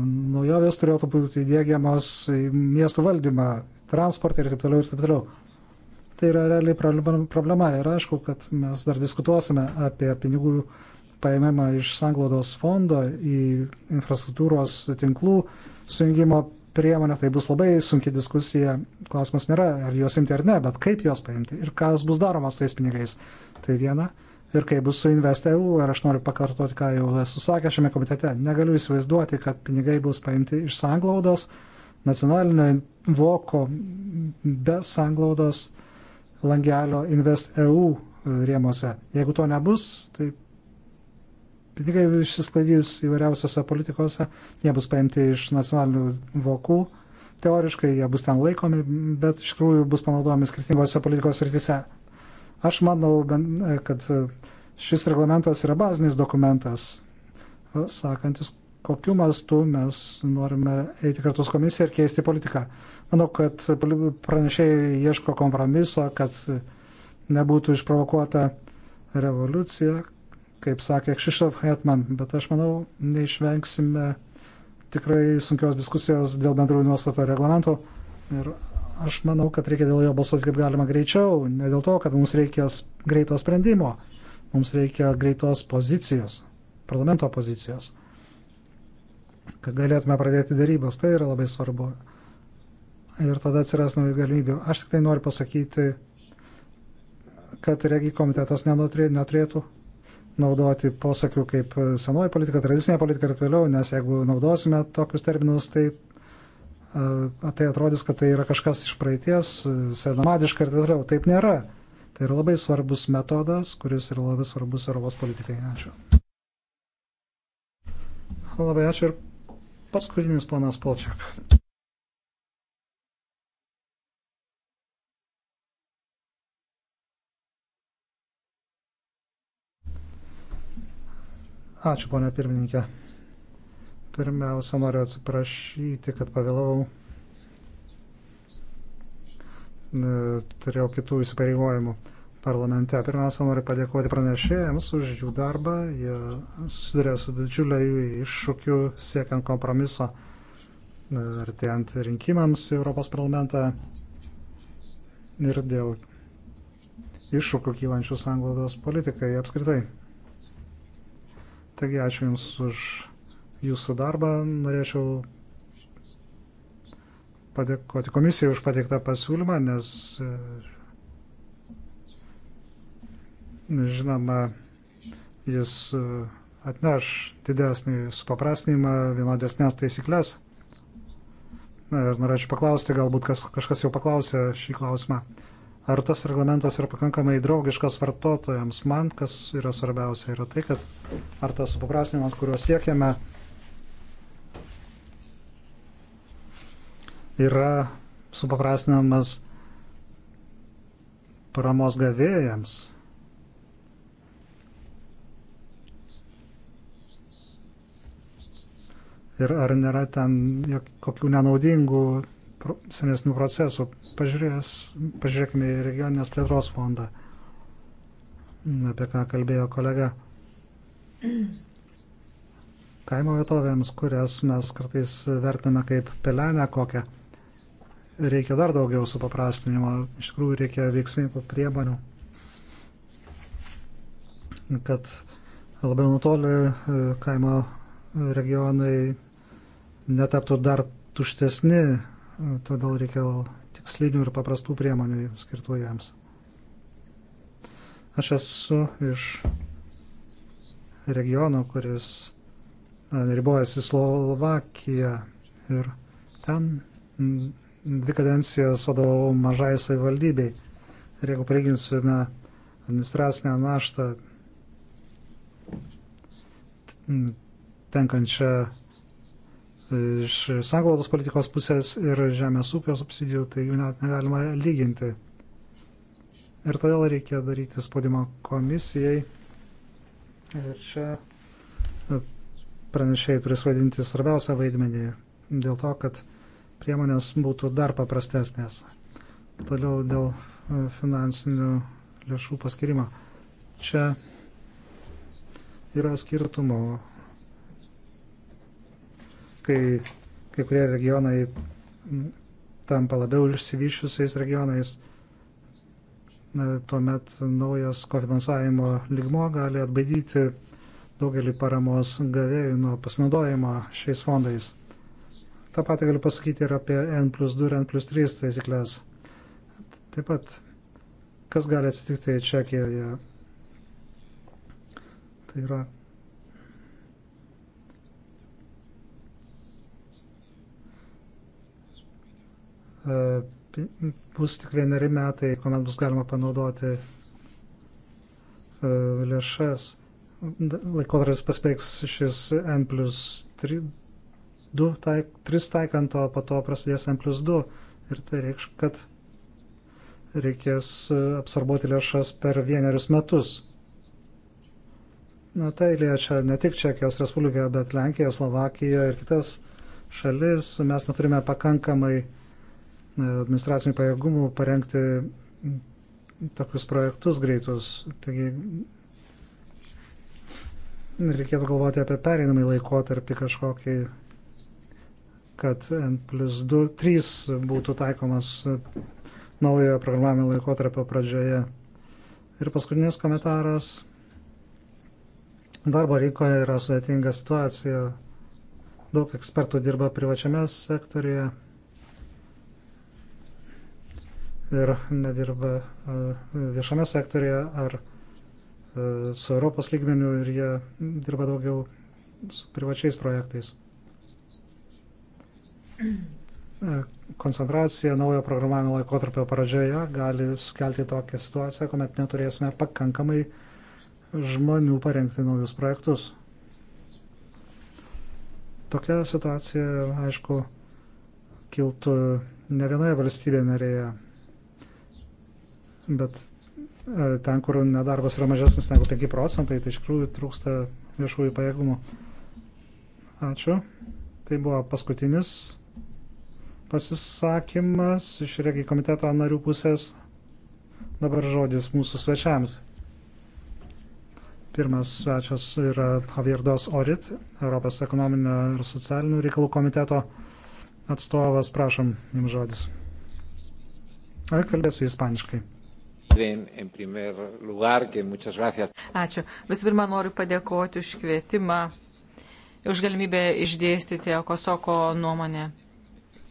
naujovės turėtų būti įdėgiamos į miestų valdymą, transportą ir taip toliau ir taip toliau. Tai yra realiai problema ir aišku, kad mes dar diskutuosime apie pinigų paėmimą iš sanglaudos fondo į infrastruktūros tinklų sujungimo priemonę. Tai bus labai sunki diskusija. Klausimas nėra, ar juos imti ar ne, bet kaip juos paimti ir kas bus daromas tais pinigais. Tai viena ir kaip bus su InvestEU, ir aš noriu pakartoti, ką jau esu sakęs šiame komitete, negaliu įsivaizduoti, kad pinigai bus paimti iš sanglaudos, nacionalinio voko be sanglaudos langelio InvestEU rėmose. Jeigu to nebus, tai pinigai išsisklaidys įvairiausiose politikose, jie bus paimti iš nacionalinių vokų, teoriškai jie bus ten laikomi, bet iš tikrųjų bus panaudojami skirtingose politikos rytise. Aš manau, e, kad e, šis reglamentas yra bazinis dokumentas, e, sakantis, kokiu mastu mes norime eiti kartu su komisija ir keisti politiką. Manau, kad pranešėjai ieško kompromiso, kad nebūtų išprovokuota revoliucija, kaip sakė Kšišov Hetman, bet aš manau, neišvengsime tikrai sunkios diskusijos dėl bendrųjų nuostato reglamento ir Aš manau, kad reikia dėl jo balsuoti kaip galima greičiau, ne dėl to, kad mums reikia greito sprendimo, mums reikia greitos pozicijos, parlamento pozicijos, kad galėtume pradėti darybas. Tai yra labai svarbu. Ir tada atsiras naujų galimybių. Aš tik tai noriu pasakyti, kad regi komitetas neturėtų naudoti posakių kaip e, senoji politika, tradicinė politika ir vėliau, nes jeigu naudosime tokius terminus, tai tai atrodys, kad tai yra kažkas iš praeities, senamadiška ir taip toliau. Taip nėra. Tai yra labai svarbus metodas, kuris yra labai svarbus Europos politikai. Ačiū. Labai ačiū ir paskutinis ponas Polčiak. Ačiū, ponia pirmininkė. Pirmiausia, noriu atsiprašyti, kad pavėlavau. E, turėjau kitų įsipareigojimų parlamente. Pirmiausia, noriu padėkoti pranešėjams už jų darbą. Jie susidurė su didžiulė jų iššūkiu siekiant kompromiso e, artėjant rinkimams į Europos parlamentą ir dėl iššūkių kylančių sanglaudos politikai apskritai. Taigi ačiū Jums už jūsų darbą. Norėčiau padėkoti komisijai už pateiktą pasiūlymą, nes e, žinoma, jis e, atneš didesnį supaprastinimą, vienodesnės taisyklės. Ir norėčiau paklausti, galbūt kas, kažkas jau paklausė šį klausimą. Ar tas reglamentas yra pakankamai draugiškas vartotojams? Man kas yra svarbiausia, yra tai, kad ar tas supaprastinimas, kuriuo siekiame, yra supaprastinamas paramos gavėjams. Ir ar nėra ten kokių nenaudingų senesnių procesų. Pažiūrės, pažiūrėkime į regioninės plėtros fondą, apie ką kalbėjo kolega. Kaimo vietovėms, kurias mes kartais vertiname kaip pelenę kokią reikia dar daugiau supaprastinimo, iš tikrųjų reikia veiksmingų priemonių, kad labiau nutolę e, kaimo regionai netaptų dar tuštesni, todėl reikia tikslinių ir paprastų priemonių skirtų jiems. Aš esu iš regiono, kuris e, ribojasi Slovakiją ir ten dvi kadencijas vadovau mažai savivaldybei. Ir jeigu palyginsime administracinę naštą tenkančią iš sanglaudos politikos pusės ir žemės ūkio subsidijų, tai jų net negalima lyginti. Ir todėl reikia daryti spaudimą komisijai. Ir čia pranešėjai turės vaidinti svarbiausią vaidmenį dėl to, kad priemonės būtų dar paprastesnės. Toliau dėl e, finansinių lėšų paskirimo. Čia yra skirtumų, kai kai kurie regionai tampa labiau išsivyščiusiais regionais, tuomet naujas kofinansavimo ligmo gali atbaidyti daugelį paramos gavėjų nuo pasinaudojimo šiais fondais tą patį galiu pasakyti ir apie N plus 2 ir N plus 3 taisyklės. Taip pat, kas gali atsitikti Čekijoje? Tai yra. E, bus tik vieneri metai, kuomet bus galima panaudoti e, lėšas. Laikotarpis pasveiks šis N plus 3 2, taik, 3 taikant, o po to prasidės N plus 2. Ir tai reikš, kad reikės e, apsarboti lėšas per vienerius metus. Na, tai liečia ne tik Čekijos Respubliką, bet Lenkiją, Slovakiją ir kitas šalis. Mes neturime pakankamai e, administracinių pajėgumų parengti tokius projektus greitus. Taigi reikėtų galvoti apie pereinamąjį laikotarpį kažkokį kad N plus 2, 3 būtų taikomas naujojo programavimo laikotarpio pradžioje. Ir paskutinis komentaras. Darbo rinkoje yra sudėtinga situacija. Daug ekspertų dirba privačiame sektoriuje ir nedirba e, viešame sektorėje ar e, su Europos lygmeniu ir jie dirba daugiau su privačiais projektais koncentracija naujo programavimo laikotarpio pradžioje gali sukelti tokią situaciją, kuomet neturėsime pakankamai žmonių parengti naujus projektus. Tokia situacija, aišku, kiltų ne vienoje valstybėje narėje, bet e, ten, kur nedarbas yra mažesnis negu 5 procentai, tai iš tikrųjų trūksta viešųjų pajėgumų. Ačiū. Tai buvo paskutinis pasisakymas iš regi komiteto narių pusės. Dabar žodis mūsų svečiams. Pirmas svečias yra Javierdos Orit, Europos ekonominio ir socialinių reikalų komiteto atstovas. Prašom, jums žodis. Ar kalbėsiu ispaniškai? Ačiū. Visų pirma, noriu padėkoti už kvietimą, už galimybę išdėstyti Ekosoko nuomonę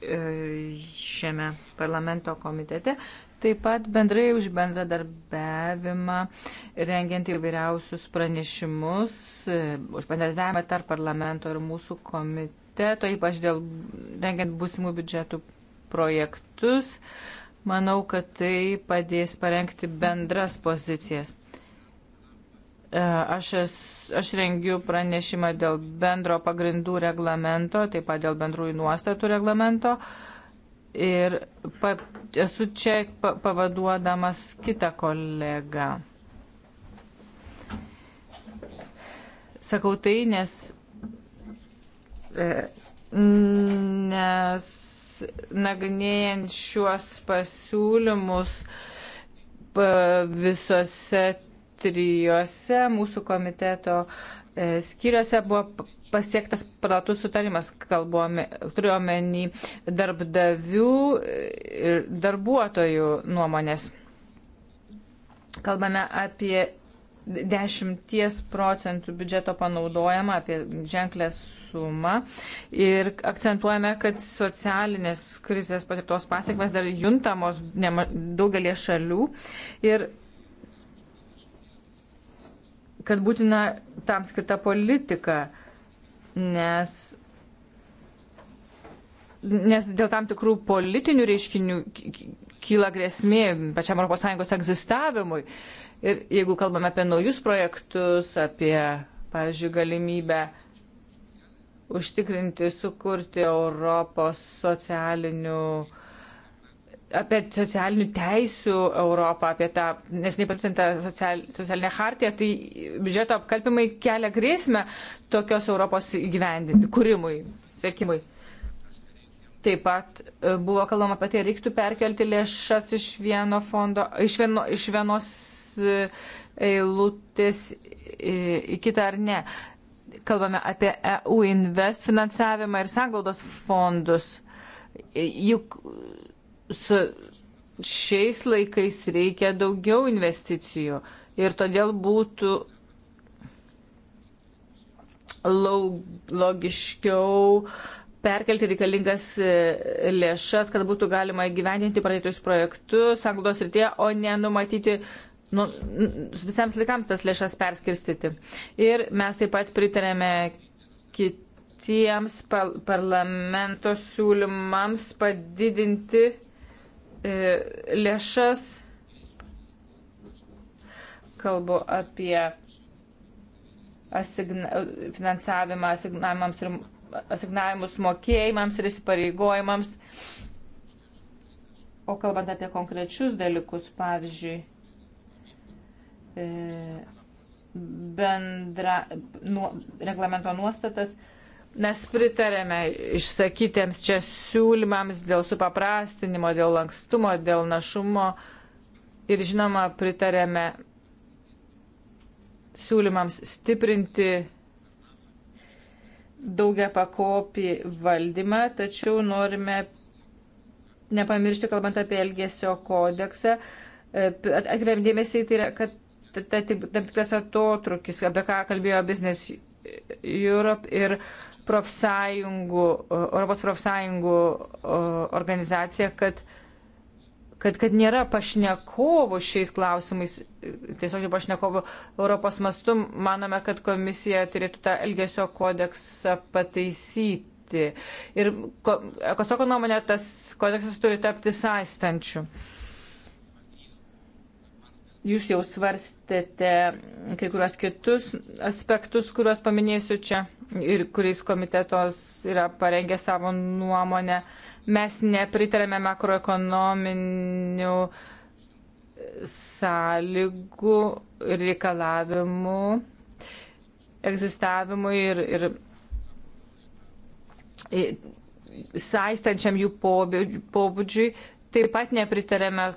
E, šiame parlamento komitete, taip pat bendrai už bendradarbiavimą, rengiant įvairiausius pranešimus, e, už bendradarbiavimą tarp parlamento ir mūsų komiteto, ypač dėl rengiant būsimų biudžetų projektus. Manau, kad tai padės parengti bendras pozicijas. E, aš esu aš rengiu pranešimą dėl bendro pagrindų reglamento, taip pat dėl bendrųjų nuostatų reglamento. Ir pa, esu čia pa, pavaduodamas kitą kolegą. Sakau tai, nes, e, nes nagrinėjant šiuos pasiūlymus visose trijose mūsų komiteto e, skyriuose buvo pasiektas platus sutarimas, kalbuome, turiuomenį darbdavių e, ir darbuotojų nuomonės. Kalbame apie 10 procentų biudžeto panaudojama, apie ženklę sumą ir akcentuojame, kad socialinės krizės patirtos pasiekmes dar juntamos daugelie šalių ir kad būtina tam skirta politika, nes, nes dėl tam tikrų politinių reiškinių kyla grėsmė pačiam ES egzistavimui. Ir jeigu kalbame apie naujus projektus, apie, pavyzdžiui, galimybę užtikrinti, sukurti Europos socialinių uh, apie socialinių teisių Europą, apie tą nesnei patvirtintą social, socialinę hartiją, tai biudžeto apkalpimai kelia grėsmę tokios Europos įgyvendinimui, kūrimui, sėkimui. Taip pat e, buvo kalbama apie tai, reiktų perkelti lėšas iš, vieno fondo, iš, vieno, iš vienos e, eilutės į kitą ar ne. Kalbame apie EU Invest finansavimą ir sanglaudos fondus. E, juk su šiais laikais reikia daugiau investicijų ir todėl būtų logiškiau perkelti reikalingas e, lėšas, kad būtų galima gyveninti pradėtus projektus sanglos rytėje, o ne numatyti nu, visiems laikams tas lėšas perskirstyti. Ir mes taip pat pritarėme kitiems par parlamento siūlymams padidinti E, lėšas. Kalbu apie asigna, finansavimą asignavimams ir asignavimus mokėjimams ir įsipareigojimams. O kalbant apie konkrečius dalykus, pavyzdžiui, e, bendra, nu, reglamento nuostatas, Mes pritarėme išsakytiems čia siūlymams dėl supaprastinimo, dėl lankstumo, dėl našumo ir žinoma pritarėme siūlymams stiprinti daugia pakopį valdymą, tačiau norime nepamiršti, kalbant apie Elgesio kodeksą, e, atkreipiam dėmesį į tai, kad tam tikras atotrukis, apie ką kalbėjo Business Europe ir uh, profsąjungų, Europos profsąjungų organizacija, kad, kad, kad nėra pašnekovų šiais klausimais, tiesiog pašnekovų Europos mastu, manome, kad komisija turėtų tą Elgesio kodeksą pataisyti. Ir Kosoko nuomonė, tas kodeksas turi tapti saistančiu. Uh, Jūs jau svarstėte kai kurios kitus aspektus, kuriuos paminėsiu čia ir kuriais komitetos yra parengę savo nuomonę. Mes nepritarėme makroekonominių sąlygų reikalavimų egzistavimui ir, ir, ir saistančiam jų pobūdžiui. Taip pat nepritarėme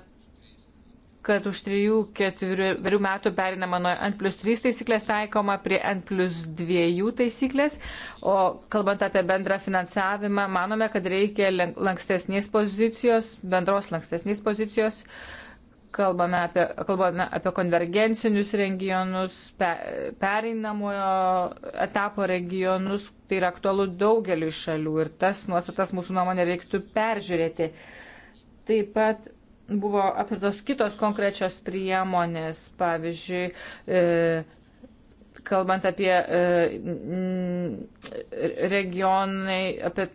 kad už 3-4 metų perinama nuo N plus 3 taisyklės taikoma prie N plus 2 taisyklės, o kalbant apie bendrą finansavimą, manome, kad reikia lankstesnės pozicijos, bendros lankstesnės pozicijos. Kalbame apie, kalbame apie konvergencinius regionus, pe, pereinamojo etapo regionus, tai yra aktualu daugeliu šalių ir tas nuostatas mūsų nuomonė reiktų peržiūrėti. Taip pat buvo aptartos kitos konkrečios priemonės, pavyzdžiui, e, kalbant apie e, regionai, apie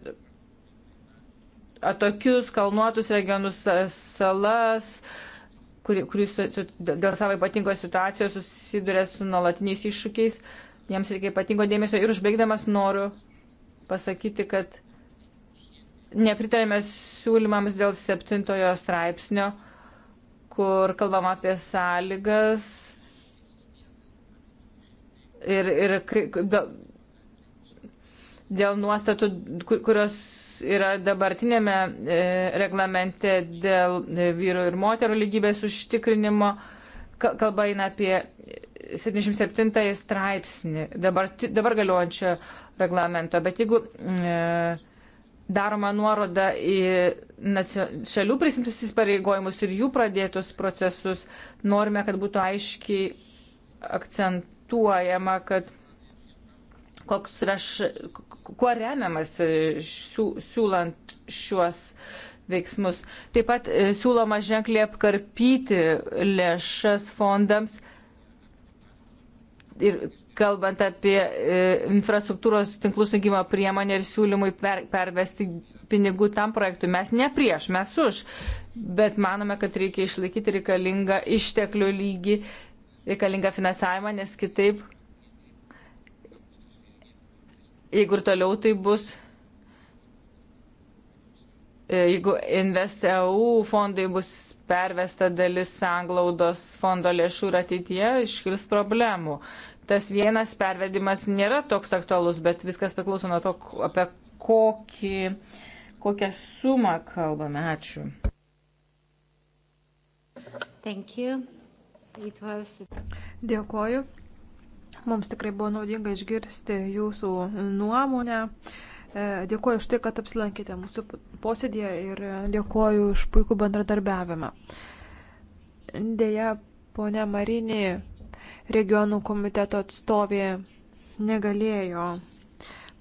atokius kalnuotus regionus, salas, kuris kuri dėl savo ypatingos situacijos susiduria su nuolatiniais iššūkiais, jiems reikia ypatingo dėmesio. Ir užbaigdamas noriu pasakyti, kad nepritarėme siūlymams dėl septintojo straipsnio, kur kalbam apie sąlygas ir, ir dėl nuostatų, kurios yra dabartinėme e, reglamente dėl vyru ir moterų lygybės užtikrinimo. Kalba eina apie 77 straipsnį dabar, dabar galiojančio reglamento, bet jeigu e, daroma nuoroda į šalių prisimtus įsipareigojimus ir jų pradėtus procesus. Norime, kad būtų aiškiai akcentuojama, kad koks raš, kuo remiamas e, šiū, siūlant šiuos veiksmus. Taip pat e, siūloma ženkliai apkarpyti lėšas fondams ir kalbant apie e, infrastruktūros tinklų sujungimo priemonę ir siūlymui per, pervesti pinigų tam projektui. Mes ne prieš, mes už, bet manome, kad reikia išlaikyti reikalingą išteklių lygį, reikalingą finansavimą, nes kitaip, jeigu ir toliau tai bus, e, jeigu InvestEU fondai bus pervesta dalis sanglaudos fondo lėšų ir ateityje iškils problemų. Tas vienas pervedimas nėra toks aktualus, bet viskas priklauso nuo to, apie kokį, kokią sumą kalbame. Ačiū. Was... Dėkoju. Mums tikrai buvo naudinga išgirsti jūsų nuomonę. Uh, E, dėkuoju už tai, kad apsilankėte mūsų posėdėje ir dėkuoju už puikų bendradarbiavimą. Deja, ponia Marinė, regionų komiteto atstovė, negalėjo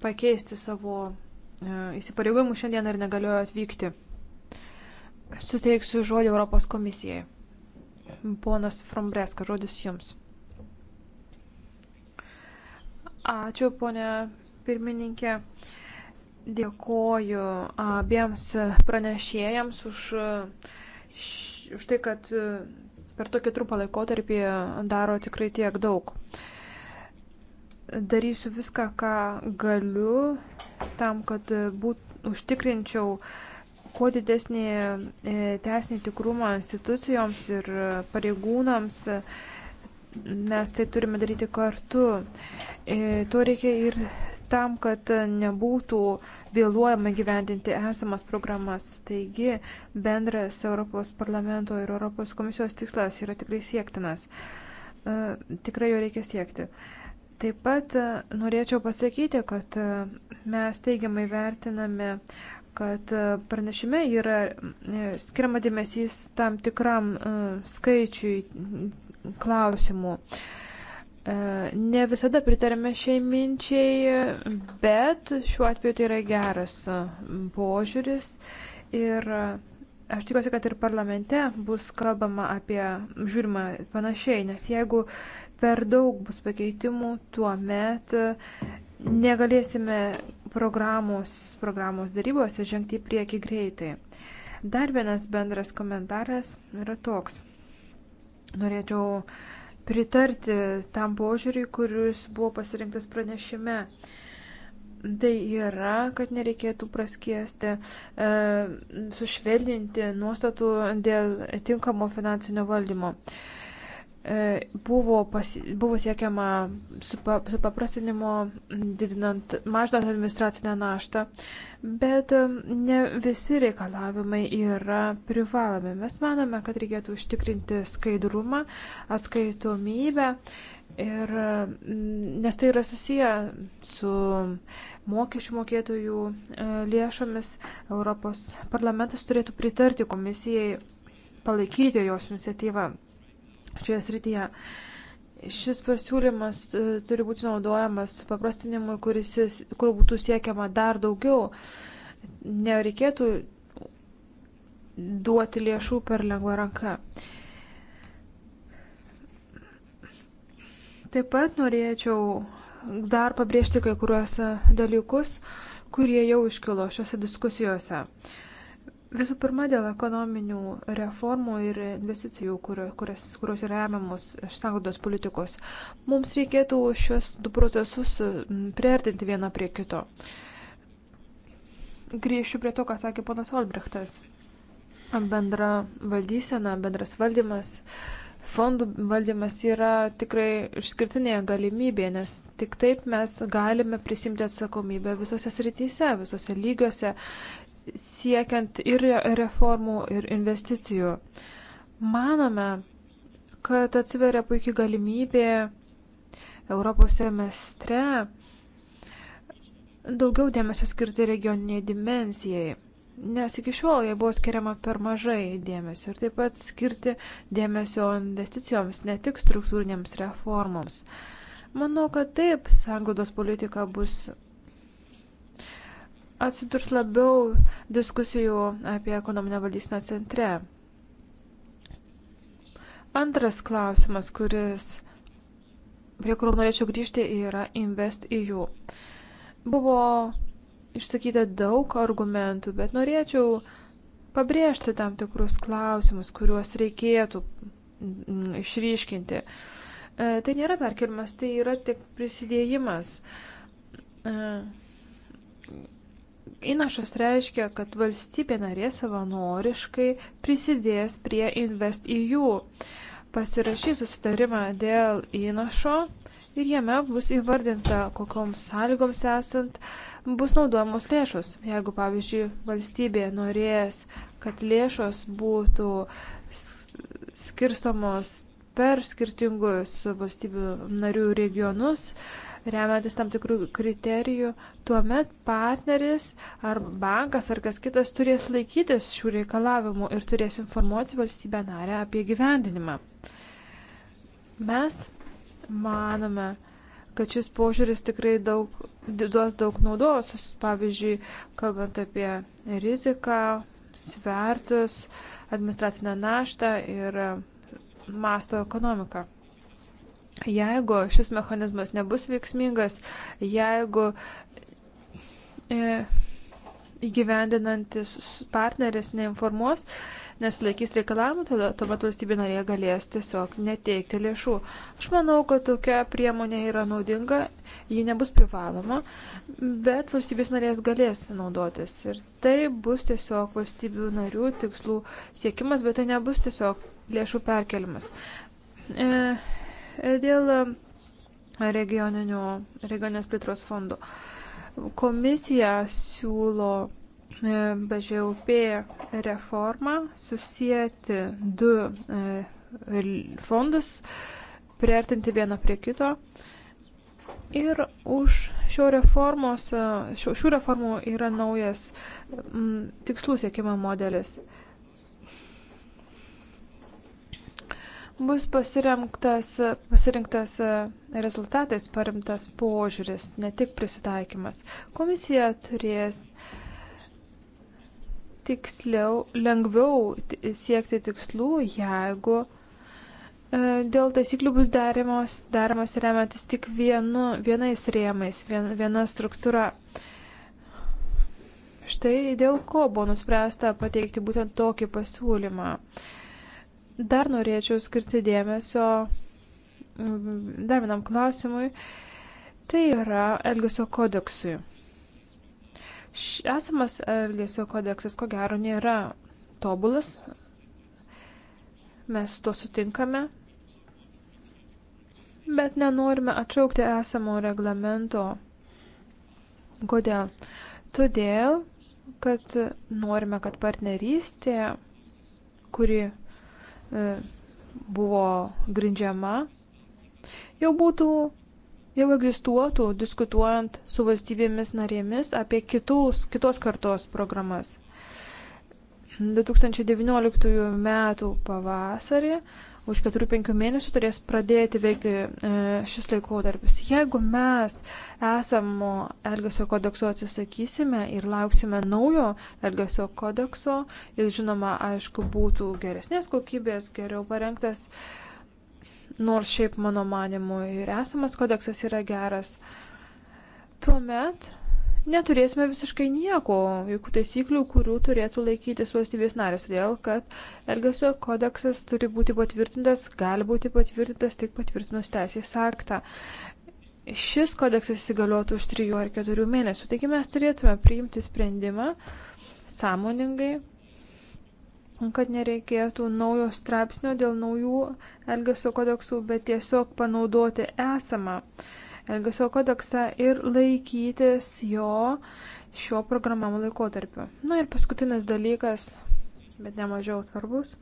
pakeisti savo e, įsipareigojimų šiandien ir negalėjo atvykti. Suteiksiu žodį Europos komisijai. Ponas Frombreska, žodis jums. Ačiū, ponia pirmininkė. Uh, Dėkoju abiems pranešėjams už, už tai, kad per tokį trumpą laikotarpį daro tikrai tiek daug. Darysiu viską, ką galiu, tam, kad būt, užtikrinčiau kuo didesnį e, teisinį tikrumą institucijoms ir pareigūnams mes tai turime daryti kartu. E, to reikia ir tam, kad nebūtų vėluojama gyvendinti esamas programas. Taigi bendras Europos parlamento ir Europos komisijos tikslas yra tikrai siektinas. E, tikrai jo reikia siekti. Taip pat e, norėčiau pasakyti, kad e, mes teigiamai vertiname, kad pranešime yra skiriama dėmesys tam tikram skaičiui klausimų. Uh, E, ne visada pritarėme šiai minčiai, bet šiuo atveju tai yra geras e, požiūris ir e, aš tikiuosi, kad ir parlamente bus kalbama apie, žiūrima panašiai, nes jeigu per daug bus pakeitimų, tuo met negalėsime programos, programos darybose žengti į priekį greitai. Dar vienas bendras komentaras yra toks. Norėčiau uh, pritarti tam požiūriui, kuris buvo pasirinktas pranešime. Tai yra, kad nereikėtų praskiesti, e, sušvelninti nuostatų dėl tinkamo finansinio valdymo. E, E, buvo, pasi, buvo siekiama supaprastinimo, didinant maždant administracinę naštą, bet e, ne visi reikalavimai yra privalomi. Mes manome, kad reikėtų užtikrinti skaidrumą, atskaitomybę, ir, nes tai yra susiję su mokesčių mokėtojų e, lėšomis. Europos parlamentas turėtų pritarti komisijai palaikyti jos iniciatyvą šioje srityje. Šis pasiūlymas e, turi būti naudojamas paprastinimui, kuris, kur būtų siekiama dar daugiau. Nereikėtų duoti lėšų per lengvą ranką. Taip pat norėčiau dar pabrėžti kai kuriuos dalykus, kurie jau iškilo šiuose diskusijose. Uh, Visų pirma, dėl ekonominių reformų ir investicijų, kurios, kurios yra remiamos iš sąnaudos politikos, mums reikėtų šios du procesus priartinti vieną prie kito. Grįšiu prie to, ką sakė ponas Olbrechtas. Bendra valdysena, bendras valdymas fondų valdymas yra tikrai išskirtinė galimybė, nes tik taip mes galime prisimti atsakomybę visose srityse, visose lygiuose siekiant ir reformų, ir investicijų. Manome, kad atsiveria puikiai galimybė Europos semestre daugiau dėmesio skirti regioniniai dimensijai, nes iki šiol jai buvo skiriama per mažai dėmesio ir taip pat skirti dėmesio investicijoms, ne tik struktūrinėms reformoms. Manau, kad taip, sanglaudos politika bus atsidurs labiau diskusijų apie ekonominę valdysiną centre. Antras klausimas, kuris, prie kurio norėčiau grįžti, yra Invest EU. Buvo išsakyta daug argumentų, bet norėčiau pabrėžti tam tikrus klausimus, kuriuos reikėtų mm, išryškinti. E, tai nėra perkelimas, tai yra tik prisidėjimas. E, Įnašas reiškia, kad valstybė narė savanoriškai prisidės prie InvestEU, pasirašys susitarimą dėl įnašo ir jame bus įvardinta, kokioms sąlygoms esant bus naudojamos lėšos. Jeigu, pavyzdžiui, valstybė norės, kad lėšos būtų skirstomos per skirtingus valstybių narių regionus, remiantis tam tikrų kriterijų, tuomet partneris ar bankas ar kas kitas turės laikytis šių reikalavimų ir turės informuoti valstybę narę apie gyvendinimą. Mes manome, kad šis požiūris tikrai daug, duos daug naudos, pavyzdžiui, kalbant apie riziką, svertus, administracinę naštą ir masto ekonomiką. Jeigu šis mechanizmas nebus veiksmingas, jeigu e, įgyvendinantis partneris neinformuos, nesilaikys reikalavimų, tada tuomet valstybė narė galės tiesiog neteikti lėšų. Aš manau, kad tokia priemonė yra naudinga, ji nebus privaloma, bet valstybės narės galės naudotis. Ir tai bus tiesiog valstybių narių tikslų siekimas, bet tai nebus tiesiog lėšų perkelimas. E, dėl e, regioninės plėtros fondo. Komisija siūlo e, BŽUP reformą susijęti du e, fondus, priartinti vieną prie kito. Ir už šio reformos, šio, šių reformų yra naujas m, tikslų siekimo modelis. bus pasirinktas, pasirinktas e, rezultatais paremtas požiūris, ne tik prisitaikymas. Komisija turės tiksliau, lengviau siekti tikslų, jeigu e, dėl taisyklių bus darymos, daromos remiantis tik vienu, vienais rėmais, vien, viena struktūra. Štai dėl ko buvo nuspręsta pateikti būtent tokį pasiūlymą. Uh, Dar norėčiau skirti dėmesio mm, dar vienam klausimui. Tai yra Elgesio kodeksui. Esamas Elgesio kodeksas, ko gero, nėra tobulas. Mes to sutinkame. Bet nenorime atšaukti esamo reglamento. Kodėl? Todėl, kad norime, kad partnerystė, kuri E, buvo grindžiama, jau būtų, jau egzistuotų diskutuojant su valstybėmis narėmis apie kitus, kitos kartos programas. 2019 m. pavasarį už 4-5 mėnesių turės pradėti veikti e, šis laikotarpis. Jeigu mes esamo Elgesio kodekso atsisakysime ir lauksime naujo Elgesio kodekso, jis žinoma, aišku, būtų geresnės kokybės, geriau parengtas, nors šiaip mano manimu ir esamas kodeksas yra geras. Tuomet neturėsime visiškai nieko, jokių taisyklių, kurių turėtų laikytis valstybės narės, todėl kad Elgesio kodeksas turi būti patvirtintas, gali būti patvirtintas tik patvirtinus teisės aktą. Šis kodeksas įsigaliotų už 3 ar 4 mėnesių, taigi mes turėtume priimti sprendimą sąmoningai, kad nereikėtų naujo straipsnio dėl naujų Elgesio kodeksų, bet tiesiog panaudoti esamą. Uh, Elgesio kodeksą ir laikytis jo šio programavimo laikotarpiu. Na ir paskutinis dalykas, bet nemažiau svarbus,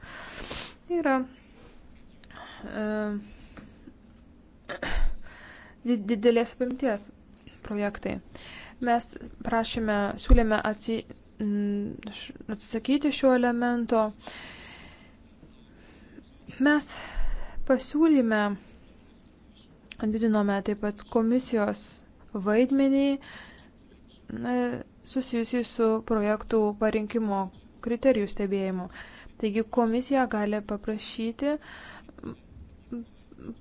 yra e, didelės apimties projektai. Mes prašėme, siūlėme atsi, atsisakyti šio elemento. Mes pasiūlyme Didinome taip pat komisijos vaidmenį susijusį su projektų parinkimo kriterijų stebėjimu. Taigi komisija gali paprašyti,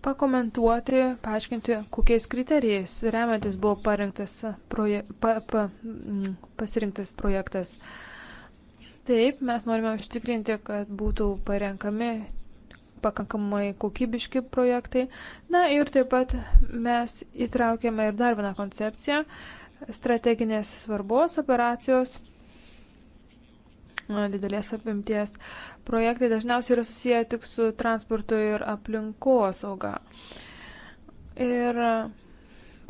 pakomentuoti, paaiškinti, kokiais kriterijais remiantis buvo parinktas proje, pa, pa, pasirinktas projektas. Taip, mes norime užtikrinti, kad būtų parenkami pakankamai kokybiški projektai. Na ir taip pat mes įtraukėme ir dar vieną koncepciją - strateginės svarbos operacijos. Didelės apimties projektai dažniausiai yra susiję tik su transportu ir aplinkosauga. Ir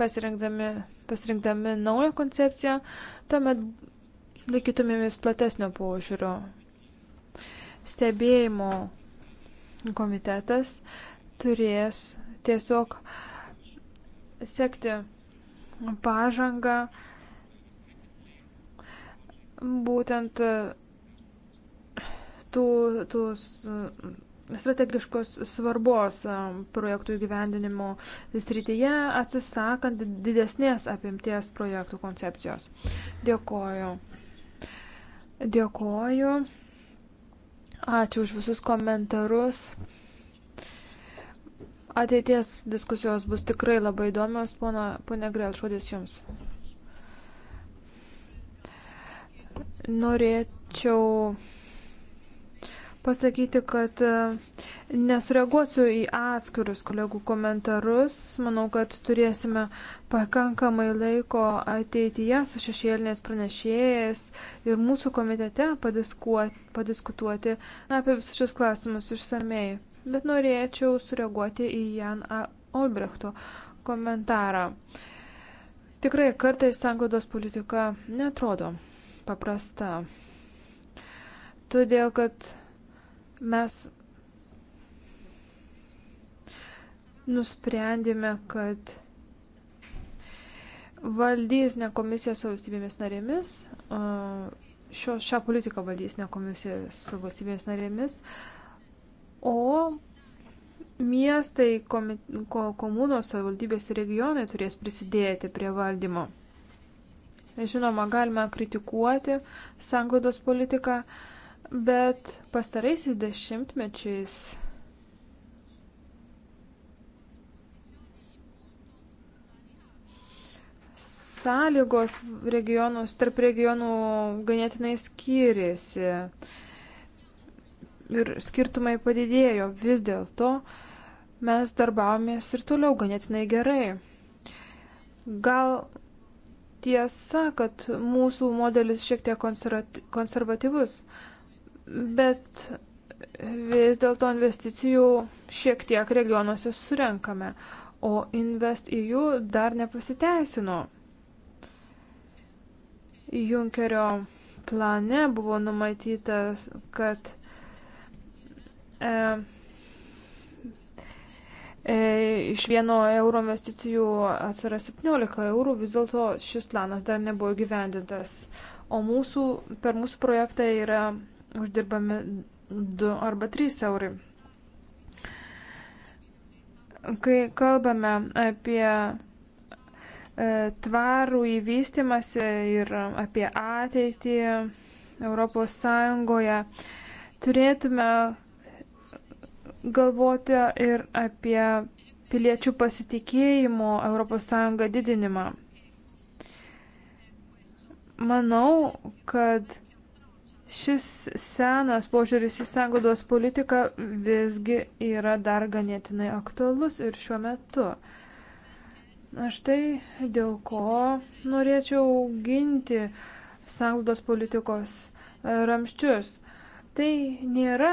pasirinkdami, pasirinkdami naują koncepciją, tuomet laikytumėmės platesnio požiūrio stebėjimo komitetas turės tiesiog sekti pažangą būtent tų, tų strategiškos svarbos projektų įgyvendinimo srityje, atsisakant didesnės apimties projektų koncepcijos. Dėkoju. Dėkoju. Ačiū už visus komentarus. Ateities diskusijos bus tikrai labai įdomios, ponė Grėl, šodės jums. Norėčiau pasakyti, kad e, nesureaguosiu į atskirus kolegų komentarus. Manau, kad turėsime pakankamai laiko ateityje su šešėlinės pranešėjais ir mūsų komitete padiskutuoti apie visus šios klausimus išsamei. Bet norėčiau sureaguoti į Jan Olbrechto komentarą. Tikrai kartais sanglodos politika netrodo paprasta. Todėl, kad Mes nusprendėme, kad valdys ne komisija su valstybėmis narėmis, šio, šią politiką valdys ne komisija su valstybėmis narėmis, o miestai, komunos, savivaldybės ir regionai turės prisidėti prie valdymo. Žinoma, galime kritikuoti sanglaudos politiką, bet pastaraisiais dešimtmečiais sąlygos regionus, tarp regionų ganėtinai skyrėsi ir skirtumai padidėjo. Vis dėlto mes darbavomės ir toliau ganėtinai gerai. Gal tiesa, kad mūsų modelis šiek tiek konservatyvus, bet vis dėlto investicijų šiek tiek regionuose surenkame, o InvestEU dar nepasiteisino. Junkerio plane buvo numatytas, kad e, e, iš vieno euro investicijų atsiras 17 eurų, vis dėlto šis planas dar nebuvo gyvendintas. O mūsų, per mūsų projektą yra uždirbami 2 arba 3 eurai. Kai kalbame apie e, tvarų įvystimąsi ir apie ateitį Europos Sąjungoje, turėtume galvoti ir apie piliečių pasitikėjimo ES didinimą. Manau, kad Šis senas požiūris į sąnaudos politiką visgi yra dar ganėtinai aktualus ir šiuo metu. Aš tai dėl ko norėčiau ginti sąnaudos politikos e, ramščius. Tai nėra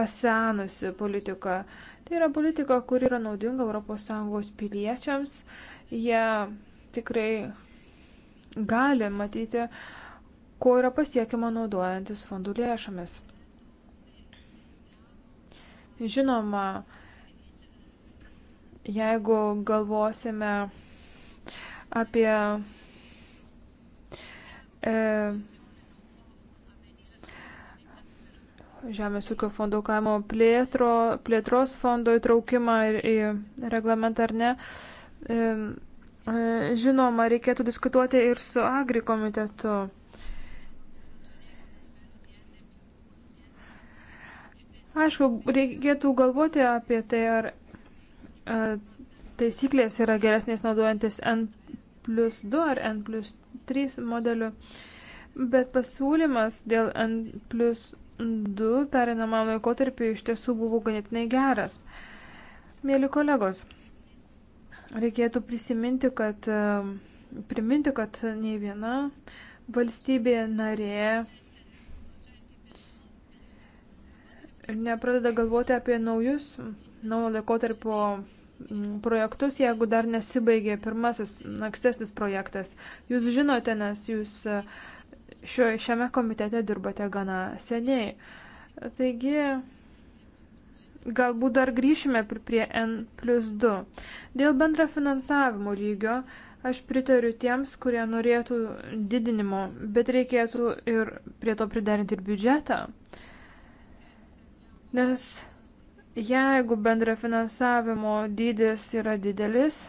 pasenusi politika. Tai yra politika, kuri yra naudinga ES piliečiams. Jie tikrai gali matyti uh, ko yra pasiekiama naudojantis fondų lėšomis. Žinoma, jeigu galvosime apie e, Žemės ūkio fondo kaimo plėtro, plėtros fondo įtraukimą ir į reglamentą ar ne. E, e, žinoma, reikėtų diskutuoti ir su agri komitetu. Aišku, reikėtų galvoti apie tai, ar a, taisyklės yra geresnės naudojantis N plus 2 ar N plus 3 modeliu, bet pasiūlymas dėl N plus 2 perinamam laikotarpiu iš tiesų buvo ganėtinai geras. Mėly kolegos, reikėtų prisiminti, kad priminti, kad nei viena valstybė narė nepradeda galvoti apie naujus, naujo laikotarpio mm, projektus, jeigu dar nesibaigė pirmasis, ankstesnis projektas. Jūs žinote, nes jūs e, šio, šiame komitete dirbate gana seniai. Taigi, galbūt dar grįšime prie N plus 2. Dėl bendra finansavimo lygio aš pritariu tiems, kurie norėtų didinimo, bet reikėtų ir prie to pridarinti ir biudžetą. Uh, Nes jeigu bendrafinansavimo dydis yra didelis,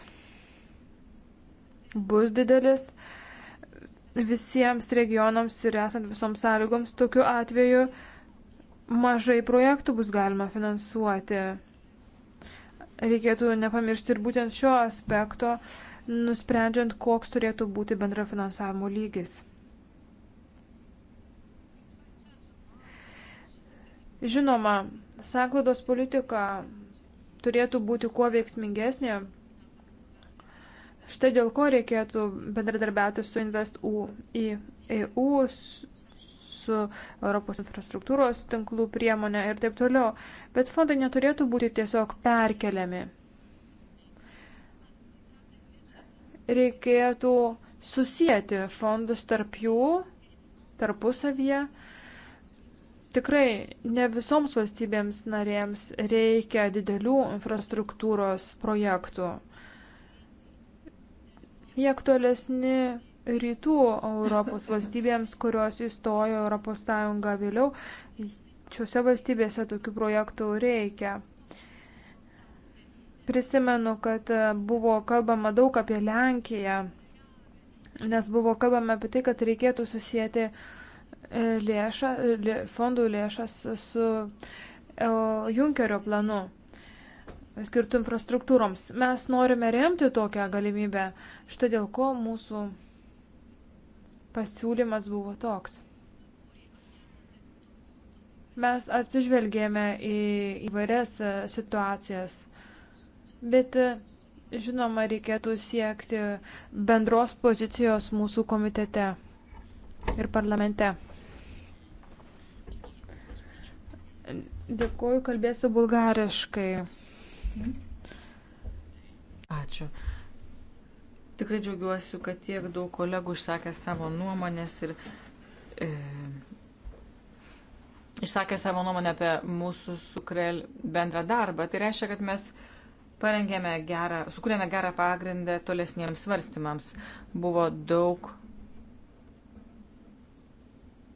bus didelis visiems regionams ir esant visoms sąlygoms, tokiu atveju mažai projektų bus galima finansuoti. Reikėtų nepamiršti ir būtent šio aspekto, nusprendžiant, koks turėtų būti bendrafinansavimo lygis. Žinoma, sanklaudos politika turėtų būti kuo veiksmingesnė. Štai dėl ko reikėtų bendradarbiauti su InvestU į EU, su Europos infrastruktūros tinklų priemonė ir taip toliau. Bet fondai neturėtų būti tiesiog perkeliami. Reikėtų susijęti fondus tarp jų, tarpusavyje Tikrai ne visoms valstybėms narėms reikia didelių infrastruktūros projektų. Jie aktualesni rytų Europos valstybėms, kurios įstojo Europos Sąjungą vėliau. Šiuose valstybėse tokių projektų reikia. Prisimenu, kad buvo kalbama daug apie Lenkiją, nes buvo kalbama apie tai, kad reikėtų susijęti uh, E, lėša, e, lė, fondų lėšas su e, Junkerio planu skirtų infrastruktūroms. Mes norime remti tokią galimybę. Štai dėl ko mūsų pasiūlymas buvo toks. Mes atsižvelgėme į įvairias situacijas, bet žinoma, reikėtų siekti bendros pozicijos mūsų komitete ir parlamente. Dėkuoju, kalbėsiu bulgariškai. Ačiū. Tikrai džiaugiuosi, kad tiek daug kolegų išsakė savo nuomonės ir e, išsakė savo nuomonę apie mūsų sukrel bendrą darbą. Tai reiškia, kad mes parengėme gerą, sukūrėme gerą pagrindą tolesniems svarstymams. Buvo daug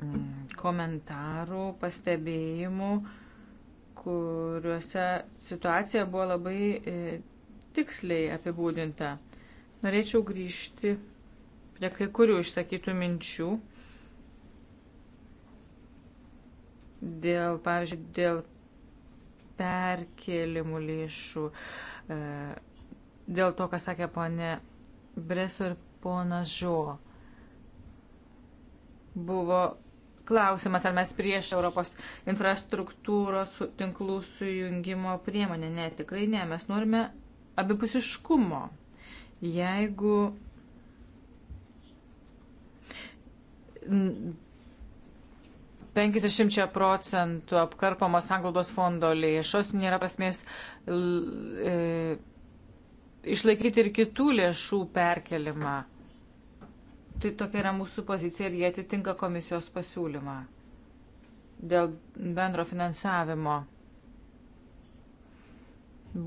mm, komentarų, pastebėjimų. E, kuriuose situacija buvo labai e, tiksliai apibūdinta. Norėčiau grįžti prie kai kurių išsakytų minčių. Dėl, pavyzdžiui, dėl perkelimų lėšų, e, dėl to, ką sakė ponė Breso ir ponas Žo. Buvo klausimas, ar mes prieš Europos infrastruktūros tinklų sujungimo priemonę. Ne, tikrai ne, mes norime abipusiškumo. Jeigu n, 50 procentų apkarpamos sanglaudos fondo lėšos nėra prasmės l, e, išlaikyti ir kitų lėšų perkelimą. Tai tokia yra mūsų pozicija ir jie atitinka komisijos pasiūlymą dėl bendro finansavimo.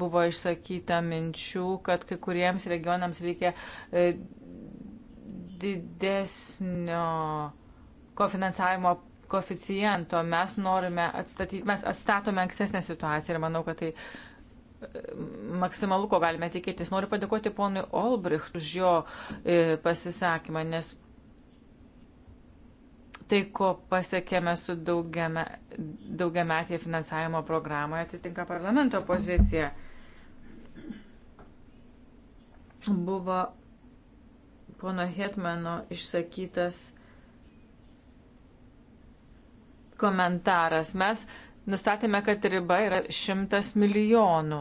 Buvo išsakyta minčių, kad kai kuriems regionams reikia e, didesnio kofinansavimo koficijento. Mes norime atstatyti, mes atstatome ankstesnę situaciją ir manau, kad tai maksimalu, ko galime tikėtis. Noriu padėkoti ponui Olbricht už jo e, pasisakymą, nes tai, ko pasiekėme su daugiame, daugiametėje finansavimo programoje, atitinka parlamento pozicija. Buvo pono Hetmano išsakytas komentaras. Mes nustatėme, kad riba yra 100 milijonų.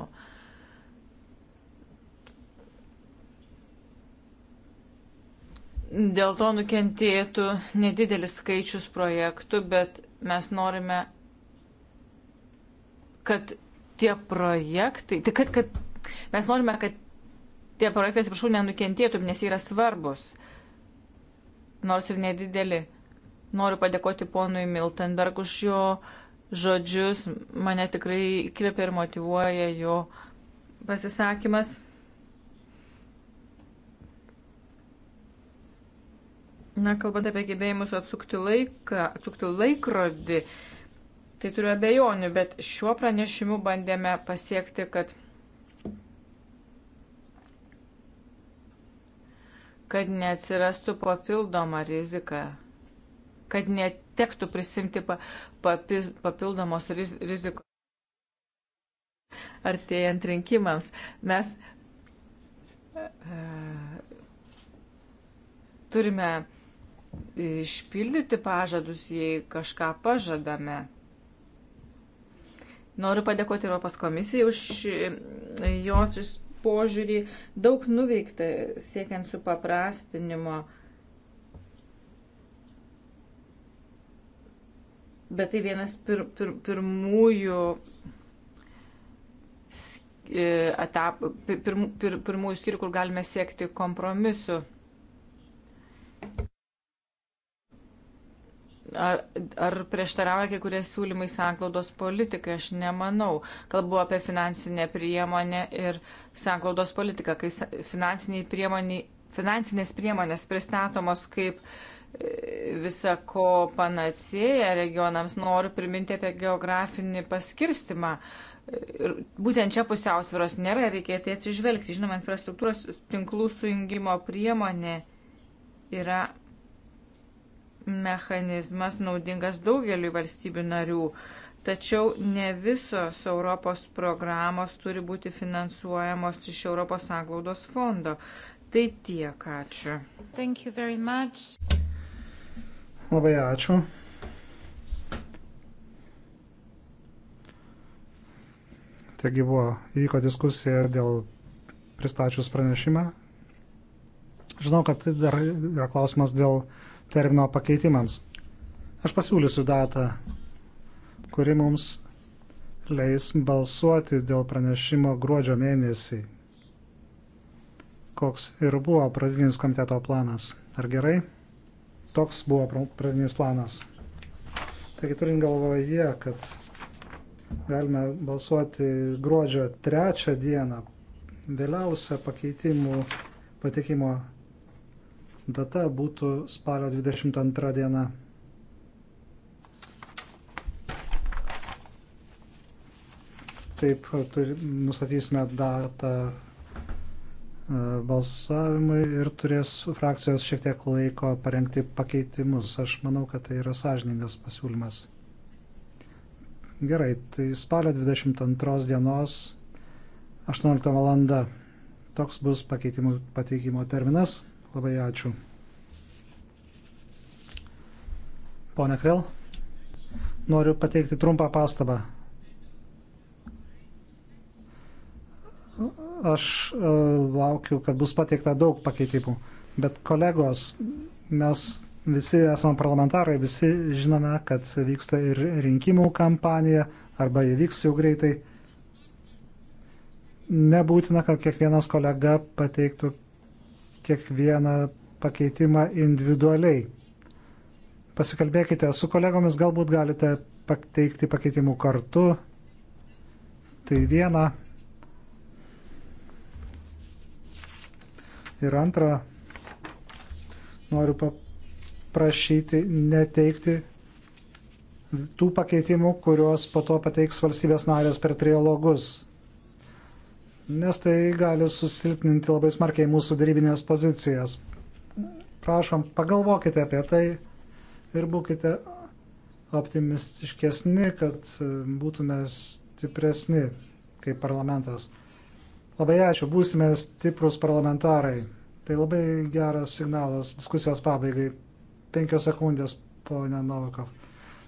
Dėl to nukentėtų nedidelis skaičius projektų, bet mes norime, kad tie projektai, tik kad, kad mes norime, kad tie projektai, atsiprašau, nenukentėtų, nes jie yra svarbus, nors ir nedideli. Noriu padėkoti ponui Miltenberg už jo uh, žodžius. Mane tikrai įkvėpia ir motivuoja jo pasisakymas. Na, kalbant apie gebėjimus atsukti laiką, atsukti laikrodį, tai turiu abejonių, bet šiuo pranešimu bandėme pasiekti, kad kad neatsirastų papildoma rizika, kad net tektų prisimti papildomos rizikos artėjant rinkimams. Mes e, turime išpildyti pažadus, jei kažką pažadame. Noriu padėkoti Europos komisijai už jos požiūrį. Daug nuveikta siekiant supaprastinimo bet tai vienas pir, pir, pirmųjų e, etapų, pir, pir, pirmųjų skyrių, kur galime siekti kompromisu. Ar, ar prieštarauja kai kurie siūlymai sanklaudos politikai, aš nemanau. Kalbu apie finansinę priemonę ir sanklaudos politiką, kai finansiniai priemoniai finansinės priemonės pristatomos kaip uh, visako panacėja regionams, noriu priminti apie geografinį paskirstimą. Ir būtent čia pusiausvėros nėra, reikėtų atsižvelgti. Žinoma, infrastruktūros tinklų sujungimo priemonė yra mechanizmas naudingas daugeliu valstybių narių, tačiau ne visos Europos programos turi būti finansuojamos iš Europos sanglaudos fondo. Tai tiek, ačiū. Labai ačiū. Taigi buvo, įvyko diskusija dėl pristačius pranešimą. Žinau, kad tai dar yra klausimas dėl termino pakeitimams. Aš pasiūlysiu datą, kuri mums leis balsuoti dėl pranešimo gruodžio mėnesį. Koks ir buvo pradinis komiteto planas. Ar gerai? Toks buvo pradinis planas. Taigi turint galvoje, kad galime balsuoti gruodžio trečią dieną, vėliausia pakeitimų patikimo data būtų spalio 22 diena. Taip nustatysime datą E, balsavimui ir turės frakcijos šiek tiek laiko parengti pakeitimus. Aš manau, kad tai yra sąžiningas pasiūlymas. Gerai, tai spalio 22 dienos 18 valanda. Toks bus pakeitimų pateikimo terminas. Labai ačiū. Pone Krell, noriu pateikti trumpą pastabą. Aš e, laukiu, kad bus pateikta daug pakeitimų. Bet kolegos, mes visi esame parlamentarai, visi žinome, kad vyksta ir rinkimų kampanija, arba įvyks jau greitai. Nebūtina, kad kiekvienas kolega pateiktų kiekvieną pakeitimą individualiai. Pasikalbėkite su kolegomis, galbūt galite pateikti pakeitimų kartu. Tai viena, Ir antra, noriu paprašyti neteikti tų pakeitimų, kuriuos po to pateiks valstybės narės per trialogus. Nes tai gali susilpninti labai smarkiai mūsų darybinės pozicijas. Prašom, pagalvokite apie tai ir būkite optimistiškesni, kad būtume stipresni kaip parlamentas. Labai ačiū, būsime stiprus parlamentarai. Tai labai geras signalas diskusijos pabaigai. Penkios sekundės, ponė Novikov.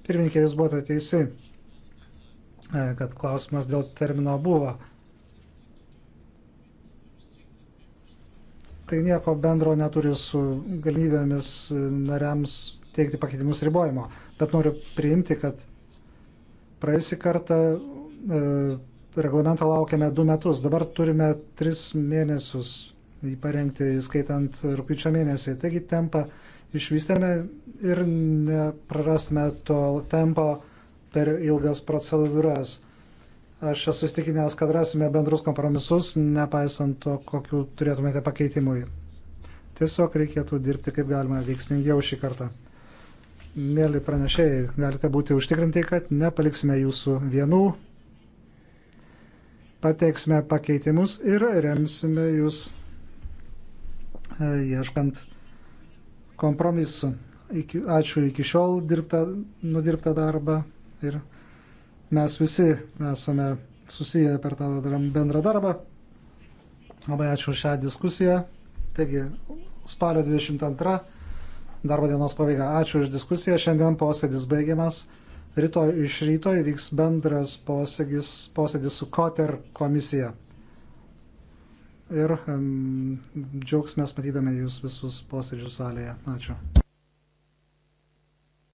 Pirmininkė, jūs buvote teisi, e, kad klausimas dėl termino buvo. Tai nieko bendro neturi su galimybėmis nariams teikti pakeitimus ribojimo. Bet noriu priimti, kad praėjusį kartą e, reglamentą laukiame du metus, dabar turime tris mėnesius jį parengti, skaitant rūpiučio mėnesį. Taigi tempą išvystėme ir neprarastume to tempo per ilgas procedūras. Aš esu įstikinęs, kad rasime bendrus kompromisus, nepaisant to, kokiu turėtumėte pakeitimui. Tiesiog reikėtų dirbti kaip galima veiksmingiau šį kartą. Mėly pranešėjai, galite būti užtikrinti, kad nepaliksime jūsų vienų pateiksime pakeitimus ir remsime jūs e, ieškant kompromisu. Iki, ačiū iki šiol dirbta, nudirbtą darbą ir mes visi esame susiję per tą bendrą darbą. Labai ačiū šią diskusiją. Taigi, spalio 22 darbo dienos pabaiga. Ačiū už diskusiją. Šiandien posėdis baigiamas. Rytoj iš ryto įvyks bendras posėdis, posėdis su Koter komisija. Ir um, džiaugsmės matydami jūs visus posėdžių salėje. Ačiū.